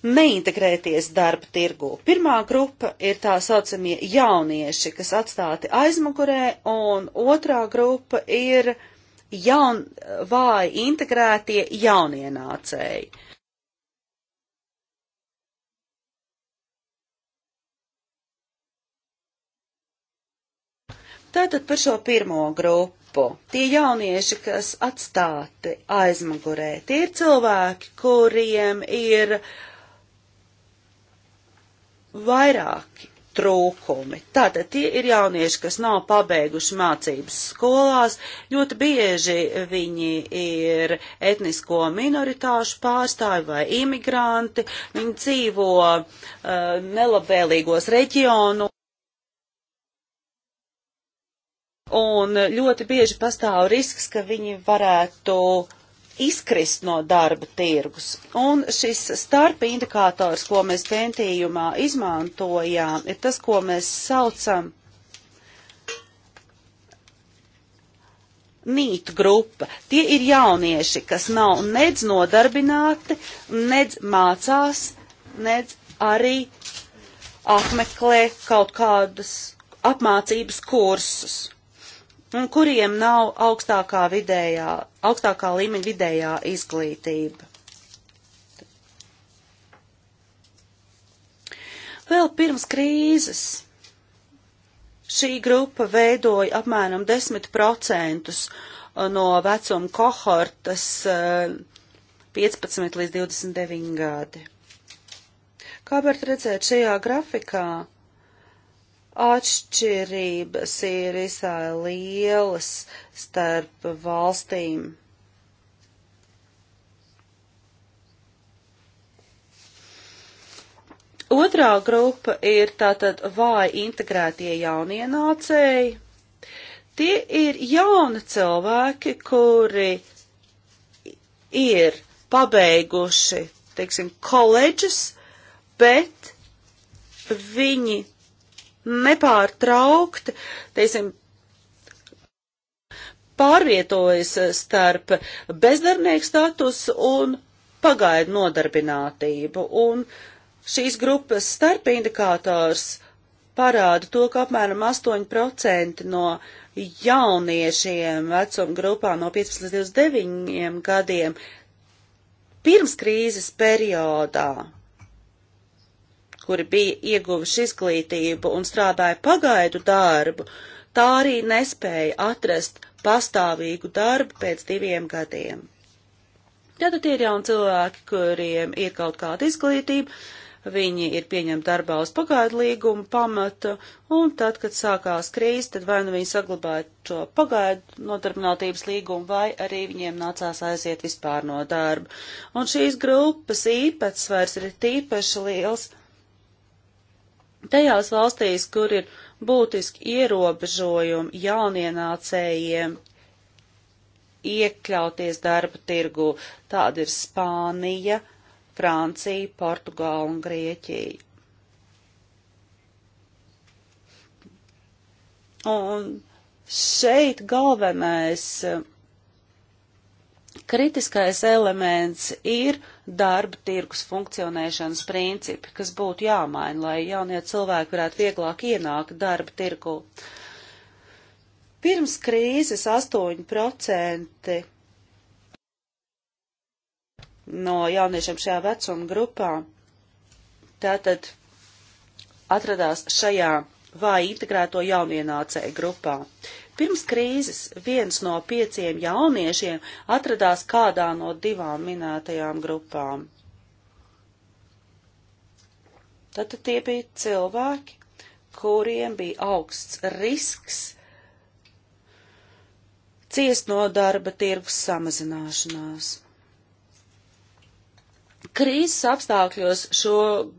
neintegrēties darba tirgu. Pirmā grupa ir tā saucamie jaunieši, kas atstāti aizmugurē, un otrā grupa ir jaun, vāji integrētie jaunienācēji. Tātad par šo pirmo grupu. Tie jaunieši, kas atstāti aizmugurē, tie ir cilvēki, kuriem ir uh, vairāki trūkumi. Tātad tie ir jaunieši, kas nav pabeiguši mācības skolās, ļoti bieži viņi ir etnisko minoritāšu pārstāvi vai imigranti, viņi dzīvo uh, nelabvēlīgos reģionu. Un ļoti bieži pastāv risks, ka viņi varētu izkrist no darba tirgus. Un šis starp indikators, ko mēs pētījumā izmantojām, ir tas, ko mēs saucam nītu grupa. Tie ir jaunieši, kas nav nedz nodarbināti, nedz mācās, nedz arī apmeklē kaut kādus apmācības kursus un kuriem nav augstākā, vidējā, augstākā līmeņa vidējā izglītība. Vēl pirms krīzes šī grupa veidoja apmēram 10% uh, no vecuma kohortas 15 uh, līdz 29 gadi. Kā var redzēt šajā grafikā, atšķirības ir visai lielas starp valstīm. Otrā grupa ir tātad vāji integrētie jaunienācēji. Tie ir jauni cilvēki, kuri ir pabeiguši, teiksim, koledžas, bet viņi nepārtraukti, teiksim, pārvietojas starp bezdarbnieku status un pagaidu nodarbinātību. Un šīs grupas starp indikātors parāda to, ka apmēram 8% no jauniešiem vecuma grupā no 15 līdz 29 gadiem pirms krīzes periodā kuri bija ieguvuši izglītību un strādāja pagaidu darbu, tā arī nespēja atrast pastāvīgu darbu pēc diviem gadiem. Tātad tie ir jauni cilvēki, kuriem ir kaut kāda izglītība, viņi ir pieņemti darbā uz pagaidu līgumu pamata, un tad, kad sākās krīze, tad vai nu viņi saglabāja šo pagaidu nodarbinātības līgumu, vai arī viņiem nācās aiziet vispār no darba. Un šīs grupas īpatsvars ir tīpaši liels Tajās valstīs, kur ir būtiski ierobežojumi jaunienācējiem iekļauties darba tirgu, tāda ir Spānija, Francija, Portugāla un Grieķija. Un šeit galvenais eh, kritiskais elements ir uh, darba tirgus funkcionēšanas principi, kas būtu jāmaina, lai jaunie cilvēki varētu vieglāk ienākt darba tirgu. Pirms krīzes 8% no jauniešiem šajā vecuma grupā tātad atradās šajā vai integrēto jaunienācēju grupā. Pirms krīzes viens no pieciem jauniešiem atradās kādā no divām minētajām grupām. Tad tie bija cilvēki, kuriem bija augsts risks ciest no darba tirgus samazināšanās. Krīzes apstākļos šo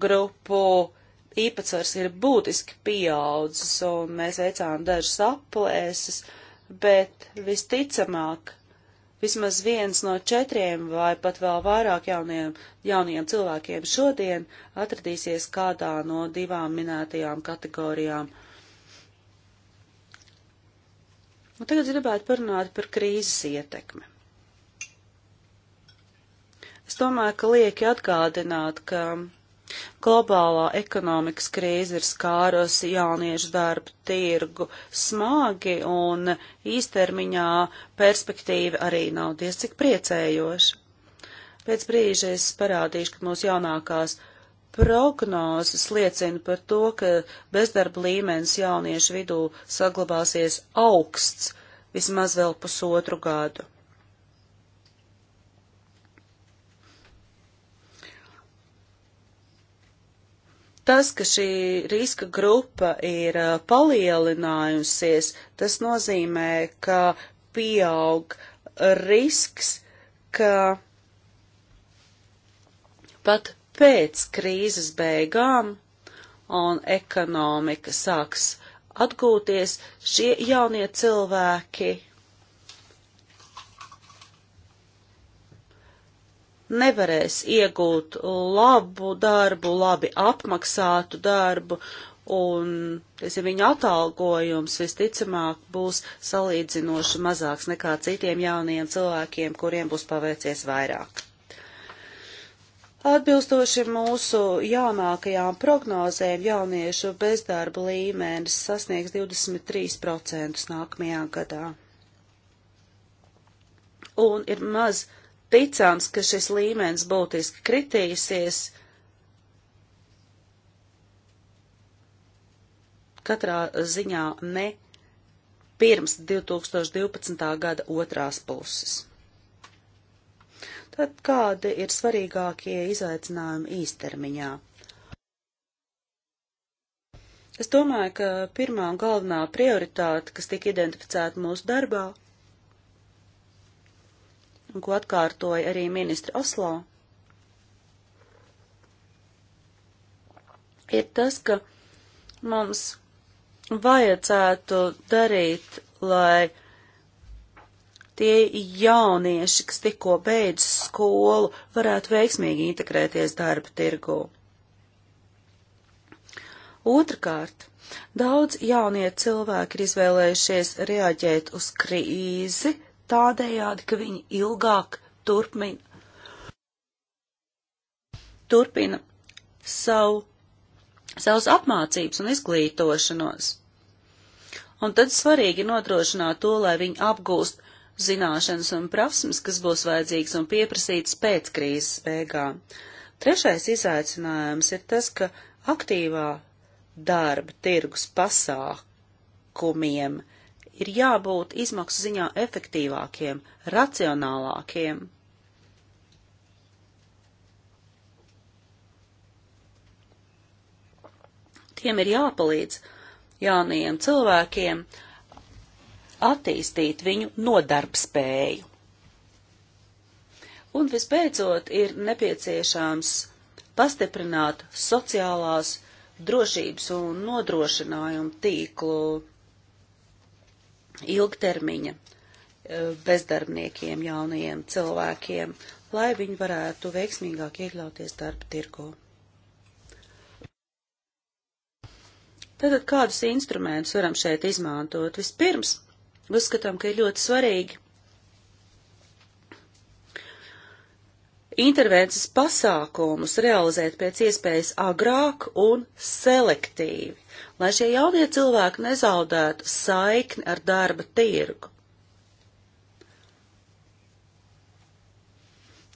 grupu uh, īpatsvars ir būtiski pieaudzis, un mēs veicām dažas aplēses, bet visticamāk, vismaz viens no četriem vai pat vēl vairāk jauniem, jauniem cilvēkiem šodien atradīsies kādā no divām minētajām kategorijām. Un tagad gribētu parunāt par krīzes ietekmi. Es domāju, ka lieki atgādināt, ka Globālā ekonomikas krīze ir skārusi jauniešu darbu tirgu smagi un īstermiņā perspektīva arī nav diez cik priecējoša. Pēc brīža es parādīšu, ka mūsu jaunākās prognozes liecina par to, ka bezdarba līmenis jauniešu vidū saglabāsies augsts vismaz vēl pusotru gadu. Tas, ka šī riska grupa ir uh, palielinājusies, tas nozīmē, ka pieaug risks, ka pat pēc krīzes beigām un ekonomika sāks atgūties, šie jaunie cilvēki nevarēs iegūt labu darbu, labi apmaksātu darbu, un teiksim, viņa atalgojums visticamāk būs salīdzinoši mazāks nekā citiem jaunajiem cilvēkiem, kuriem būs paveicies vairāk. Atbilstoši mūsu jaunākajām prognozēm, jauniešu bezdarba līmenis sasniegs 23% nākamajā gadā. Un ir maz ticams, ka šis līmenis būtiski kritīsies katrā ziņā ne pirms 2012. gada otrās puses. Tad kādi ir svarīgākie izaicinājumi īstermiņā? Es domāju, ka pirmā un galvenā prioritāte, kas tika identificēta mūsu darbā, un ko atkārtoja arī ministri Oslo, ir tas, ka mums vajadzētu darīt, lai tie jaunieši, kas tikko beidz skolu, varētu veiksmīgi integrēties darba tirgū. Otrakārt, daudz jaunie cilvēki ir izvēlējušies reaģēt uz krīzi tādējādi, ka viņi ilgāk turpina, turpina savu, savus apmācības un izglītošanos. Un tad svarīgi nodrošināt to, lai viņi apgūst zināšanas un prasmes, kas būs vajadzīgas un pieprasītas pēc krīzes beigām. Trešais izaicinājums ir tas, ka aktīvā darba tirgus pasākumiem uh, ir jābūt izmaksu ziņā efektīvākiem, racionālākiem. Tiem ir jāpalīdz jaunajiem cilvēkiem attīstīt viņu nodarbspēju. Un visbeidzot ir nepieciešams pastiprināt sociālās drošības un nodrošinājumu tīklu ilgtermiņa eh, bezdarbniekiem, jaunajiem cilvēkiem, lai viņi varētu veiksmīgāk iekļauties darba tirgu. Tātad kādus instrumentus varam šeit izmantot? Vispirms uzskatām, ka ir ļoti svarīgi intervences pasākumus realizēt pēc iespējas agrāk un selektīvi, lai šie jaunie cilvēki nezaudētu saikni ar darba tirgu.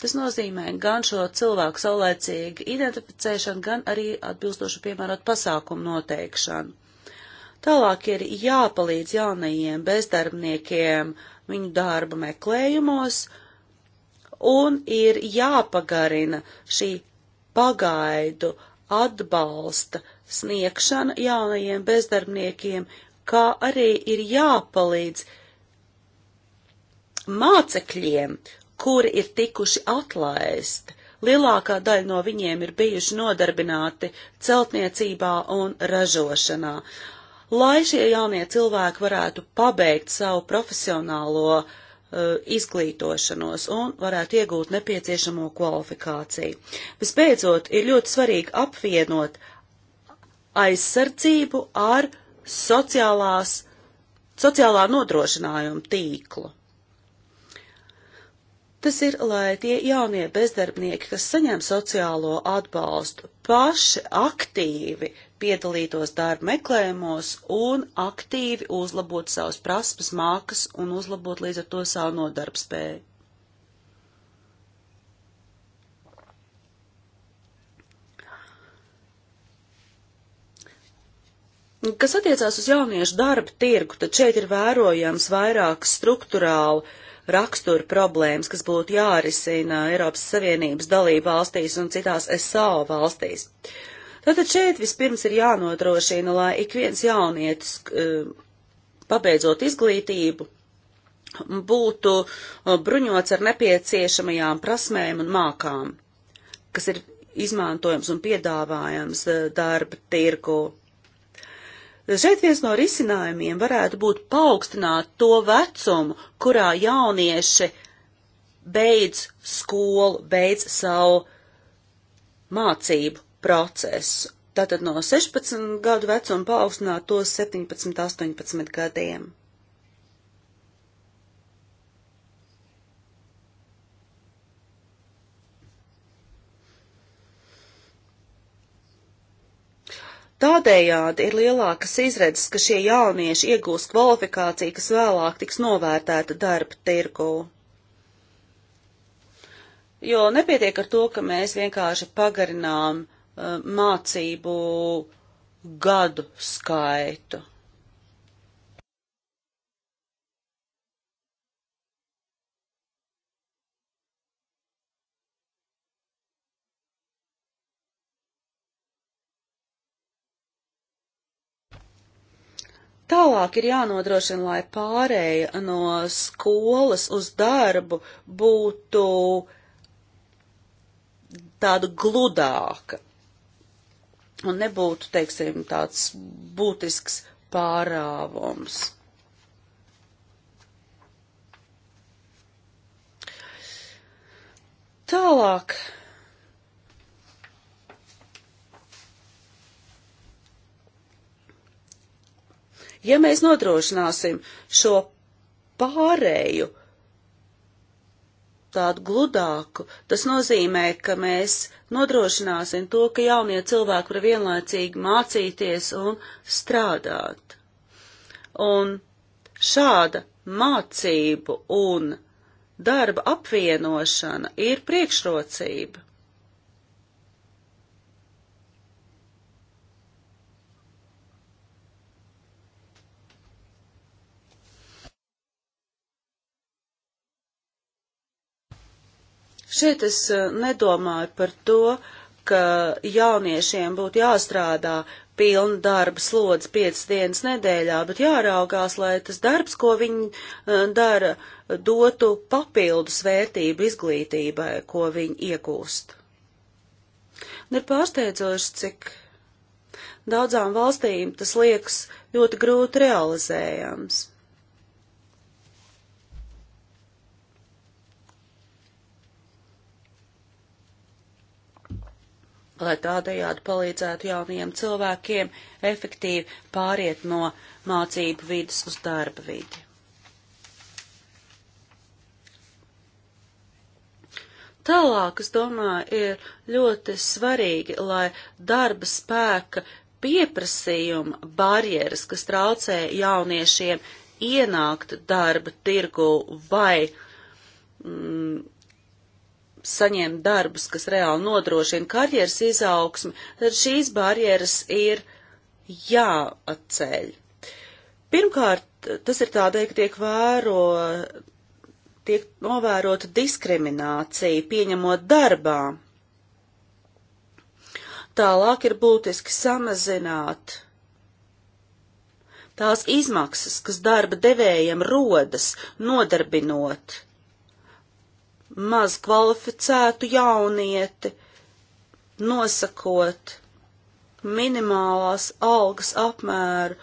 Tas nozīmē gan šo cilvēku saulēcīgu identificēšanu, gan arī atbilstošu piemērot pasākumu noteikšanu. Tālāk ir jāpalīdz jaunajiem bezdarbniekiem viņu darba meklējumos, uh, un ir jāpagarina šī pagaidu atbalsta sniegšana jaunajiem bezdarbniekiem, kā arī ir jāpalīdz mācekļiem, kuri ir tikuši atlaisti. Lielākā daļa no viņiem ir bijuši nodarbināti celtniecībā un ražošanā. Lai šie jaunie cilvēki varētu pabeigt savu profesionālo uh, Eh, izglītošanos un varētu iegūt nepieciešamo kvalifikāciju. Vispēcot, ir ļoti svarīgi apvienot aizsardzību ar sociālās, sociālā nodrošinājuma tīklu. Tas ir, lai tie jaunie bezdarbnieki, kas saņem sociālo atbalstu, paši aktīvi piedalītos darba meklējumos un aktīvi uzlabot savas prasmes, mākas un uzlabot līdz ar to savu nodarbspēju. Kas attiecās uz jauniešu darba tirgu, tad šeit ir vērojams vairākas struktūrālu rakstura problēmas, kas būtu jārisina Eiropas Savienības dalību valstīs un citās SAO valstīs. Uh, Tātad šeit vispirms ir jānodrošina, lai ik viens jaunietis, eh, pabeidzot izglītību, būtu eh, bruņots ar nepieciešamajām prasmēm un mākām, kas ir izmantojams un piedāvājams eh, darba tirgu. Šeit viens no risinājumiem varētu būt paaugstināt to vecumu, kurā jaunieši beidz skolu, beidz savu mācību procesu. Tātad no 16 gadu vecuma paaugstināt to 17, 18 gadiem. Tādējādi ir lielākas izredzes, ka šie jaunieši iegūs kvalifikāciju, kas vēlāk tiks novērtēta darba tirgū. Jo nepietiek ar to, ka mēs vienkārši pagarinām uh, Um, mācību gadu skaitu. Tālāk ir jānodrošina, lai pārēja no skolas uz darbu būtu tāda gludāka un nebūtu, teiksim, tāds būtisks pārāvums. Tālāk. Ja mēs nodrošināsim šo pārēju tādu gludāku. Tas nozīmē, ka mēs nodrošināsim to, ka jaunie cilvēki var vienlaicīgi mācīties un strādāt. Un šāda mācību un darba apvienošana ir priekšrocība. Šeit es eh, nedomāju par to, ka jauniešiem būtu jāstrādā pilna darba slodze 5 dienas nedēļā, bet jāraugās, lai tas darbs, ko viņi eh, dara, dotu papildus vērtību izglītībai, ko viņi iegūst. Un ir pārsteidzoši, cik daudzām valstīm tas liekas ļoti grūti realizējams. lai tādējādi palīdzētu jauniem cilvēkiem efektīvi pāriet no mācību vidas uz darba vidi. Tālāk, es domāju, ir ļoti svarīgi, lai darba spēka pieprasījuma barjeras, kas traucē jauniešiem ienākt darba tirgu vai mm, saņemt darbus, kas reāli nodrošina karjeras izaugsmi, tad šīs barjeras ir jāatceļ. Pirmkārt, tas ir tādēļ, ka tiek vēro, tiek novērota diskriminācija pieņemot darbā. Tālāk ir būtiski samazināt tās izmaksas, kas darba devējiem rodas, nodarbinot maz kvalificētu jaunieti, nosakot minimālās algas apmēru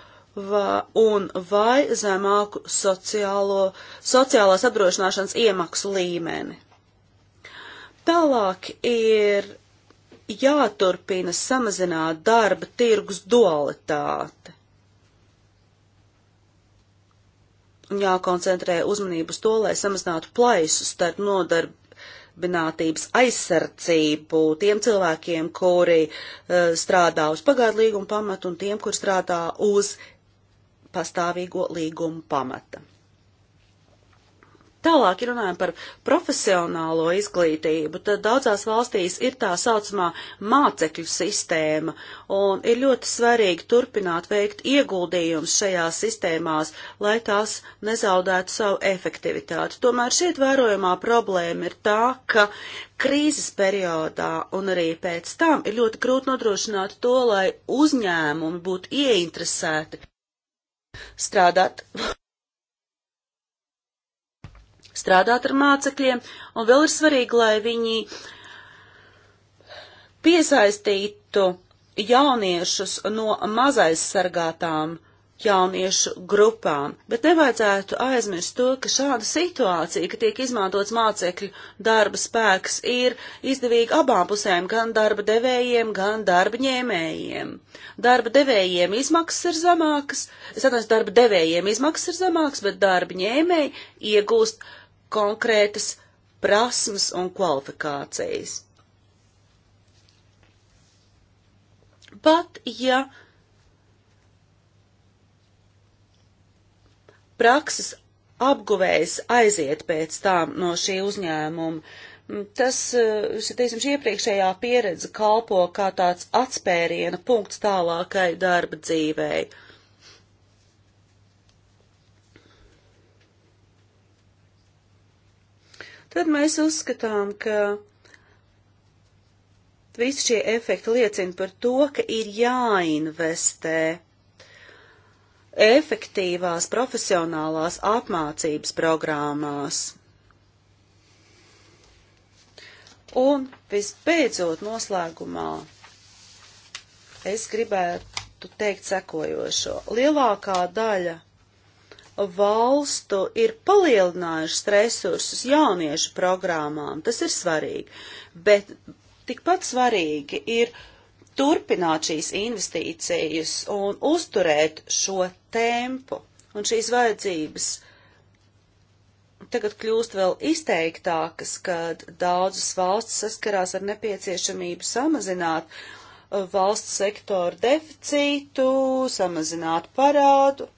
va, un vai zemāku sociālo, sociālās apdrošināšanas iemaksu līmeni. Tālāk ir jāturpina samazināt darba tirgus dualitāte. jākoncentrē uzmanību uz to, lai samazinātu plaisu starp nodarbinātības aizsardzību tiem cilvēkiem, kuri uh, strādā uz pagādu līguma pamatu un tiem, kur strādā uz pastāvīgo līguma pamata. Tālāk, ja runājam par profesionālo izglītību, tad daudzās valstīs ir tā saucamā mācekļu sistēma, un ir ļoti svarīgi turpināt veikt ieguldījumus šajās sistēmās, lai tās nezaudētu savu efektivitāti. Tomēr šeit vērojamā problēma ir tā, ka krīzes periodā un arī pēc tam ir ļoti grūti nodrošināt to, lai uzņēmumi būtu ieinteresēti strādāt strādāt ar mācekļiem, un vēl ir svarīgi, lai viņi piesaistītu jauniešus no mazaizsargātām jauniešu grupām, bet nevajadzētu aizmirst to, ka šāda situācija, ka tiek izmantots mācekļu darba spēks, ir izdevīga abām pusēm, gan darba devējiem, gan darba ņēmējiem. Darba devējiem izmaksas ir zemākas, es atvainojos, darba devējiem izmaksas ir zemākas, bet darba ņēmēji iegūst konkrētas prasmes un kvalifikācijas. Pat ja prakses apguvējs aiziet pēc tām no šī uzņēmuma, tas, teiksim, šī iepriekšējā pieredze kalpo kā tāds atspēriena punkts tālākai darba dzīvēi. tad mēs uzskatām, ka visi šie efekti liecina par to, ka ir jāinvestē efektīvās profesionālās apmācības programmās. Un visbeidzot noslēgumā es gribētu teikt sekojošo. Lielākā daļa valstu ir palielinājušas resursus jauniešu programmām. Tas ir svarīgi. Bet tikpat svarīgi ir turpināt šīs investīcijas un uzturēt šo tempu. Un šīs vajadzības tagad kļūst vēl izteiktākas, kad daudzas valsts saskarās ar nepieciešamību samazināt uh, valsts sektoru deficītu, samazināt parādu.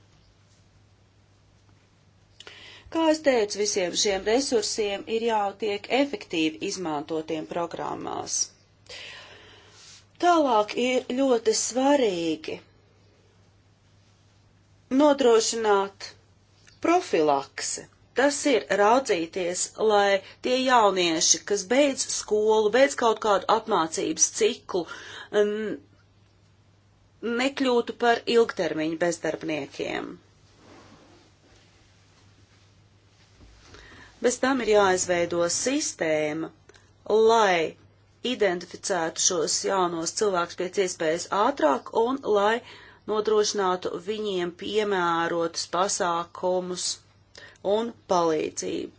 Kā es teicu, visiem šiem resursiem ir jātiek efektīvi izmantotiem programmās. Tālāk ir ļoti svarīgi nodrošināt profilakse. Tas ir raudzīties, lai tie jaunieši, kas beidz skolu, beidz kaut kādu apmācības ciklu, nekļūtu par ilgtermiņu bezdarbniekiem. Bez tam ir jāizveido sistēma, lai identificētu šos jaunos cilvēkus pēc iespējas ātrāk un lai nodrošinātu viņiem piemērotus pasākumus un palīdzību.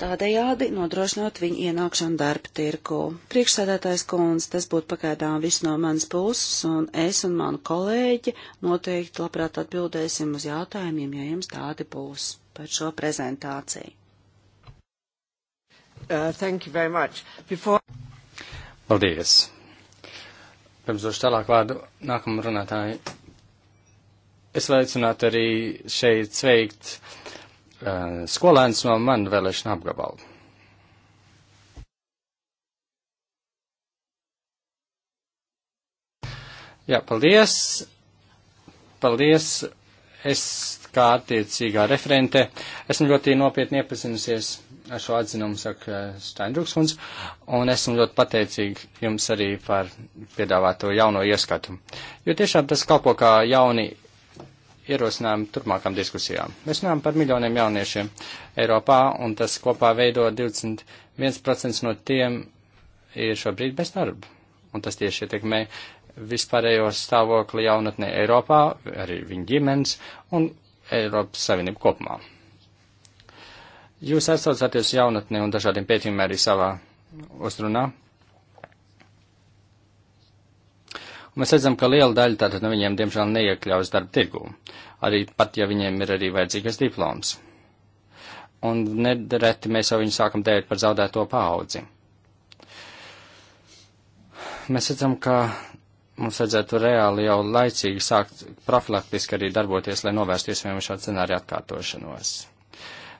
tādējādi nodrošinot viņu ienākšanu darba tirku. Priekšsēdētājs kundze, tas būtu pagaidām viss no manas puses, un es un manu kolēģi noteikti labprāt atbildēsim uz jautājumiem, ja jums tādi būs par šo prezentāciju. Uh, thank you very much. Before... Paldies. Pirms došu tālāk vārdu nākamam runātāju. Es vēl aicinātu arī šeit sveikt uh, Eh, skolēns no man vēlēšana apgabalu. Jā, paldies. Paldies. Es kā attiecīgā referente esmu ļoti nopietni iepazinusies ar šo atzinumu, saka eh, Steindruks kundz, un esmu ļoti pateicīgi jums arī par piedāvāto jauno ieskatu. Jo tiešām tas kalpo kā jauni ierosinājumu turpmākām diskusijām. Mēs runājam par miljoniem jauniešiem Eiropā, un tas kopā veido 21% no tiem ir šobrīd bez darba. Un tas tieši ietekmē vispārējo stāvokli jaunatnē Eiropā, arī viņa ģimenes un Eiropas Savienību kopumā. Jūs atsaucāties jaunatnē un dažādiem pētījumiem arī savā uzrunā. Mēs redzam, ka liela daļa tātad no viņiem, diemžēl, neiekļaus darba tirgū, arī pat, ja viņiem ir arī vajadzīgas diploms. Un nedarēti mēs jau viņu sākam dēvēt par zaudēto paudzi. Mēs redzam, ka mums vajadzētu reāli jau laicīgi sākt profilaktiski arī darboties, lai novērstu iespējami šādu scenāriju atkārtošanos.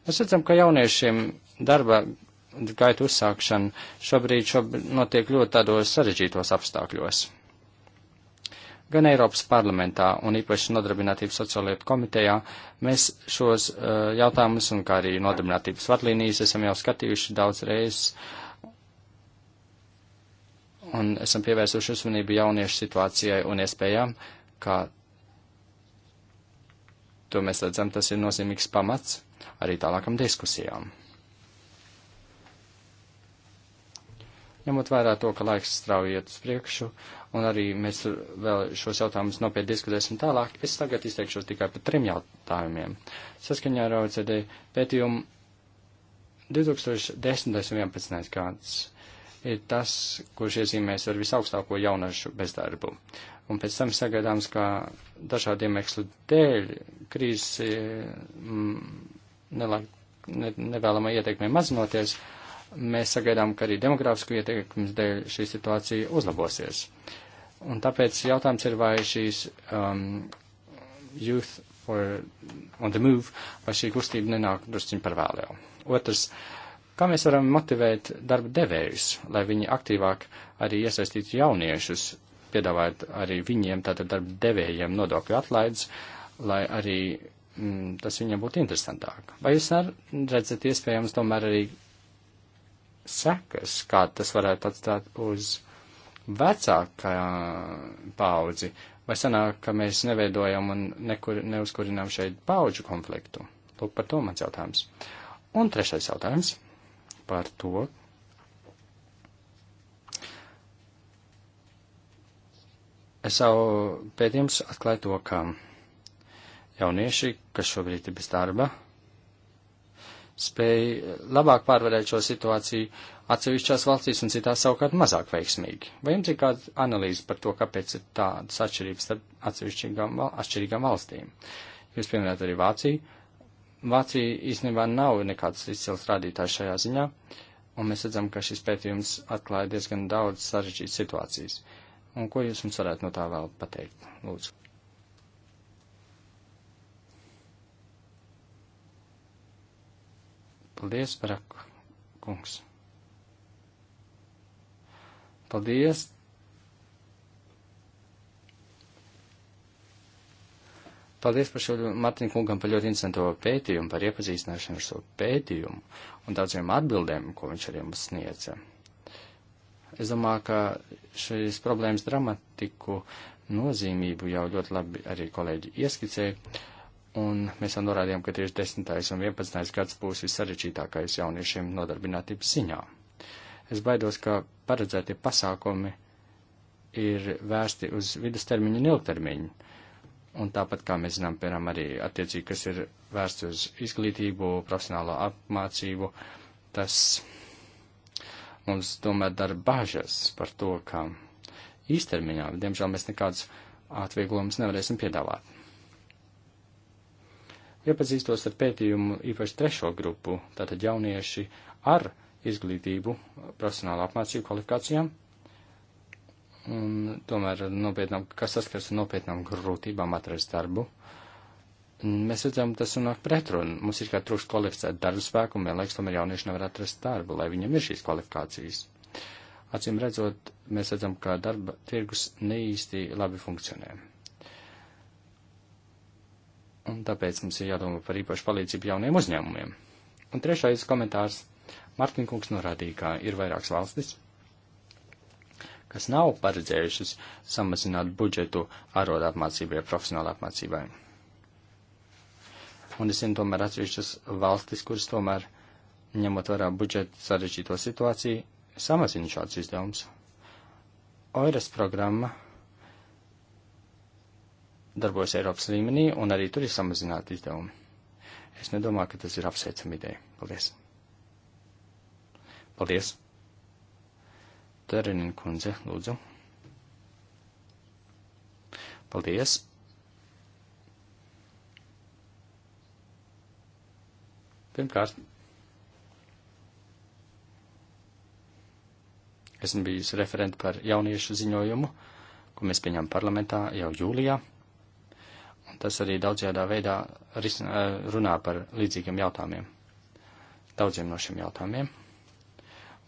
Mēs redzam, ka jauniešiem darba gaita uzsākšana šobrīd, šobrīd notiek ļoti tādos sarežģītos apstākļos. Gan Eiropas parlamentā un īpaši Nodarbinātības sociālietu komitejā mēs šos uh, jautājumus un kā arī Nodarbinātības vadlīnijas esam jau skatījuši daudz reizes un esam pievērsuši uzmanību jauniešu situācijai un iespējām, kā to mēs redzam, tas ir nozīmīgs pamats arī tālākam diskusijām. Ņemot vērā to, ka laiks strauji iet uz priekšu un arī mēs vēl šos jautājumus nopietni diskutēsim tālāk. Es tagad izteikšos tikai par trim jautājumiem. Saskaņā ar OECD pētījumu 2010. un 2011. gads ir tas, kurš iezīmēs ar visaugstāko jaunašu bezdarbu. Un pēc tam sagaidāms, ka dažādiem iemeslu dēļ krīzes eh, ne, nevēlama ietekme mazinoties, mēs sagaidām, ka arī demogrāfisku ietekmes dēļ šī situācija uzlabosies. Uh, Un tāpēc jautājums ir, vai šīs um, Youth for on the Move, vai šī kustība nenāk drusciņ par vēlu. Otrs, kā mēs varam motivēt darba devējus, lai viņi aktīvāk arī iesaistītu jauniešus, piedāvājot arī viņiem, tātad darba devējiem nodokļu atlaides, lai arī mm, tas viņam būtu interesantāk. Vai jūs redzat iespējams tomēr arī sekas, kā tas varētu atstāt uz vecākā paudzi, vai sanāk, ka mēs neveidojam un nekur, neuzkurinām šeit paudžu konfliktu? Lūk, par to mans jautājums. Un trešais jautājums par to, Es savu pētījumu atklāju to, ka jaunieši, kas šobrīd ir bez darba, spēj eh, labāk pārvarēt šo situāciju atsevišķās valstīs un citās savukārt mazāk veiksmīgi. Vai jums ir kāda analīze par to, kāpēc ir tādas atšķirības starp atsevišķīgām atšķirīgām valstīm? Jūs pieminējat arī Vāciju. Vācija īstenībā nav nekāds izcils rādītājs šajā ziņā, un mēs redzam, ka šis pētījums atklāja diezgan daudz sarežģītas situācijas. Un ko jūs mums varētu no tā vēl pateikt, lūdzu? Paldies, Barak kungs. Paldies. Paldies par šo Martinu kungam par ļoti interesanto pētījumu, par iepazīstināšanu ar šo pētījumu un daudziem atbildēm, ko viņš arī mums sniedza. Es domāju, ka šīs problēmas dramatiku nozīmību jau ļoti labi arī kolēģi ieskicēja un mēs jau norādījām, ka tieši 10. un 11. gads būs vissarežģītākais jauniešiem nodarbinātības ziņā. Es baidos, ka paredzētie pasākumi ir vērsti uz vidustermiņu un ilgtermiņu. Un tāpat, kā mēs zinām, piemēram, arī attiecīgi, kas ir vērsts uz izglītību, profesionālo apmācību, tas mums tomēr dara bažas par to, ka īstermiņā, diemžēl, mēs nekādus atvieglojumus nevarēsim piedāvāt. Iepazīstos ar pētījumu īpaši trešo grupu, tātad jaunieši ar izglītību, profesionālu apmācību kvalifikācijām, un tomēr nopietnām, kas saskars ar nopietnām grūtībām atrast darbu. Mēs redzam, tas nonāk pretrunu. Mums ir kā trūkst kvalificēt darbu spēku, un vienlaiks tomēr jaunieši nevar atrast darbu, lai viņam ir šīs kvalifikācijas. Acīm redzot, mēs redzam, ka darba tirgus neīsti labi funkcionē. Un tāpēc mums ir jādomā par īpašu palīdzību jauniem uzņēmumiem. Un trešais komentārs. Mārtiņkungs norādīja, ka ir vairākas valstis, kas nav paredzējušas samazināt budžetu ārodu apmācībai, profesionāla apmācībai. Un es zinu tomēr atsevišķas valstis, kuras tomēr, ņemot vērā budžetu sarežģīto situāciju, samazina šāds izdevums. OIRES programma darbojas Eiropas līmenī, un arī tur ir samazināti izdevumi. Es nedomāju, ka tas ir apsveicama ideja. Paldies! Paldies! Terenin kundze, lūdzu. Paldies! Pirmkārt, esmu bijusi referenta par jauniešu ziņojumu, ko mēs pieņēmām parlamentā jau jūlijā tas arī daudzjādā veidā runā par līdzīgiem jautājumiem, daudziem no šiem jautājumiem.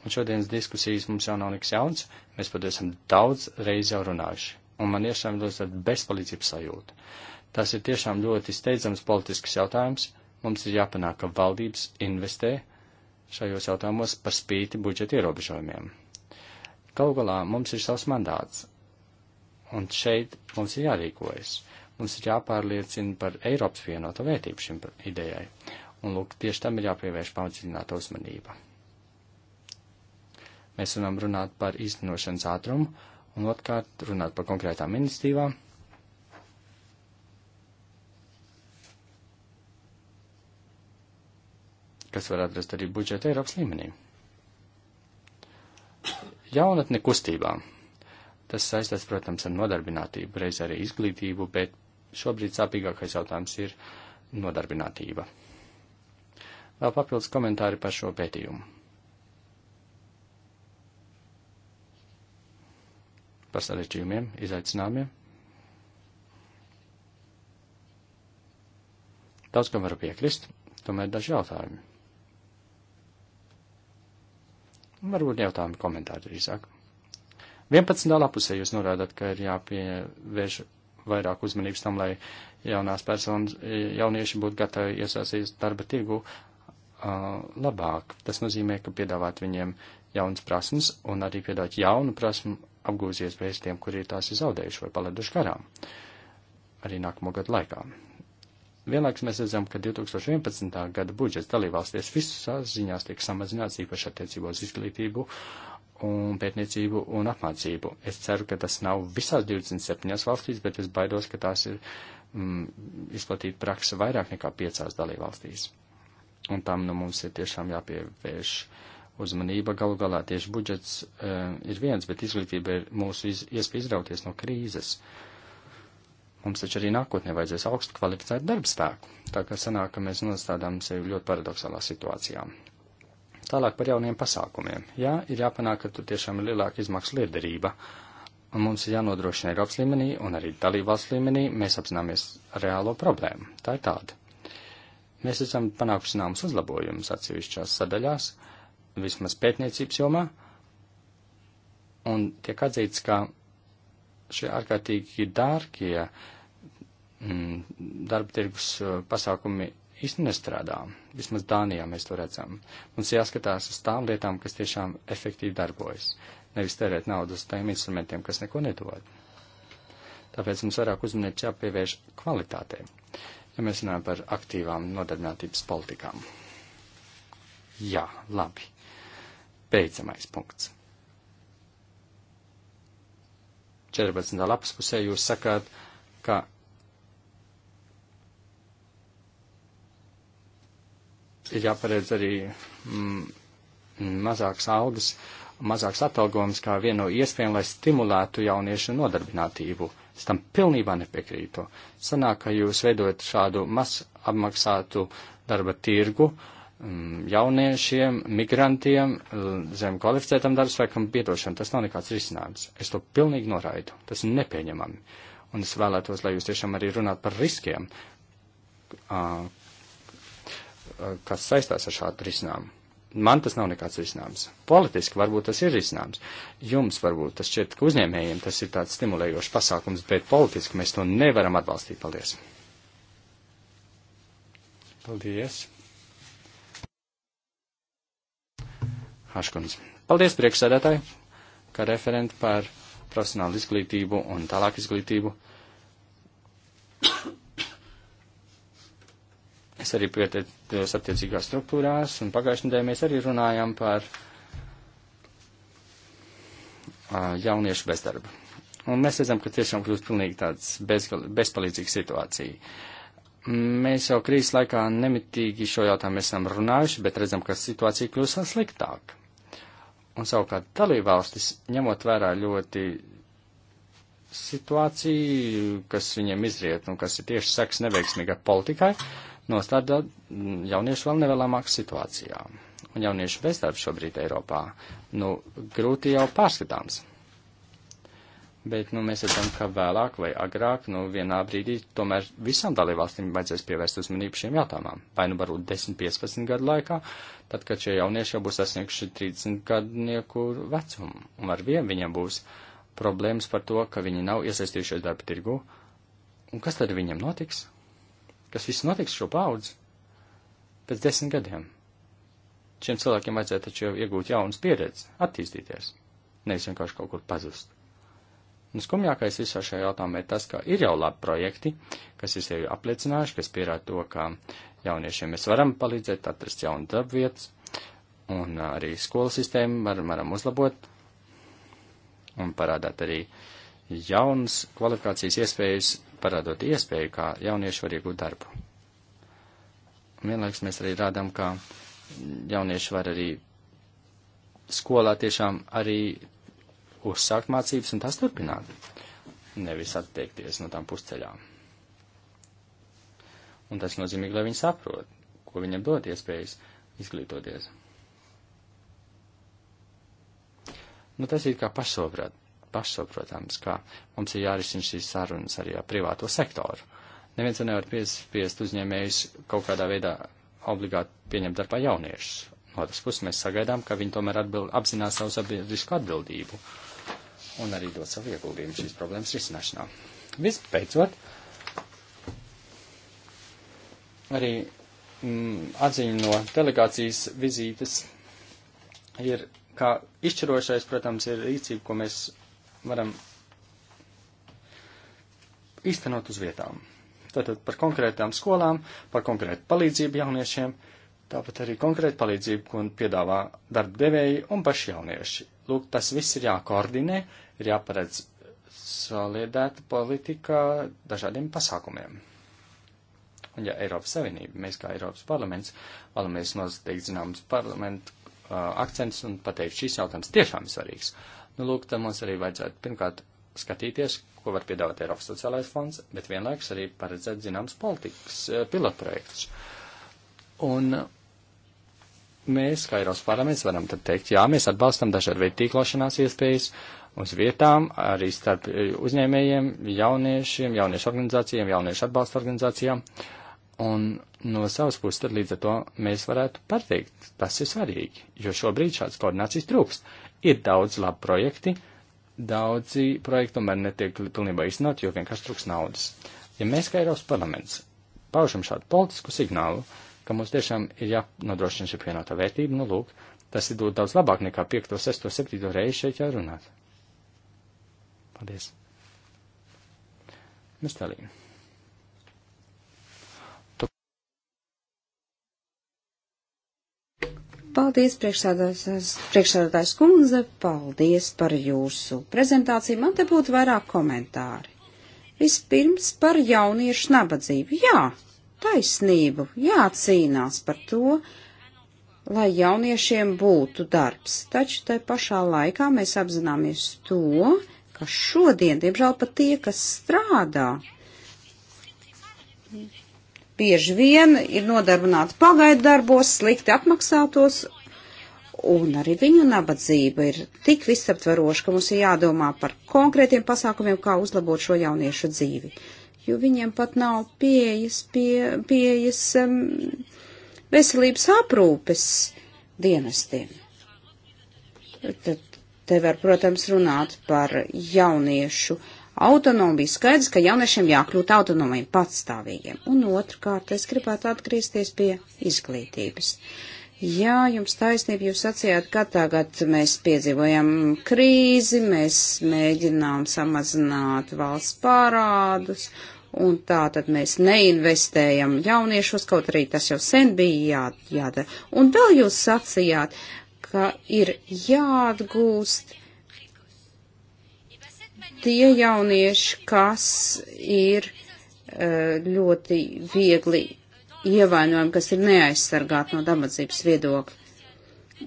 Un šodienas diskusijas mums jau nav nekas jauns, mēs par to esam daudz reizi jau runājuši. Un man tiešām ļoti tāda bezpalīdzības sajūta. Tas ir tiešām ļoti steidzams politisks jautājums. Mums ir jāpanāk, ka valdības investē šajos jautājumos par spīti budžeta ierobežojumiem. Galu galā mums ir savs mandāts, un šeit mums ir jārīkojas. Mums ir jāpārliecina par Eiropas vienoto vērtību šim idejai. Un, lūk, tieši tam ir jāpievērš pamatzināta uzmanība. Mēs varam runāt par īstenošanas ātrumu un otrkārt runāt par konkrētām ministrībām. kas var atrast arī budžeta Eiropas līmenī. Jaunatne kustībām. Tas saistās, protams, ar nodarbinātību, reiz arī izglītību, bet šobrīd sāpīgākais jautājums ir nodarbinātība. Vēl papildus komentāri par šo pētījumu. Par sarežģījumiem, izaicinājumiem. Daudz, kam varu piekrist, tomēr daži jautājumi. Varbūt jautājumi komentāri drīzāk. 11. lapusē jūs norādāt, ka ir jāpievērš vairāk uzmanības tam, lai jaunās personas, jaunieši būtu gatavi iesaistīties darba tirgu uh, labāk. Tas nozīmē, ka piedāvāt viņiem jaunas prasmes un arī piedāvāt jaunu prasmu apgūst iespējas tiem, kuri ir tās zaudējuši vai palaiduši garām arī nākamo gadu laikā. Vienlaikus mēs redzam, ka 2011. gada budžets dalībvalstīs visās ziņās tiek samazināts īpaši attiecībos izglītību un pētniecību un apmācību. Es ceru, ka tas nav visās 27 valstīs, bet es baidos, ka tās ir mm, izplatīta praksa vairāk nekā 5 dalībvalstīs. Un tam nu, mums ir tiešām jāpievērš uzmanība. Galu galā tieši budžets e, ir viens, bet izglītība ir mūsu iz, iespēja izrauties no krīzes. Mums taču arī nākotnē vajadzēs augstu kvalificētu darbspēku, tā kā sanāk, ka mēs nostādām sevi ļoti paradoxālā situācijā. Tālāk par jauniem pasākumiem. Jā, ir jāpanāk, ka tur tiešām ir lielāka izmaksu liederība. Un mums ir jānodrošina Eiropas līmenī un arī dalībvalsts līmenī. Mēs apzināmies reālo problēmu. Tā ir tāda. Mēs esam panākuši zināmas uzlabojumus atsevišķās sadaļās, vismaz pētniecības jomā. Un tiek atzīts, ka šie ārkārtīgi dārgie mm, darba tirgus uh, pasākumi īsti nestrādā. Vismaz Dānijā mēs to redzam. Mums jāskatās uz tām lietām, kas tiešām efektīvi darbojas, nevis tērēt naudu uz tiem instrumentiem, kas neko nedod. Tāpēc mums vairāk uzmanības jāpievērš kvalitātei, ja mēs runājam par aktīvām nodarbinātības politikām. Jā, labi. Beidzamais punkts. 14. lapas pusē jūs sakāt, ka ir jāparedz arī mm, mazāks algas, mazāks atalgojums kā viena no iespējām, lai stimulētu jauniešu nodarbinātību. Es tam pilnībā nepiekrītu. Sanāk, ka jūs veidojat šādu maz apmaksātu darba tirgu mm, jauniešiem, migrantiem, zem kvalificētam darbspēkam piedošanu. Tas nav nekāds risinājums. Es to pilnīgi noraidu. Tas ir nepieņemami. Un es vēlētos, lai jūs tiešām arī runātu par riskiem, Eh, kas saistās ar šādu risinājumu. Man tas nav nekāds risinājums. Politiski varbūt tas ir risinājums. Jums varbūt tas šķiet, ka uzņēmējiem tas ir tāds stimulējošs pasākums, bet politiski mēs to nevaram atbalstīt. Paldies! Paldies! Haškunis. Paldies priekšsēdētāji, kā referenti par profesionālu izglītību un tālāk izglītību. Es arī pieteicos attiecīgās struktūrās, un pagājušajā nedēļā mēs arī runājām par uh, jauniešu bezdarbu. Un mēs redzam, ka tiešām kļūst pilnīgi tāds bezgal, bezpalīdzīga situācija. Mēs jau krīzes laikā nemitīgi šo jautājumu esam runājuši, bet redzam, ka situācija kļūst sliktāka. Un savukārt dalībvalstis, ņemot vērā ļoti situāciju, kas viņiem izriet un kas ir tieši seks neveiksmīgai politikai, uh, nostāda jauniešu vēl nevēlamāk situācijā. Un jauniešu bezdarbs šobrīd Eiropā, nu, grūti jau pārskatāms. Bet, nu, mēs redzam, ka vēlāk vai agrāk, nu, vienā brīdī tomēr visām dalībvalstīm vajadzēs pievērst uzmanību šiem jautājumam. Vai nu varbūt 10-15 gadu laikā, tad, kad šie jaunieši jau būs sasnieguši 30 gadnieku vecumu. Un ar vien viņiem būs problēmas par to, ka viņi nav iesaistījušies darba tirgu. Un kas tad viņiem notiks? kas viss notiks šo paudzi pēc desmit gadiem. Šiem cilvēkiem vajadzētu taču jau iegūt jaunas pieredzes, attīstīties, nevis vienkārši kaut kur pazust. Un skumjākais visā šajā jautājumā ir tas, ka ir jau labi projekti, kas ir sevi apliecinājuši, kas pierāda to, ka jauniešiem mēs varam palīdzēt atrast jaunu darbu vietas, un uh, arī skolas sistēmu varam, varam uzlabot, un parādāt arī jaunas kvalifikācijas iespējas parādot iespēju, kā jaunieši var iegūt darbu. Un vienlaiks mēs arī rādām, ka jaunieši var arī skolā tiešām arī uzsākt mācības un tās turpināt, nevis atteikties no tām pusceļām. Un tas nozīmīgi, lai viņi saprot, ko viņam dod iespējas izglītoties. Nu, tas ir kā pašsaprāt pašsaprotams, ka mums ir jārisina šīs sarunas arī ar privāto sektoru. Neviens nevar piespiest uzņēmējus kaut kādā veidā obligāti pieņemt darbā jauniešus. No otras puses mēs sagaidām, ka viņi tomēr atbild, apzinās savu sabiedrisku atbildību un arī dod savu ieguldījumu šīs problēmas risināšanā. Vispēcot, arī mm, atziņa no delegācijas vizītes ir, kā izšķirošais, protams, ir rīcība, ko mēs varam īstenot uz vietām. Tātad par konkrētām skolām, par konkrētu palīdzību jauniešiem, tāpat arī konkrētu palīdzību, ko piedāvā darba devēji un paši jaunieši. Lūk, tas viss ir jākoordinē, ir jāparedz saliedēta politika dažādiem pasākumiem. Un ja Eiropas Savienība, mēs kā Eiropas parlaments, vēlamies noteikt zināmas parlamentu uh, akcents un pateikt, šīs jautājums tiešām ir svarīgs. Uh, Nu, lūk, tam mums arī vajadzētu pirmkārt skatīties, ko var piedāvāt Eiropas sociālais fonds, bet vienlaiks arī paredzēt zināms politikas eh, pilotprojekts. Un eh, mēs, kā Eiropas parlaments, varam tad teikt, jā, mēs atbalstam dažādu veidu tīklošanās iespējas uz vietām, arī starp eh, uzņēmējiem, jauniešiem, jauniešu organizācijām, jauniešu atbalsta organizācijām. Un no savas puses, tad līdz ar to mēs varētu pateikt, tas ir svarīgi, jo šobrīd šāds koordinācijas trūkst. Ir daudz labu projekti, daudzi projekti tomēr netiek pilnībā iznot, jo vienkārši trūks naudas. Ja mēs kā Eiropas parlaments paužam šādu politisku signālu, ka mums tiešām ir jānodrošina šī pienotā vērtība, nu lūk, tas ir daudz labāk nekā 5, 6, 7 reizi šeit jārunāt. Paldies. Mēs tālīgi. Paldies, priekšsādātājs kundze, paldies par jūsu prezentāciju. Man te būtu vairāk komentāri. Vispirms par jauniešu nabadzību. Jā, taisnību, jācīnās par to, lai jauniešiem būtu darbs. Taču tai pašā laikā mēs apzināmies to, ka šodien, diemžēl, pat tie, kas strādā, bieži vien ir nodarbināti pagaidu darbos, slikti apmaksātos, un arī viņu nabadzība ir tik visaptvaroša, ka mums ir jādomā par konkrētiem pasākumiem, kā uzlabot šo jauniešu dzīvi, jo viņiem pat nav pieejas, pie, pieejas um, veselības aprūpes dienestiem. Tad te var, protams, runāt par jauniešu uh, autonomiju. Skaidrs, ka jauniešiem jākļūt autonomiem, patstāvīgiem. Un otrkārt, es gribētu atgriezties pie izglītības. Jā, jums taisnība, jūs sacījāt, ka tagad mēs piedzīvojam krīzi, mēs mēģinām samazināt valsts pārādus, un tā tad mēs neinvestējam jauniešos, kaut arī tas jau sen bija jā, jādara. Un vēl jūs sacījāt, ka ir jāatgūst tie jaunieši, kas ir e, ļoti viegli ievainojami, kas ir neaizsargāti no dabadzības viedokļa.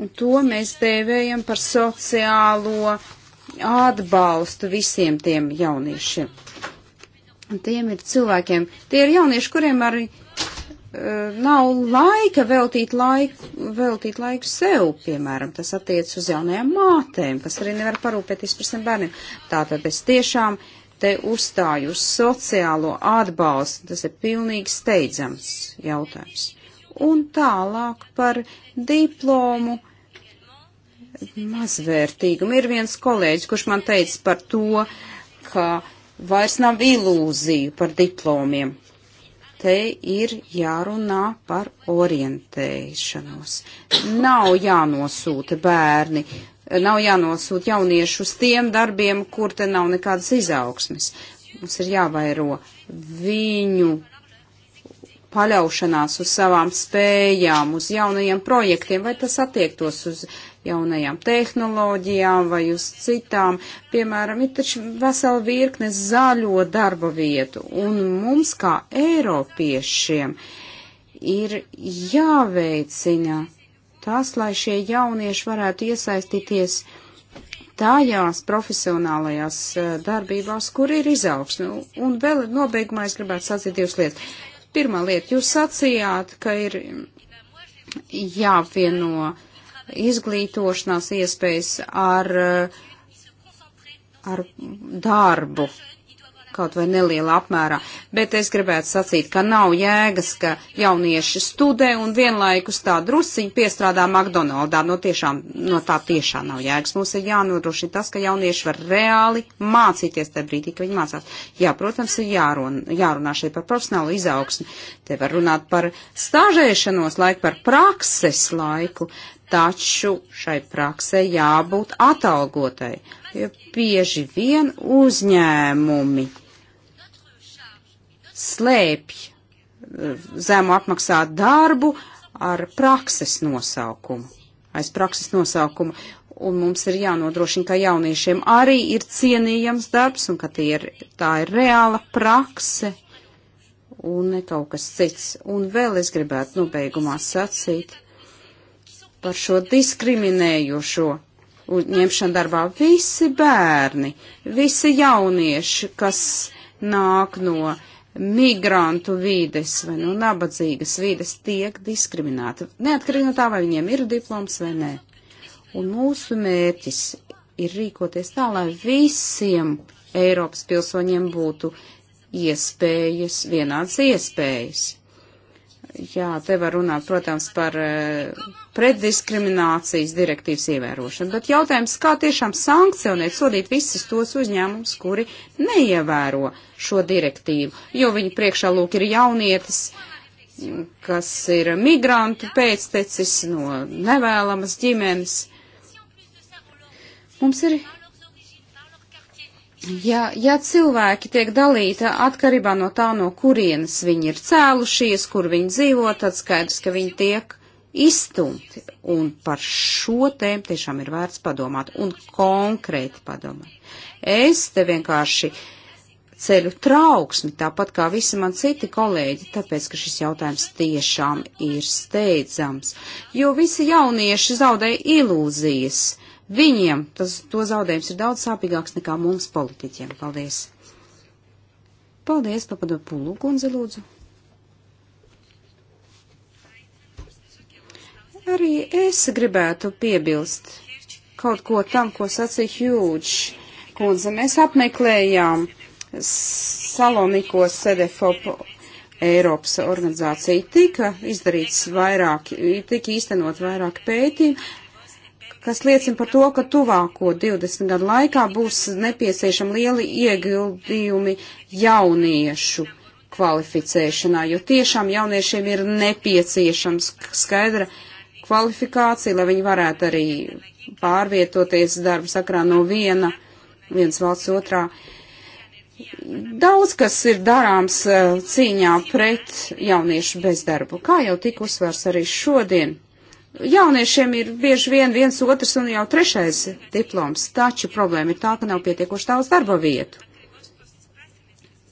Un to mēs dēvējam par sociālo atbalstu visiem tiem jauniešiem. Un tiem ir cilvēkiem, tie ir jaunieši, kuriem arī Eh, nav laika veltīt laiku, veltīt laiku sev, piemēram, tas attiec uz jaunajām mātēm, kas arī nevar parūpēties par saviem bērniem. Tātad es tiešām te uzstāju uz sociālo atbalstu, tas ir pilnīgi steidzams jautājums. Un tālāk par diplomu mazvērtīgumu. Ir viens kolēģis, kurš man teica par to, ka vairs nav ilūziju par diplomiem te ir jārunā par orientēšanos. Nav jānosūta bērni, nav jānosūta jaunieši uz tiem darbiem, kur te nav nekādas izaugsmes. Mums ir jāvairo viņu paļaušanās uz savām spējām, uz jaunajiem projektiem, vai tas attiektos uz jaunajām tehnoloģijām vai uz citām. Piemēram, ir taču vesela virkne zaļo darba vietu, un mums kā Eiropiešiem ir jāveicina tas, lai šie jaunieši varētu iesaistīties tajās profesionālajās eh, darbībās, kur ir izaugsme. Un vēl nobeigumā es gribētu sacīt divas lietas. Pirmā lieta, jūs sacījāt, ka ir jāapvieno izglītošanās iespējas ar, ar darbu kaut vai nelielā apmērā, bet es gribētu sacīt, ka nav jēgas, ka jaunieši studē un vienlaikus tā drusiņi piestrādā McDonaldā. No, tiešām, no tā tiešām nav jēgas. Mums ir jānodrošina tas, ka jaunieši var reāli mācīties tajā brīdī, ka viņi mācās. Jā, protams, ir jārun, jārunā šeit par profesionālu izaugsmi. Te var runāt par stāžēšanos laiku, par prakses laiku, taču šai praksē jābūt atalgotai, jo bieži vien uzņēmumi slēpj eh, zemu apmaksāt darbu ar prakses nosaukumu, aiz prakses nosaukumu. Un mums ir jānodrošina, ka jauniešiem arī ir cienījams darbs un ka ir, tā ir reāla prakse un ne kaut kas cits. Un vēl es gribētu nobeigumā sacīt, par šo diskriminējošo ņemšanu darbā. Visi bērni, visi jaunieši, kas nāk no migrantu vides vai no nabadzīgas vides, tiek diskriminēti. Neatkarīgi no tā, vai viņiem ir diploms vai nē. Un mūsu mērķis ir rīkoties tā, lai visiem Eiropas pilsoņiem būtu iespējas, vienāds iespējas. Jā, te var runāt, protams, par uh, pretdiskriminācijas direktīvas ievērošanu, bet jautājums, kā tiešām sankcionēt, sodīt visus tos uzņēmumus, kuri neievēro šo direktīvu, jo viņi priekšā lūk ir jaunietis, kas ir migrantu pēctecis no nevēlamas ģimenes. Mums ir Ja, ja cilvēki tiek dalīti atkarībā no tā, no kurienes viņi ir cēlušies, kur viņi dzīvo, tad skaidrs, ka viņi tiek izstumti, un par šo tēmu tiešām ir vērts padomāt, un konkrēti padomāt. Es te vienkārši ceļu trauksmi, tāpat kā visi man citi kolēģi, tāpēc, ka šis jautājums tiešām ir steidzams, jo visi jaunieši zaudēja ilūzijas. Viņiem tas, to zaudējums ir daudz sāpīgāks nekā mums politiķiem. Paldies! Paldies, papadu pulūku un zelūdzu! Arī es gribētu piebilst kaut ko tam, ko sacīja Hjūģis. Kundze, mēs apmeklējām Salonikos Sedefopu Eiropas organizācija. Tika izdarīts vairāk, tika īstenot vairāk pētījumu, kas liecina par to, ka tuvāko 20 gadu laikā būs nepieciešami lieli ieguldījumi jauniešu kvalificēšanā, jo tiešām jauniešiem ir nepieciešams skaidra kvalifikāciju, lai viņi varētu arī pārvietoties darba sakrā no viena, viens valsts otrā. Daudz kas ir darāms eh, cīņā pret jauniešu bezdarbu, kā jau tika uzsvars arī šodien. Jauniešiem ir bieži vien viens otrs un jau trešais diploms, taču problēma ir tā, ka nav pietiekoši daudz darba vietu.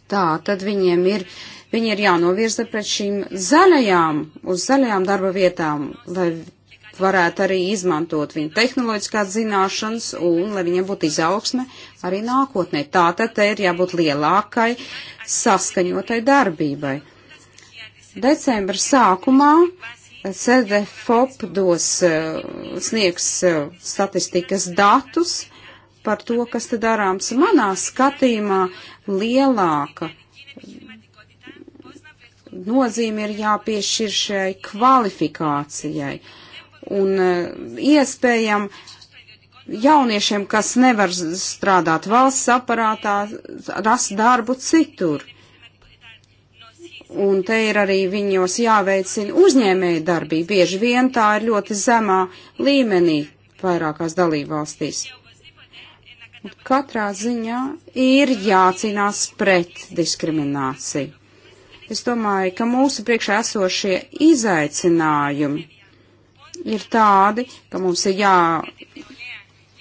Tā, tad viņiem ir uh, Viņi ir jānovirza pret šīm zaļajām, uz zaļajām darba vietām, lai varētu arī izmantot viņa tehnoloģiskās zināšanas un lai viņiem būtu izaugsme arī nākotnē. Tātad te ir jābūt lielākai saskaņotai darbībai. Decembra sākumā CDFOP dos eh, sniegs eh, statistikas datus par to, kas te darāms. Manā skatījumā lielāka nozīme ir jāpiešķir šai kvalifikācijai un e, iespējam jauniešiem, kas nevar strādāt valsts aparātā, rast darbu citur. Un te ir arī viņos jāveicina uzņēmēja darbība. Bieži vien tā ir ļoti zemā līmenī vairākās dalībvalstīs. Katrā ziņā ir jācīnās pret diskrimināciju. Es domāju, ka mūsu priekšā esošie izaicinājumi ir tādi, ka mums ir jā,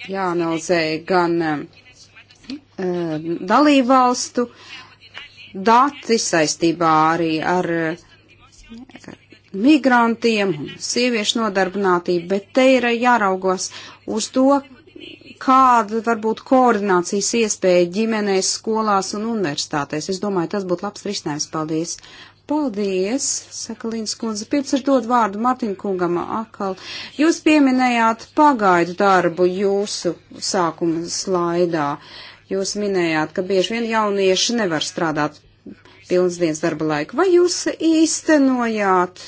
jāanalizē gan uh, dalībvalstu dati saistībā arī ar uh, migrantiem un sieviešu nodarbinātību, bet te ir jāraugos uz to, kāda var būt koordinācijas iespēja ģimenēs, skolās un universitātēs. Es domāju, tas būtu labs risinājums. Paldies! Paldies, saka Līnas kundze. Pirms es dodu vārdu Martin kungam atkal. Jūs pieminējāt pagaidu darbu jūsu sākuma slaidā. Jūs minējāt, ka bieži vien jaunieši nevar strādāt pilns dienas darba laiku. Vai jūs īstenojāt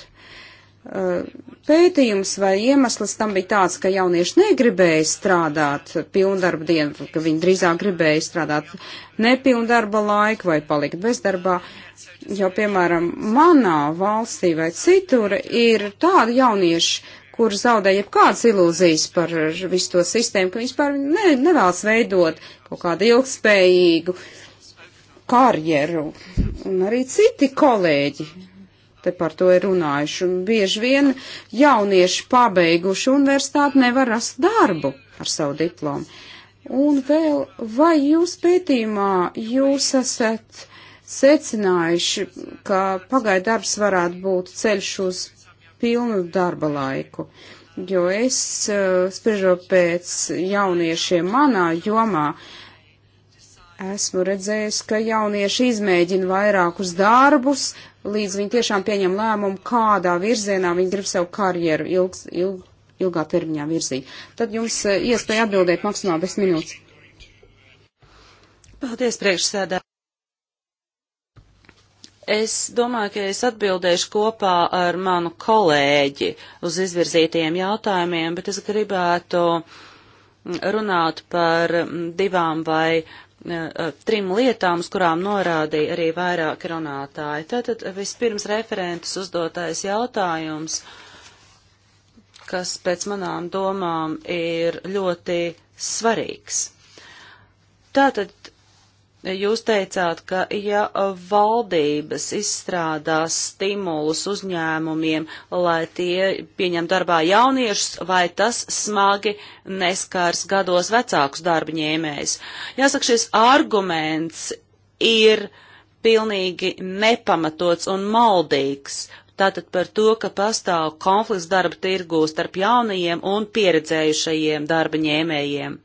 Eh, pētījums vai iemesls tam bija tāds, ka jaunieši negribēja strādāt pilndarba dienu, ka viņi drīzāk gribēja strādāt nepilndarba laiku vai palikt bezdarbā. Jo, piemēram, manā valstī vai citur ir tādi jaunieši, kur zaudēja jebkādas ilūzijas par visu to sistēmu, ka viņi vispār ne, nevēlas veidot kaut kādu ilgspējīgu karjeru. Un arī citi kolēģi te par to ir runājuši. Un bieži vien jaunieši pabeiguši universitāti nevar rast darbu ar savu diplomu. Un vēl, vai jūs pētījumā jūs esat secinājuši, ka pagaidu darbs varētu būt ceļš uz pilnu darba laiku? Jo es, eh, spriežot pēc jauniešiem manā jomā, esmu redzējis, ka jaunieši izmēģina vairākus darbus, līdz viņi tiešām pieņem lēmumu, kādā virzienā viņi grib savu karjeru ilgs, ilg, ilgā termiņā virzīt. Tad jums eh, iespēja atbildēt maksimāli 10 minūtes. Paldies, priekšsēdā. Es domāju, ka es atbildēšu kopā ar manu kolēģi uz izvirzītiem jautājumiem, bet es gribētu runāt par divām vai Eh, eh, trim lietām, uz kurām norādīja arī vairāki runātāji. Tātad vispirms referentus uzdotais jautājums, kas pēc manām domām ir ļoti svarīgs. Tātad Jūs teicāt, ka ja valdības izstrādās stimulus uzņēmumiem, lai tie pieņem darbā jauniešus, vai tas smagi neskārs gados vecākus darbaņēmējus. Jāsaka, šis arguments ir pilnīgi nepamatots un maldīgs. Tātad par to, ka pastāv konflikts darba tirgū starp jaunajiem un pieredzējušajiem darba ņēmējiem.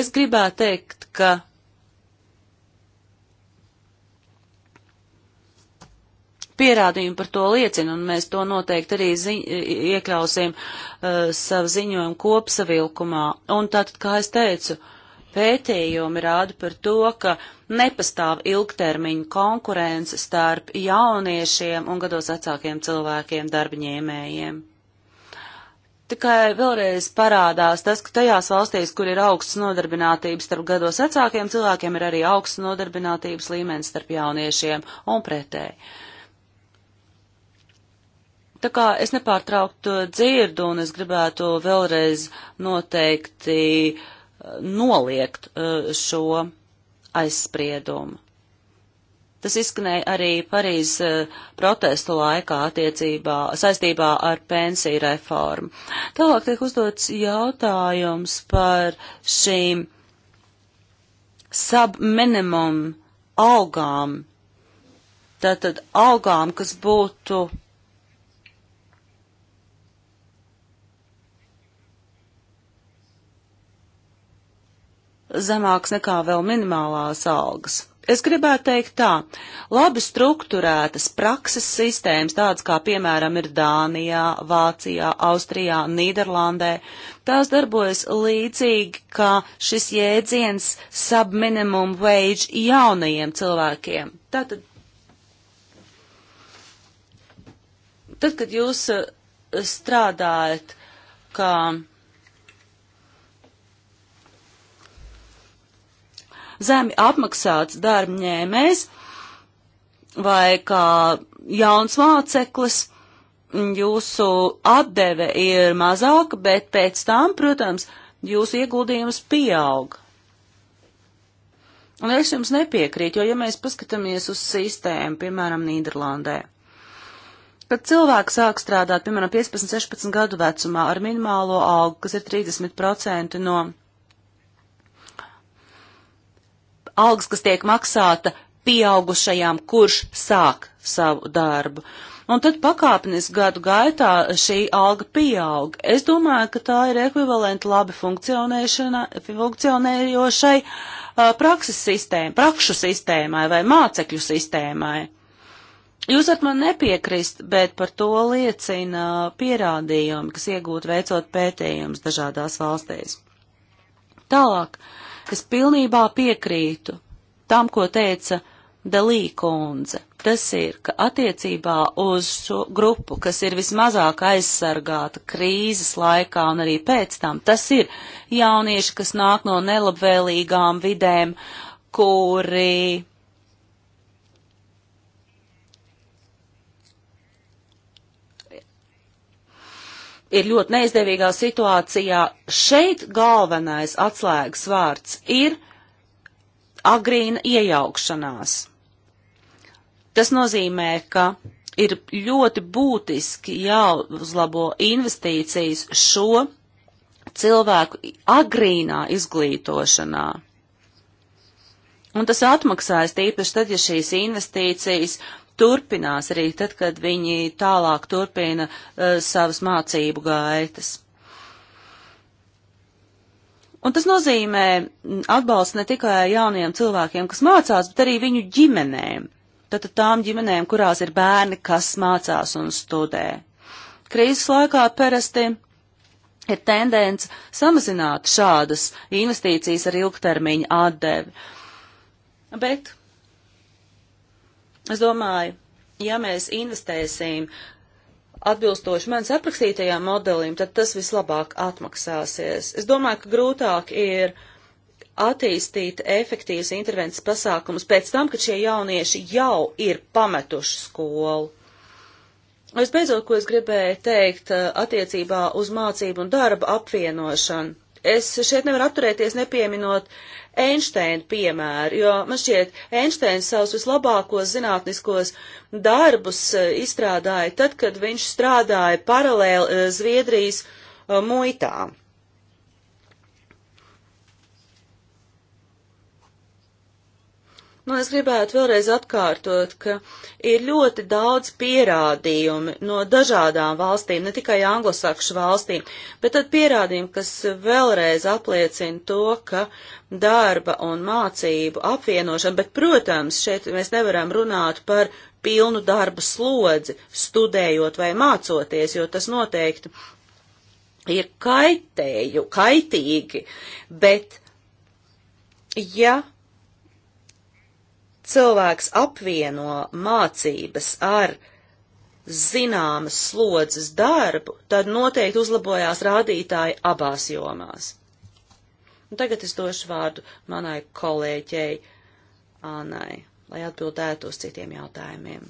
Es gribētu teikt, ka pierādījumi par to liecina, un mēs to noteikti arī ziņ, iekļausim uh, savu ziņojumu kopsavilkumā. Un tātad, kā es teicu, pētījumi rāda par to, ka nepastāv ilgtermiņa konkurence starp jauniešiem un gados vecākiem cilvēkiem darbaņēmējiem. Tikai vēlreiz parādās tas, ka tajās valstīs, kur ir augsts nodarbinātības starp gados vecākiem cilvēkiem, ir arī augsts nodarbinātības līmenis starp jauniešiem un pretēji. Tā kā es nepārtrauktu uh, dzirdu un es gribētu vēlreiz noteikti uh, noliegt uh, šo aizspriedumu. Tas izskanēja arī Parīzes protestu laikā attiecībā, saistībā ar pensiju reformu. Tālāk tiek uzdots jautājums par šīm subminimum algām, tātad algām, kas būtu zemāks nekā vēl minimālās algas. Es gribētu teikt tā, labi strukturētas prakses sistēmas, tādas kā piemēram ir Dānijā, Vācijā, Austrijā, Nīderlandē, tās darbojas līdzīgi kā šis jēdziens subminimum wage jaunajiem cilvēkiem. Tātad, tad, kad jūs eh, strādājat kā zemi apmaksāts darbņēmējs vai kā jauns māceklis, jūsu atdeve ir mazāka, bet pēc tam, protams, jūsu ieguldījums pieaug. Un es jums nepiekrītu, jo, ja mēs paskatāmies uz sistēmu, piemēram, Nīderlandē, kad cilvēks sāk strādāt, piemēram, 15, 16 gadu vecumā ar minimālo algu, kas ir 30% no algas, kas tiek maksāta pieaugušajām, kurš sāk savu darbu. Un tad pakāpeniski gadu gaitā šī alga pieaug. Es domāju, ka tā ir ekvivalenta labi funkcionējošai uh, prakses sistēmai, prakšu sistēmai vai mācekļu sistēmai. Jūs varat man nepiekrist, bet par to liecina pierādījumi, kas iegūti veicot pētījumus dažādās valstīs. Tālāk, Es pilnībā piekrītu tam, ko teica Dalī kundze. Tas ir, ka attiecībā uz šo grupu, kas ir vismazāk aizsargāta krīzes laikā un arī pēc tam, tas ir jaunieši, kas nāk no nelabvēlīgām vidēm, kuri ir ļoti neizdevīgā situācijā. Šeit galvenais atslēgas vārds ir agrīna iejaukšanās. Tas nozīmē, ka ir ļoti būtiski jāuzlabo investīcijas šo cilvēku agrīnā izglītošanā. Un tas atmaksājas tīpaši tad, ja šīs investīcijas turpinās arī tad, kad viņi tālāk turpina uh, savas mācību gaitas. Un tas nozīmē mm, atbalsts ne tikai jauniem cilvēkiem, kas mācās, bet arī viņu ģimenēm. Tātad tām ģimenēm, kurās ir bērni, kas mācās un studē. Krīzes laikā parasti ir tendence samazināt šādas investīcijas ar ilgtermiņa atdevi. Bet Es domāju, ja mēs investēsim atbilstoši manas aprakstītajām modelim, tad tas vislabāk atmaksāsies. Es domāju, ka grūtāk ir attīstīt efektīvas intervences pasākumus pēc tam, kad šie jaunieši jau ir pametuši skolu. Visbeidzot, ko es gribēju teikt eh, attiecībā uz mācību un darba apvienošanu. Es šeit nevaru atturēties nepieminot Einsteina piemēru, jo man šķiet, Einsteins savus vislabākos zinātniskos darbus e, izstrādāja tad, kad viņš strādāja paralēli e, Zviedrijas e, muitām. Nu, es gribētu vēlreiz atkārtot, ka ir ļoti daudz pierādījumi no dažādām valstīm, ne tikai anglosakšu valstīm, bet tad pierādījumi, kas vēlreiz apliecina to, ka darba un mācību apvienošana, bet, protams, šeit mēs nevaram runāt par pilnu darba slodzi, studējot vai mācoties, jo tas noteikti ir kaitēju, kaitīgi, bet, ja cilvēks apvieno mācības ar zināmas slodzes darbu, tad noteikti uzlabojās rādītāji abās jomās. Un tagad es došu vārdu manai kolēģei Ānai, lai atbildētu uz citiem jautājumiem.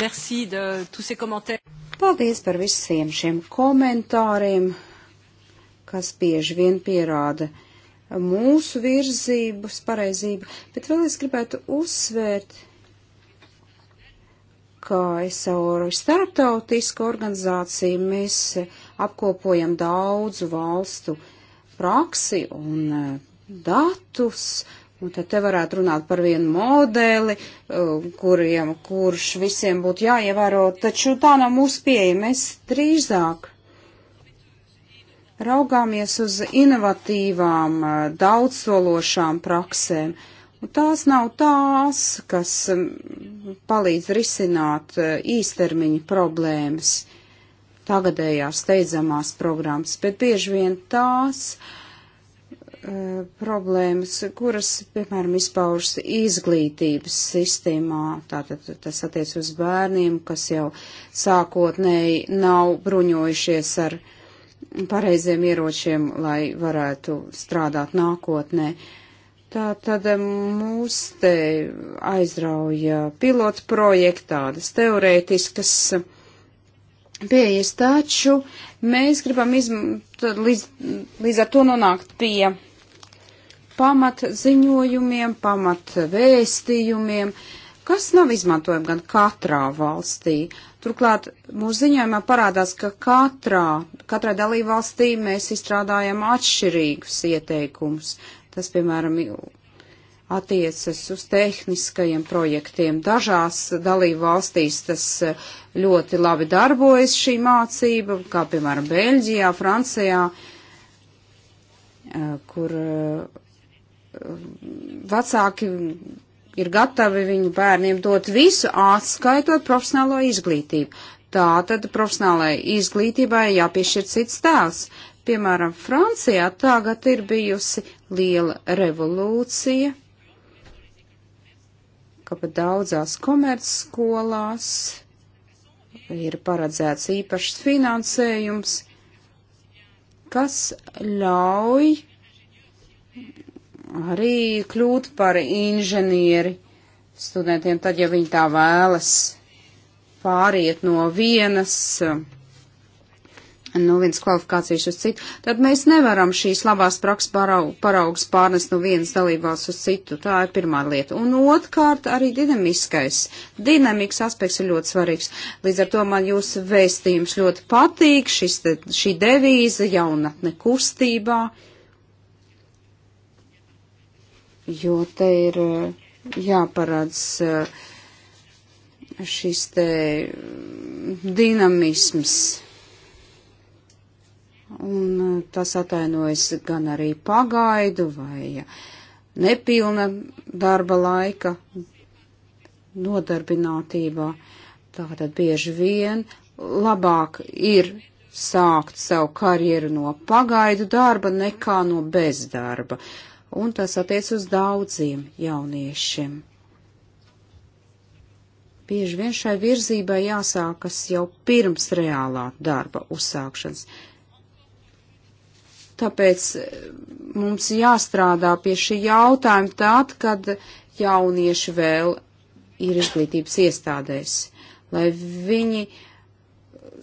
Merci de tous ces commentaires. Paldies par visiem šiem komentāriem, kas bieži vien pierāda, uh, mūsu virzības pareizību, bet vēl es gribētu uzsvērt, kā es savu starptautisku organizāciju mēs apkopojam daudzu valstu praksi un eh, datus, Un tad te varētu runāt par vienu modeli, eh, kuriem, kurš visiem būtu jāievēro, taču tā nav mūsu pieeja. Mēs drīzāk raugāmies uz inovatīvām, eh, daudzsološām praksēm. Un tās nav tās, kas mm, palīdz risināt eh, īstermiņa problēmas, tagadējās steidzamās programmas, bet bieži vien tās uh, problēmas, kuras, piemēram, izpaužas izglītības sistēmā, tātad tas attiec uz bērniem, kas jau sākotnēji nav bruņojušies ar uh, pareiziem ieročiem, lai varētu strādāt nākotnē. Tā tad mūs te aizrauja pilotu projekti, tādas teorētiskas pieejas, taču mēs gribam izm, līdz, līdz ar to nonākt pie pamat ziņojumiem, pamat vēstījumiem, kas nav izmantojami gan katrā valstī. Uh, Turklāt mūsu ziņojumā parādās, ka katrā, katrai dalībvalstī mēs izstrādājam atšķirīgus ieteikumus. Tas, piemēram, attiecas uz tehniskajiem projektiem. Dažās dalību valstīs tas eh, ļoti labi darbojas šī mācība, kā piemēram Beļģijā, Francijā, eh, kur eh, vecāki ir gatavi viņu bērniem dot visu, atskaitot profesionālo izglītību. Tā tad profesionālajai izglītībai jāpiešķir cits tēls. Piemēram, Francijā tagad ir bijusi liela revolūcija, ka pat daudzās komercskolās ir paredzēts īpašs finansējums, kas ļauj arī kļūt par inženieri studentiem, tad, ja viņi tā vēlas pāriet no vienas, no nu, vienas kvalifikācijas uz citu, tad mēs nevaram šīs labās prakses paraugs pārnest no vienas dalībās uz citu. Tā ir pirmā lieta. Un otrkārt arī dinamiskais. Dinamikas aspekts ir ļoti svarīgs. Līdz ar to man jūsu vēstījums ļoti patīk, šis, šī devīze jaunatne kustībā. Uh, jo te ir eh, jāparāds eh, šis te mm, dinamisms. Un eh, tas atainojas gan arī pagaidu vai nepilna darba laika nodarbinātībā. Tātad bieži vien labāk ir sākt savu karjeru no pagaidu darba nekā no bezdarba. Uh, un tas attiec uz daudziem jauniešiem. Bieži vien šai virzībai jāsākas jau pirms reālā darba uzsākšanas. Tāpēc eh, mums jāstrādā pie šī jautājuma tād, kad jaunieši vēl ir izglītības iestādēs, lai viņi uh,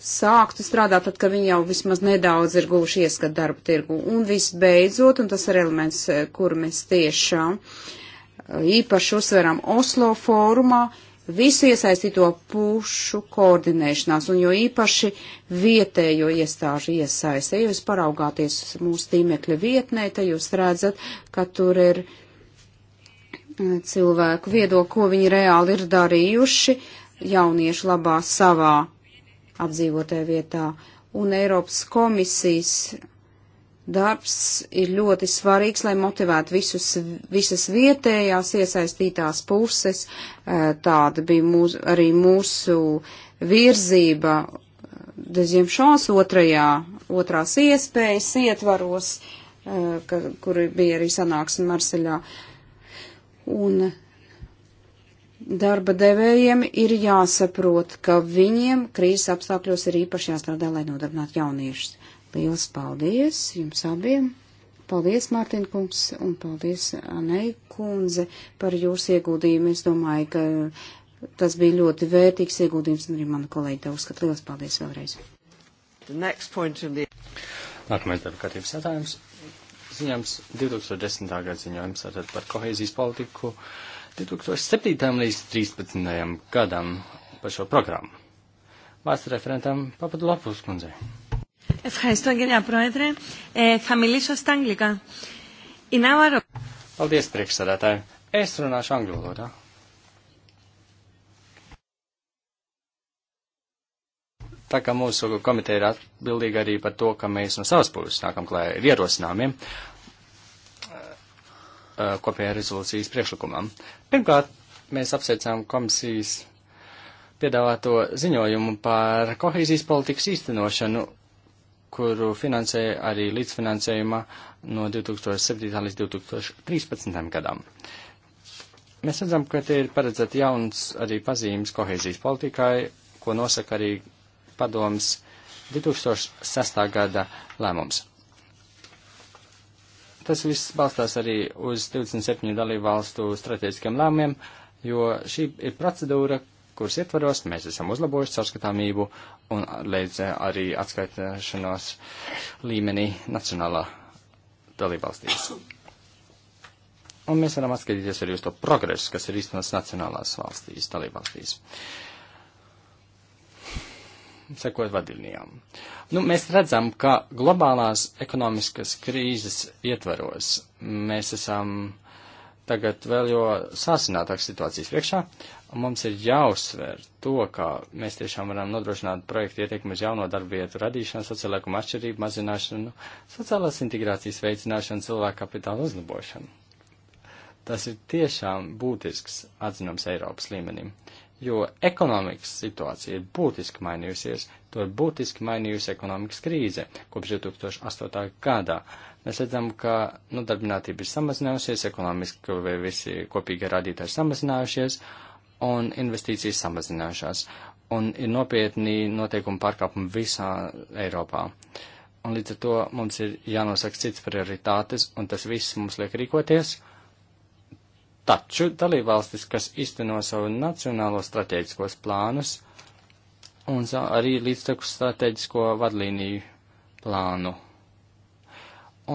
sāktu strādāt, tad, kad viņi jau vismaz nedaudz ir guvuši ieskat darba tirgu. Un visbeidzot, un tas ir elements, eh, kur mēs tiešām eh, īpaši uzsveram Oslo fórumā, visu iesaistīto pušu koordinēšanās, un jo īpaši vietējo iestāžu iesaistē. Ja jūs paraugāties uz mūsu tīmekļa vietnē, tad jūs redzat, ka tur ir eh, cilvēku viedokli, ko viņi reāli ir darījuši jauniešu labā savā apdzīvotē vietā. Un Eiropas komisijas darbs ir ļoti svarīgs, lai motivētu visus, visas vietējās iesaistītās puses. Eh, tāda bija mūs, arī mūsu virzība Dezjemšons otrajā, otrās iespējas ietvaros, eh, ka, kur bija arī sanāksme Marseļā. Un Darba devējiem ir jāsaprot, ka viņiem krīzes apstākļos ir īpaši jāstrādā, lai nodarbinātu jauniešus. Lielas paldies jums abiem! Paldies, Mārtiņ kungs, un paldies, Anei kundze, par jūsu ieguldījumu. Es domāju, ka tas bija ļoti vērtīgs ieguldījums, un arī mana kolēģi tev uzskata. Lielas paldies vēlreiz! The... Nākamais darba kārtības jautājums. Ziņojums 2010. gada ziņojums tātad par kohēzijas politiku. Uh, 2007. līdz 2013. gadam par šo programmu. Vārds referentam Papadu Lapus kundzei. Ευχαριστώ κυρία Πρόεδρε. Ε, θα μιλήσω στα αγγλικά. Η Ναύαρο... Paldies, priekšsēdētāji. Es runāšu angļu valodā. Tā kā mūsu komiteja ir atbildīga arī par to, ka mēs no savas puses nākam klāja ar ierosinājumiem, Uh, kopējā rezolūcijas priekšlikumam. Pirmkārt, mēs apsveicām komisijas piedāvāto ziņojumu par kohēzijas politikas īstenošanu, kuru finansēja arī līdzfinansējuma no 2007. līdz 2013. gadam. Mēs redzam, ka te ir paredzēta jauns arī pazīmes kohēzijas politikai, ko nosaka arī padoms 2006. gada lēmums. Tas viss balstās arī uz 27 dalību valstu strateģiskiem lēmumiem, jo šī ir procedūra, kuras ietvaros mēs esam uzlabojuši caurskatāmību un līdz eh, arī atskaitīšanos līmenī nacionālā dalībvalstīs. Un mēs varam atskatīties arī uz to progresu, kas ir īstenots nacionālās valstīs, dalībvalstīs. Uh, sekot vadilnijām. Nu, mēs redzam, ka globālās ekonomiskas krīzes ietvaros mēs esam tagad vēl jo sāsinātākas situācijas priekšā, un mums ir jāuzsver to, ka mēs tiešām varam nodrošināt projektu ieteikumu uz jauno darbu vietu radīšanu, sociālākumu atšķirību mazināšanu, sociālās integrācijas veicināšanu, cilvēku kapitālu uzlabošanu. Tas ir tiešām būtisks atzinums Eiropas līmenim. Uh, jo ekonomikas situācija ir būtiski mainījusies, to ir būtiski mainījusi ekonomikas krīze kopš 2008. gadā. Mēs redzam, ka nodarbinātība nu, ir samazinājusies, ekonomiski vai visi kopīgi rādītāji samazinājušies un investīcijas samazinājušās. Un ir nopietni noteikumi pārkāpumi visā Eiropā. Un līdz ar to mums ir jānosaka cits prioritātes, un tas viss mums liek rīkoties. Uh, Taču dalībvalstis, kas izteno savu nacionālo strateģiskos plānus un arī līdztekus strateģisko vadlīniju plānu.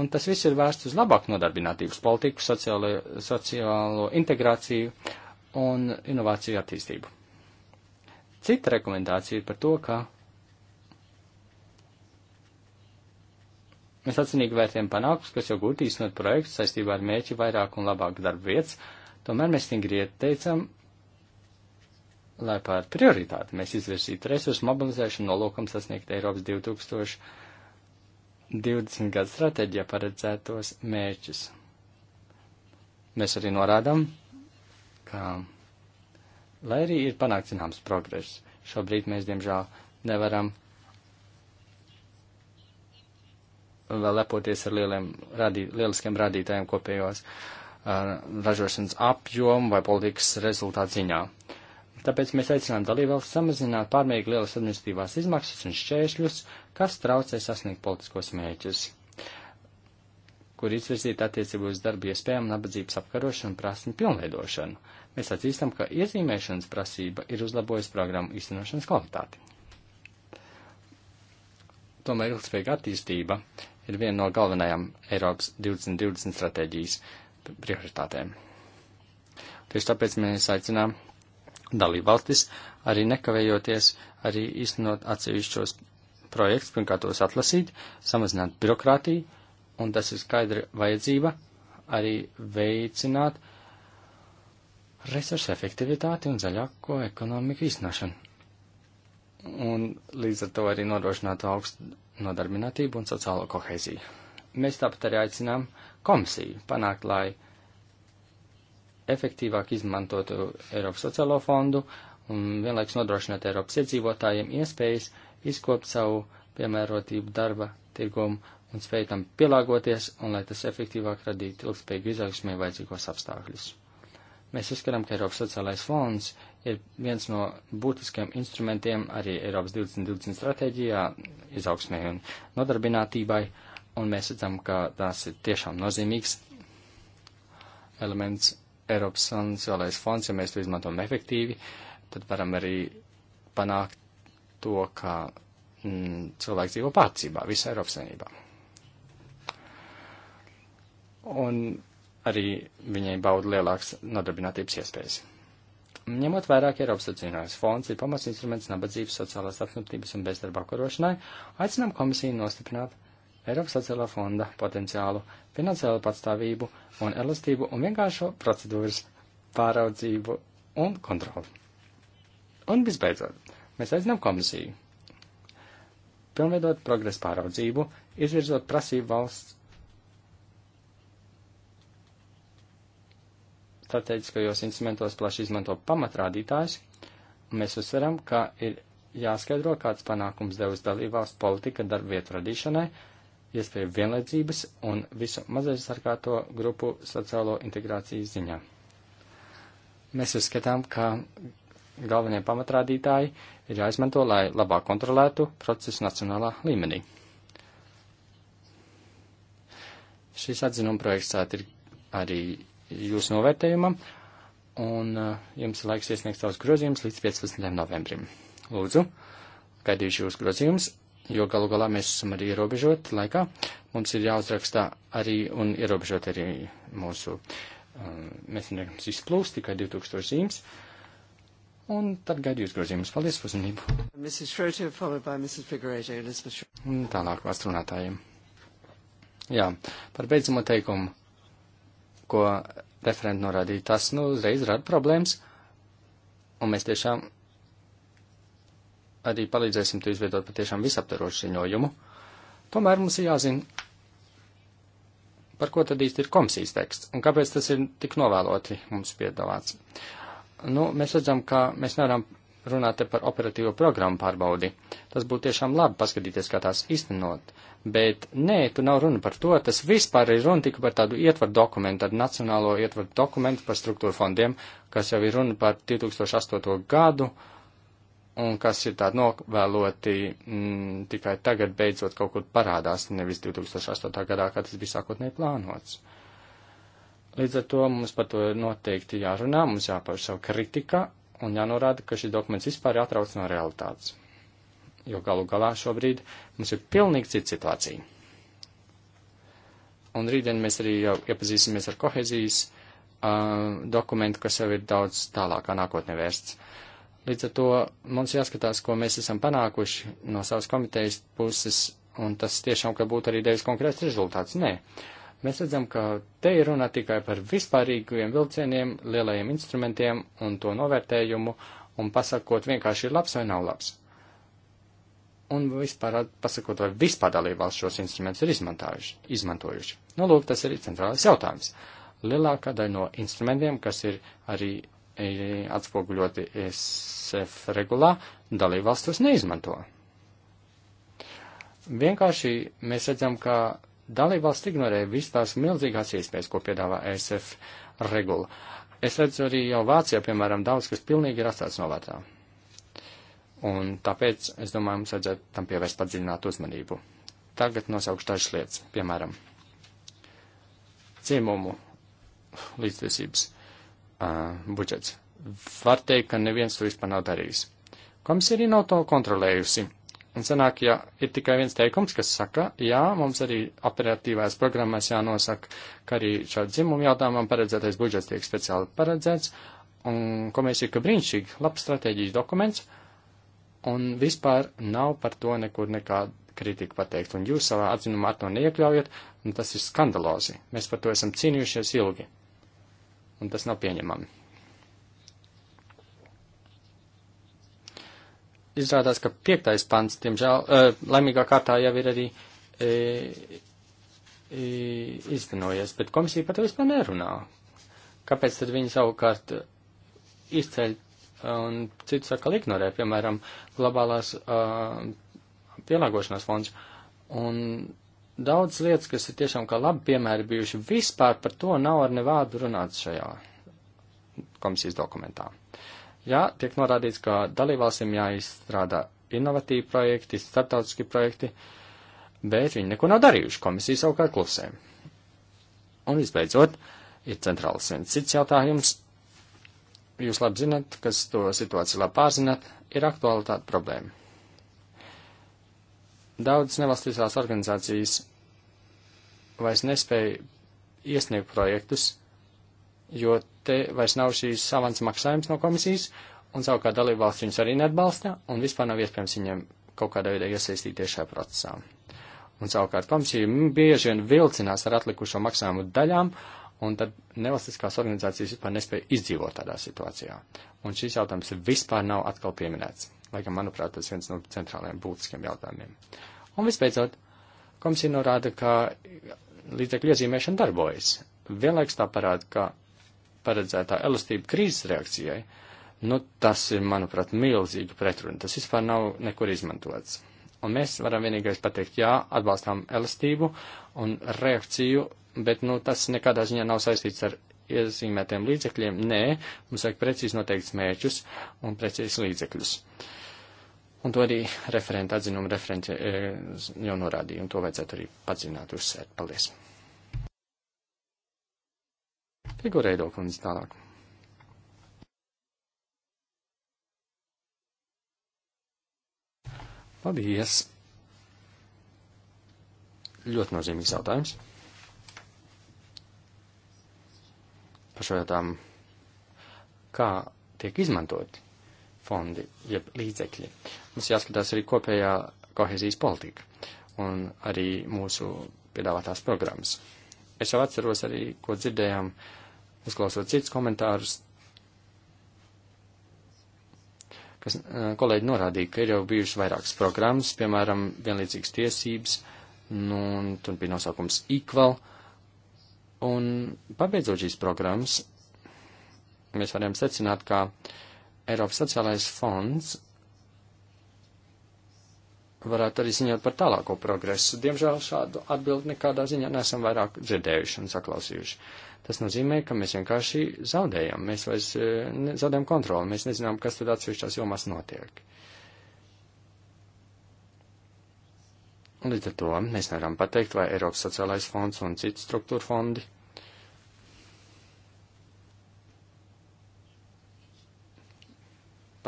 Un tas viss ir vērsts uz labāku nodarbinātības politiku, sociālo, sociālo integrāciju un inovāciju attīstību. Cita rekomendācija ir par to, ka Mēs atcinīgi vērtējam panākumus, kas jau gūti īstenot projektu saistībā ar mēķi vairāk un labāk darba vietas, Tomēr mēs stingri ieteicam, lai pār prioritāti mēs izvirzītu resursu mobilizēšanu nolūkam sasniegt Eiropas 2020 gadu stratēģijā paredzētos mērķus. Mēs arī norādām, ka, lai arī ir panākts zināms progress, šobrīd mēs, diemžēl, nevaram vēl lepoties ar lieliem radī, lieliskiem rādītājiem kopējos uh, Uh, ražošanas apjomu vai politikas rezultātu ziņā. Tāpēc mēs aicinām dalībvalsts samazināt pārmērīgi lielas administratīvās izmaksas un šķēršļus, kas traucē sasniegt politiskos mērķus, kur izvirzīt attiecību uz darba iespējām, nabadzības apkarošanu un prasmu pilnveidošanu. Mēs atzīstam, ka iezīmēšanas prasība ir uzlabojusi programmu īstenošanas kvalitāti. Tomēr ilgspējīga attīstība ir viena no galvenajām Eiropas 2020 stratēģijas prioritātēm. Tieši tāpēc mēs aicinām dalībvalstis arī nekavējoties, arī īstenot atsevišķos projekts, pirmkārt tos atlasīt, samazināt birokrātiju, un tas ir skaidra vajadzība arī veicināt resursu efektivitāti un zaļāko ekonomiku īstenošanu. Un līdz ar to arī nodrošinātu augstu nodarbinātību un sociālo koheziju. Mēs tāpat arī aicinām uh, komisiju panākt, lai efektīvāk izmantotu Eiropas sociālo fondu un vienlaiks nodrošināt Eiropas iedzīvotājiem iespējas izkopt savu piemērotību darba tirgumu un spēj tam pielāgoties, un lai tas efektīvāk radītu ilgspējīgu izaugsmē vajadzīgos apstākļus. Mēs uzskatām, ka Eiropas sociālais fonds ir viens no būtiskiem instrumentiem arī Eiropas 2020 stratēģijā, izaugsmē un nodarbinātībai. Uh, un mēs redzam, ka tās ir tiešām nozīmīgs elements Eiropas sociālais fonds, ja mēs to izmantojam efektīvi, tad varam arī panākt to, ka mm, cilvēks dzīvo pārcībā visā Eiropas savienībā. Un arī viņai bauda lielāks nodarbinātības iespējas. Ņemot vairāk Eiropas sociālais fonds ir pamats instruments nabadzības, sociālās apsnūtības un bezdarba karošanai, aicinām komisiju nostiprināt Eiropas sociālā fonda potenciālu, finansiālu patstāvību un elastību un vienkāršo procedūras pāraudzību un kontroli. Un visbeidzot, mēs aicinām komisiju pilnveidot progresu pāraudzību, izvirzot prasību valsts strateģiskajos instrumentos plaši izmanto pamatrādītājs, un mēs uzsveram, ka ir jāskaidro, kāds panākums devusi dalībvalstu politika darba vietu radīšanai iespēju vienlaidzības un visu mazais sargāto grupu sociālo integrācijas ziņā. Mēs uzskatām, ka galvenie pamatrādītāji ir jāizmanto, lai labāk kontrolētu procesu nacionālā līmenī. Šis atzinuma projekts ir arī jūsu novērtējumam, un uh, jums ir laiks iesniegt savus grozījumus līdz 15. novembrim. Lūdzu, gaidīšu jūs grozījumus jo galu galā mēs esam arī ierobežoti laikā. Mums ir jāuzrakstā arī un ierobežot arī mūsu um, mēsniekums izplūst tikai 2000 zīmes. Un tad gaidu jūs grozījumus. Paldies par uzmanību. Un tālāk vārds runātājiem. Jā, par beidzamo teikumu, ko referenti norādīja, tas, nu, uzreiz rada problēmas. Un mēs tiešām arī palīdzēsim tu izveidot patiešām visaptarošu ziņojumu. Tomēr mums ir jāzina, par ko tad īsti ir komisijas teksts un kāpēc tas ir tik novēloti mums piedāvāts. Nu, mēs redzam, ka mēs nevaram runāt par operatīvo programmu pārbaudi. Tas būtu tiešām labi paskatīties, kā tās īstenot. Bet nē, tu nav runa par to, tas vispār ir runa tikai par tādu ietvaru dokumentu, tādu nacionālo ietvaru dokumentu par struktūru fondiem, kas jau ir runa par 2008. gadu. Uh, un kas ir tādi novēloti m, mm, tikai tagad beidzot kaut kur parādās, nevis 2008. gadā, kā tas bija sākotnēji plānots. Līdz ar to mums par to noteikti jārunā, mums jāpauž savu kritika un jānorāda, ka šis dokuments vispār ir atrauc no realitātes. Jo galu galā šobrīd mums ir pilnīgi cita situācija. Un rītdien mēs arī jau iepazīsimies ar kohezijas uh, dokumentu, kas jau ir daudz tālākā nākotnē vērsts. Uh, Līdz ar to mums jāskatās, ko mēs esam panākuši no savas komitejas puses, un tas tiešām, ka būtu arī devis konkrēts rezultāts. Nē. Mēs redzam, ka te ir runa tikai par vispārīgiem vilcieniem, lielajiem instrumentiem un to novērtējumu, un pasakot vienkārši ir labs vai nav labs. Un vispār pasakot, vai vispār dalībvalsts šos instrumentus ir izmantojuši. Nu, lūk, tas ir centrālais jautājums. Lielākā daļa no instrumentiem, kas ir arī atspoguļoti SF regulā, dalībvalsts tos neizmanto. Vienkārši mēs redzam, ka dalībvalsts ignorē visas tās milzīgās iespējas, ko piedāvā SF regula. Es redzu arī jau Vācijā, piemēram, daudz, kas pilnīgi ir atstāts novērtā. Un tāpēc, es domāju, mums vajadzētu tam pievērst padziļinātu uzmanību. Tagad nosaukšu dažas lietas, piemēram, ciemumu līdztiesības uh, budžets. Var teikt, ka neviens to vispār nav darījis. Komisija arī nav to kontrolējusi. Un sanāk, ja ir tikai viens teikums, kas saka, jā, mums arī operatīvās programmās jānosaka, ka arī šādu dzimumu jautājumam paredzētais budžets tiek speciāli paredzēts, un komisija, ka brīnišķīgi, labs stratēģijas dokuments, un vispār nav par to nekur nekāda kritika pateikt, un jūs savā atzinumā to neiekļaujat, un tas ir skandalozi. Mēs par to esam cīnījušies ilgi un tas nav pieņemami. Izrādās, ka piektais pants, tiemžēl, uh, eh, laimīgā kārtā jau ir arī uh, iztenojies, bet komisija par to vispār nerunā. Kāpēc tad viņi savukārt izceļ un citu sakal ignorē, piemēram, globālās uh, pielāgošanās fonds? Un daudz lietas, kas ir tiešām kā labi piemēri bijuši, vispār par to nav ar nevādu runāts šajā komisijas dokumentā. Jā, tiek norādīts, ka dalībvalstīm jāizstrādā inovatīvi projekti, startautiski projekti, bet viņi neko nav darījuši, komisija savukārt klusē. Un visbeidzot, ir centrāls viens cits jautājums. Jūs labi zinat, kas to situāciju labi pārzinat, ir aktualitāte problēma. Daudz nevalstiskās organizācijas vairs nespēja iesniegt projektus, jo te vairs nav šīs savans maksājums no komisijas, un savukārt dalībvalsts viņus arī neatbalsta, un vispār nav iespējams viņiem kaut kādā veidā iesaistīties šajā procesā. Un savukārt komisija bieži vien vilcinās ar atlikušo maksājumu daļām, un tad nevalstiskās organizācijas vispār nespēja izdzīvot tādā situācijā. Un šis jautājums vispār nav atkal pieminēts, lai gan, manuprāt, tas viens no centrālajiem būtiskiem jautājumiem. Un vispēcot, komisija norāda, ka līdzekļu iezīmēšana darbojas. Vienlaiks tā parāda, ka paredzētā elastība krīzes reakcijai, nu tas ir, manuprāt, milzīga pretruna. Tas vispār nav nekur izmantots. Un mēs varam vienīgais pateikt, jā, atbalstām elastību un reakciju, bet, nu, tas nekādā ziņā nav saistīts ar iezīmētiem līdzekļiem. Nē, mums vajag precīzi noteikts mērķus un precīzi līdzekļus. Uh, Un to arī referenta atzinuma referenta e, jau norādīja, un to vajadzētu arī padzināt uzsvērt. Paldies! Figurēdo kundze tālāk. Paldies! Ļoti nozīmīgs jautājums. Par šo jautājumu, kā tiek izmantoti fondi, jeb līdzekļi. Mums jāskatās arī kopējā kohezijas politika un arī mūsu piedāvātās programmas. Es jau atceros arī, ko dzirdējām, uzklausot cits komentārus, kas eh, kolēģi norādīja, ka ir jau bijušas vairākas programmas, piemēram, vienlīdzīgas tiesības, nu, un tur bija nosaukums Equal. Un pabeidzot šīs programmas, mēs varējām secināt, ka uh, Eiropas sociālais fonds varētu arī ziņot par tālāko progresu. Diemžēl šādu atbildi nekādā ziņā nesam vairāk dzirdējuši un saklausījuši. Tas nozīmē, ka mēs vienkārši zaudējam, mēs vairs e, ne, zaudējam kontroli, mēs nezinām, kas tad atsevišķās jomās notiek. Līdz ar to mēs nevaram pateikt, vai Eiropas sociālais fonds un citi struktūra fondi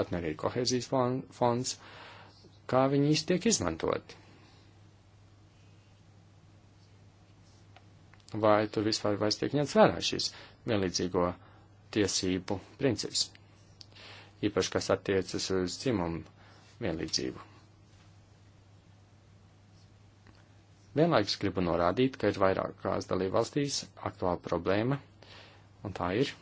pat arī kohēzijas fonds, kā viņi īsti tiek izmantoti. Vai tur vispār vairs tiek ņemts vērā šis vienlīdzīgo tiesību princips, īpaši kas attiecas uz dzimumu vienlīdzību. Vienlaikus gribu norādīt, ka ir vairākās dalībvalstīs aktuāla problēma, un tā ir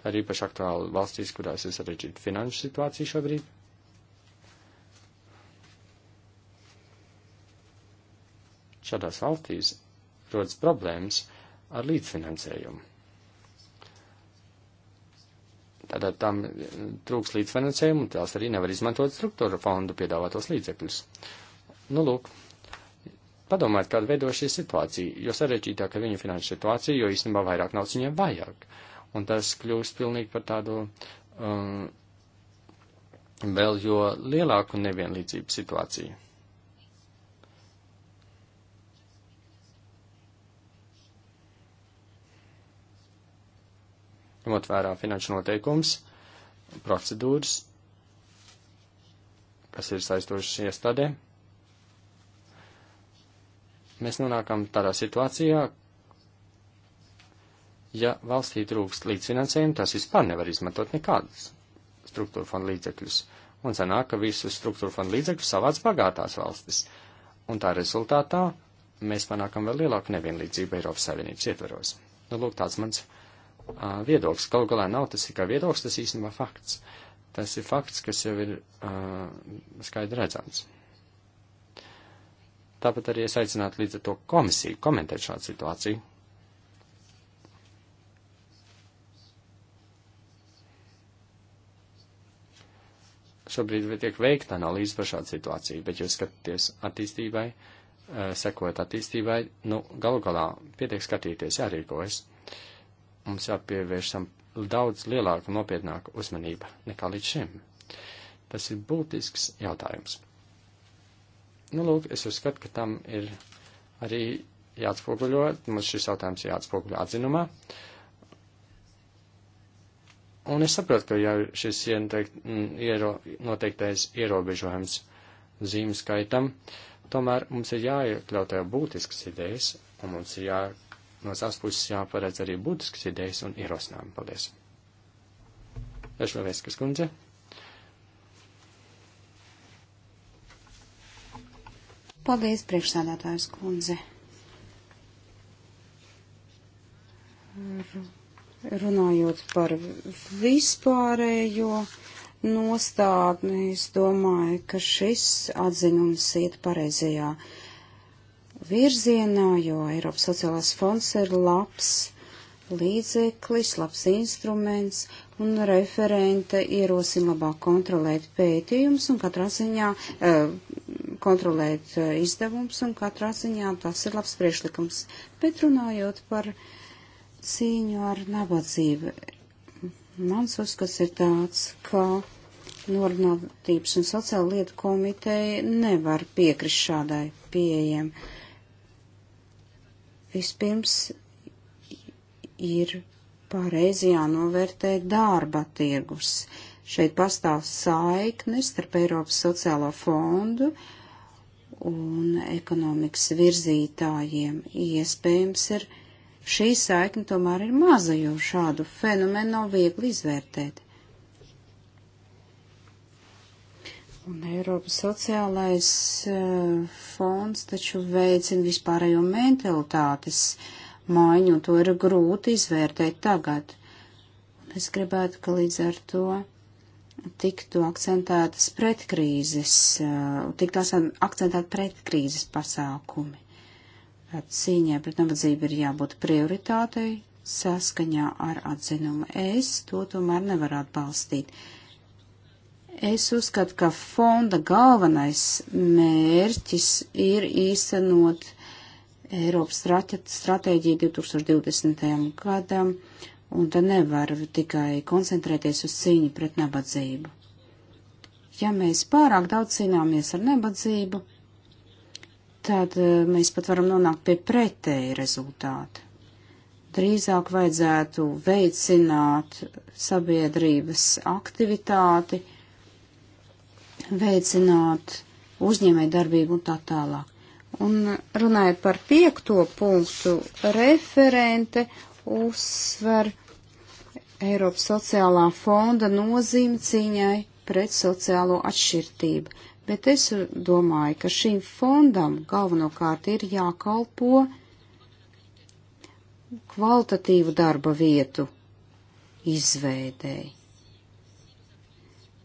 Tā ir īpaši aktuāla valstīs, kurās ir sarežģīta finanšu situācija šobrīd. Šādās valstīs rodas problēmas ar līdzfinansējumu. Tātad tam trūks līdzfinansējumu, un tās arī nevar izmantot struktūra fondu piedāvātos līdzekļus. Nu, lūk, padomājiet, kāda veido šī situācija, jo sarežģītāka viņu finanšu situācija, jo īstenībā vairāk naudas viņiem vajag un tas kļūst pilnīgi par tādu um, vēl jo lielāku nevienlīdzību situāciju. Ņemot vērā finanšu noteikums, procedūras, kas ir saistošas iestādē, mēs nonākam tādā situācijā, ja valstī trūkst līdzfinansējumu, tas vispār nevar izmantot nekādus struktūra fonda līdzekļus. Un sanāk, ka visus struktūra fonda līdzekļus savāc bagātās valstis. Un tā rezultātā mēs panākam vēl lielāku nevienlīdzību Eiropas Savienības ietveros. Nu, lūk, tāds mans uh, viedoklis. Galu galā nav tas tikai viedoklis, tas īstenībā fakts. Tas ir fakts, kas jau ir uh, skaidri redzams. Tāpat arī es aicinātu līdz ar to komisiju komentēt šādu situāciju šobrīd tiek veikta analīze par šādu situāciju, bet jūs skatāties attīstībai, eh, sekot attīstībai, nu, galu galā pietiek skatīties, jārīkojas. Mums jāpievēršam daudz lielāka un nopietnāka uzmanība nekā līdz šim. Tas ir būtisks jautājums. Nu, lūk, es uzskatu, ka tam ir arī jāatspoguļo, mums šis jautājums jāatspoguļo atzinumā, Un es saprotu, ka jau šis iero, noteiktais ierobežojums zīmju skaitam, tomēr mums ir jāiekļaut jau būtiskas idejas, un mums ir jā, no savas puses jāparedz arī būtiskas idejas un ierosinājumi. Paldies! Dažvēlēs, kas kundze. Paldies, priekšsādātājs kundze. Mm-hmm Runājot par vispārējo nostādni, es domāju, ka šis atzinums iet pareizajā virzienā, jo Eiropas sociālās fonds ir labs līdzeklis, labs instruments, un referente ierosina labāk kontrolēt pētījumus un katrā ziņā e, kontrolēt eh, izdevumus, un katrā ziņā tas ir labs priešlikums. Bet runājot par cīņu ar nabadzību. Mans uzskats ir tāds, ka Normatīvas un sociāla lietu komiteja nevar piekrist šādai pieejam. Vispirms ir pareizi jānovērtē darba tirgus. Šeit pastāv saiknes starp Eiropas sociālo fondu un ekonomikas virzītājiem. Iespējams ir Šī saikne tomēr ir maza, jo šādu fenomenu nav viegli izvērtēt. Un Eiropas sociālais uh, fonds taču veicina vispārējo mentalitātes maiņu, un to ir grūti izvērtēt tagad. Un es gribētu, ka līdz ar to tiktu akcentētas pretkrīzes, uh, eh, tiktās akcentēt pretkrīzes pasākumi. Tad cīņai pret nabadzību ir jābūt prioritātei saskaņā ar atzinumu. Es to tomēr nevaru atbalstīt. Es uzskatu, ka fonda galvenais mērķis ir īstenot Eiropas stratēģiju 2020. gadam, un tad nevar tikai koncentrēties uz cīņu pret nabadzību. Ja mēs pārāk daudz cīnāmies ar nabadzību, tad eh, mēs pat varam nonākt pie pretēja rezultāta. Drīzāk vajadzētu veicināt sabiedrības aktivitāti, veicināt uzņēmē darbību un tā tālāk. Un runājot par piekto punktu, referente uzsver Eiropas sociālā fonda nozīmi cīņai pret sociālo atšķirtību bet es eh, domāju, ka šīm fondam galvenokārt ir jākalpo kvalitatīvu darba vietu izveidēji.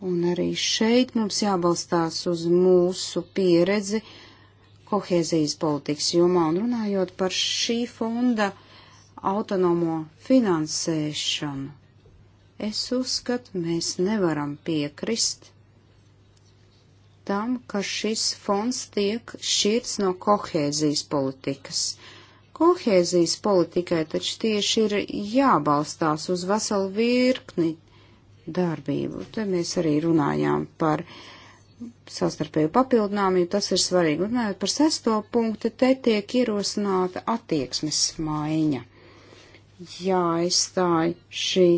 Un arī šeit mums jābalstās uz mūsu pieredzi kohēzijas politikas jomā un runājot par šī fonda autonomo finansēšanu. Es uzskatu, mēs nevaram piekrist tam, ka šis fonds tiek šķirts no kohēzijas politikas. Kohēzijas politikai taču tieši ir jābalstās uz veselu virkni darbību. Te mēs arī runājām par savstarpēju papildinājumu, tas ir svarīgi. Runājot par sesto punktu, te tiek ierosināta attieksmes maiņa. Jāizstāj šī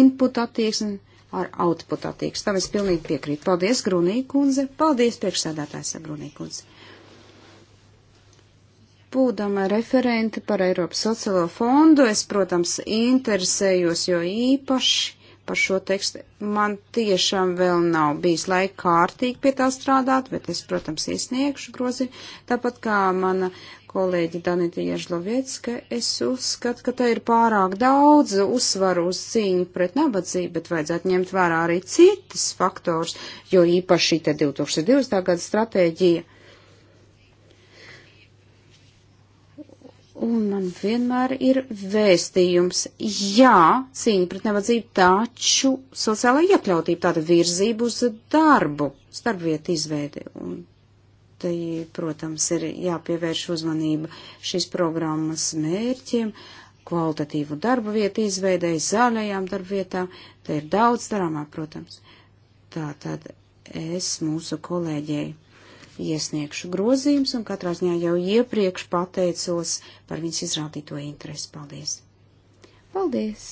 input attieksme ar output attieks. Tam es pilnīgi piekrītu. Paldies, Grunī kundze. Paldies, priekšsēdētājs Grunī kundze. Būdama referente par Eiropas sociālo fondu, es, protams, interesējos jo īpaši par šo tekstu. Man tiešām vēl nav bijis laika kārtīgi pie tā strādāt, bet es, protams, iesniegšu grozi, tāpat kā mana kolēģi Danita Ježloviecka, es uzskatu, ka te ir pārāk daudz uzsvaru uz cīņu pret nabadzību, bet vajadzētu ņemt vērā arī citas faktors, jo īpaši te 2020. gada stratēģija. Un man vienmēr ir vēstījums, jā, cīņa pret nevadzību, taču sociālā iekļautība, tāda virzība uz darbu, starpvietu izveidi. Un tai, protams, ir jāpievērš uzmanība šīs programmas mērķiem, kvalitatīvu darba vietu izveidēji, zaļajām darba vietām. Te ir daudz darāmā, protams. Tā tad es mūsu kolēģei iesniegšu grozījums un katrā ziņā jau iepriekš pateicos par viņas izrādīto interesi. Paldies! Paldies!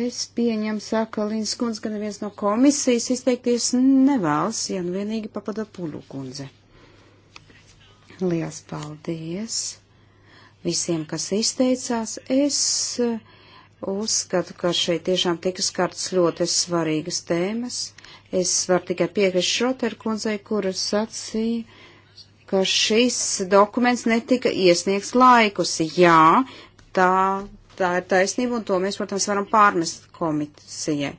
Es pieņemu, saka Līnas kundze, ka neviens no komisijas izteikties nevēlas, ja nu vienīgi papada pulu kundze. Liels paldies visiem, kas izteicās. Es eh, uzskatu, ka šeit tiešām tika skartas ļoti svarīgas tēmas. Es varu tikai piekrist Šroter kundzei, kura sacīja, ka šis dokuments netika iesniegts laikus. Jā, tā, tā ir taisnība, un to mēs, protams, varam pārmest komisijai.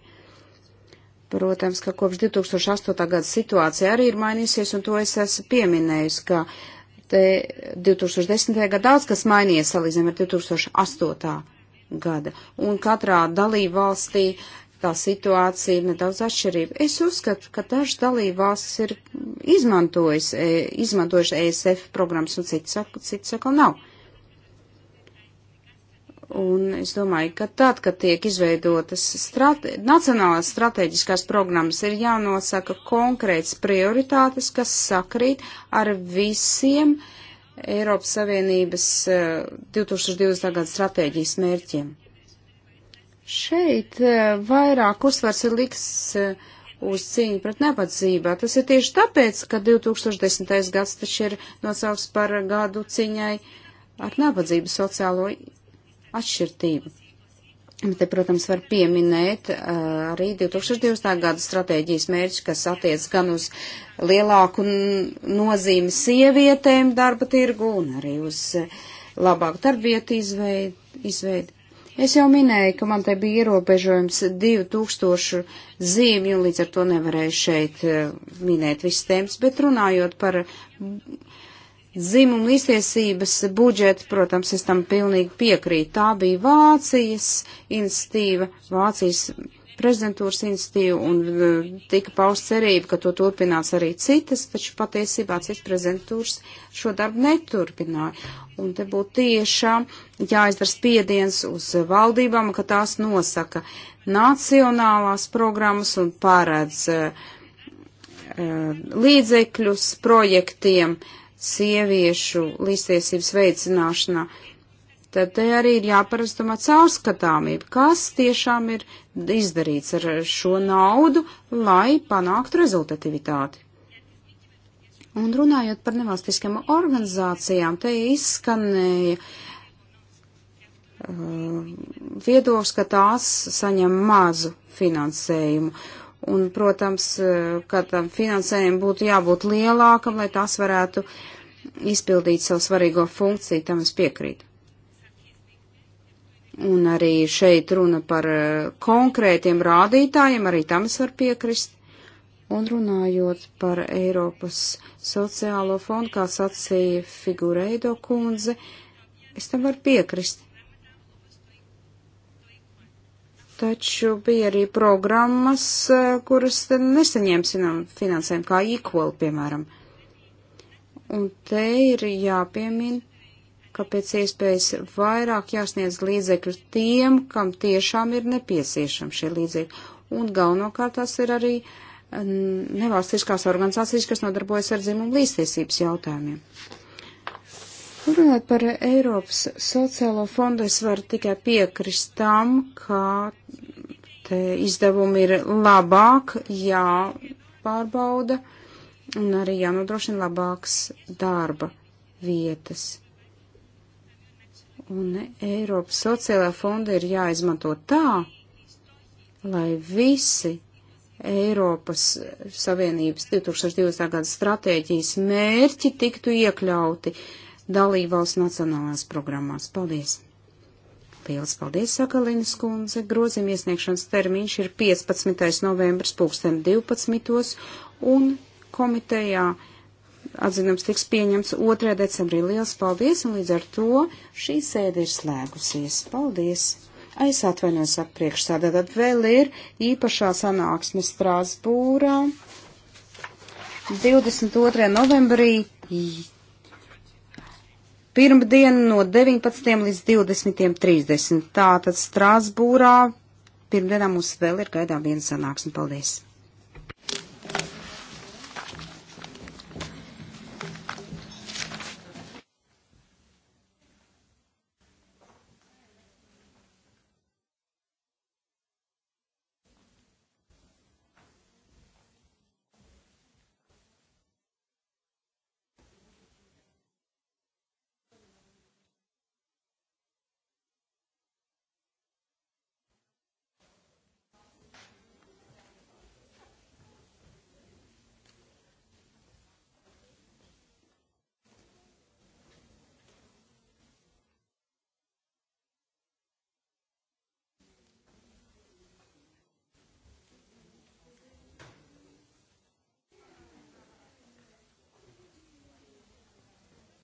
Protams, ka kopš 2008. gada situācija arī ir mainīsies, un to es esmu pieminējusi, ka uh, Te 2010. gadā daudz kas mainījies salīdzinām ar 2008. gada, un katrā dalība valstī tā situācija ir nedaudz atšķirība. Es uzskatu, ka dažas dalība valstis ir izmantojis, e, izmantojuši ESF programmas un citas, citas atkal nav. Un es domāju, ka tad, kad tiek izveidotas strate nacionālās strateģiskās programmas, ir jānosaka konkrēts prioritātes, kas sakrīt ar visiem Eiropas Savienības 2020. Eh, gada stratēģijas mērķiem. Šeit eh, vairāk uzsvars ir liks eh, uz cīņu pret nebadzību. Tas ir tieši tāpēc, ka 2010. gads taču ir nosauks par gadu ciņai ar nabadzību sociālo atšķirtība. Bet te, protams, var pieminēt uh, arī 2020. gada stratēģijas mērķi, kas attiec gan uz lielāku nozīmi sievietēm darba tirgu un arī uz uh, labāku darbvietu izveidi. Es jau minēju, ka man te bija ierobežojums 2000 zīmju, līdz ar to nevarēju šeit uh, minēt visas tēmas, bet runājot par Dzimuma līdztiesības budžeti, protams, es tam pilnīgi piekrītu. Tā bija Vācijas institīva, Vācijas prezidentūras institīva un eh, tika paust cerība, ka to turpinās arī citas, taču patiesībā citas prezidentūras šo darbu neturpināja. Un te būtu tiešām jāizdara spiediens uz valdībām, ka tās nosaka nacionālās programmas un paredz uh, līdzekļus projektiem, uh, sieviešu līdztiesības veicināšanā, tad te arī ir jāparastumā caurskatāmība, kas tiešām ir izdarīts ar šo naudu, lai panāktu rezultativitāti. Un runājot par nevalstiskām organizācijām, te izskanēja uh, viedoklis, ka tās saņem mazu finansējumu. Un, protams, uh, ka tam finansējumam būtu jābūt lielākam, lai tās varētu uh, izpildīt savu svarīgo funkciju, tam es piekrītu. Un arī šeit runa par eh, konkrētiem rādītājiem, arī tam es varu piekrist. Un runājot par Eiropas sociālo fondu, kā sacīja Figureido kundze, es tam varu piekrist. Taču bija arī programmas, eh, kuras nesaņēma finansējumu, kā Equal, piemēram. Uh, Un te ir jāpiemin, ka pēc iespējas vairāk jāsniedz līdzekļu tiem, kam tiešām ir nepieciešami šie līdzekļi. Un galvenokārt tas ir arī nevalstiskās organizācijas, kas nodarbojas ar dzimumu līdztiesības jautājumiem. Runājot par Eiropas sociālo fondu, es varu tikai piekrist tam, ka te izdevumi ir labāk jāpārbauda. Ja un arī jānodrošina labāks darba vietas. Un Eiropas sociālā fonda ir jāizmanto tā, lai visi Eiropas Savienības 2020. gada stratēģijas mērķi tiktu iekļauti dalībvalsts nacionālās programmās. Paldies! Lielas paldies, saka Linas kundze. Grozījuma iesniegšanas termiņš ir 15. novembris 2012. un komitejā. Atzinums tiks pieņemts 2. decembrī. Liels paldies, un līdz ar to šī sēde ir slēgusies. Paldies! Es atvainojos ap priekšsādā, tad vēl ir īpašā sanāksme Strāsbūrā 22. novembrī pirmdien no 19. līdz 20.30. Tātad Strāsbūrā pirmdienā mums vēl ir gaidām viena sanāksme. Paldies!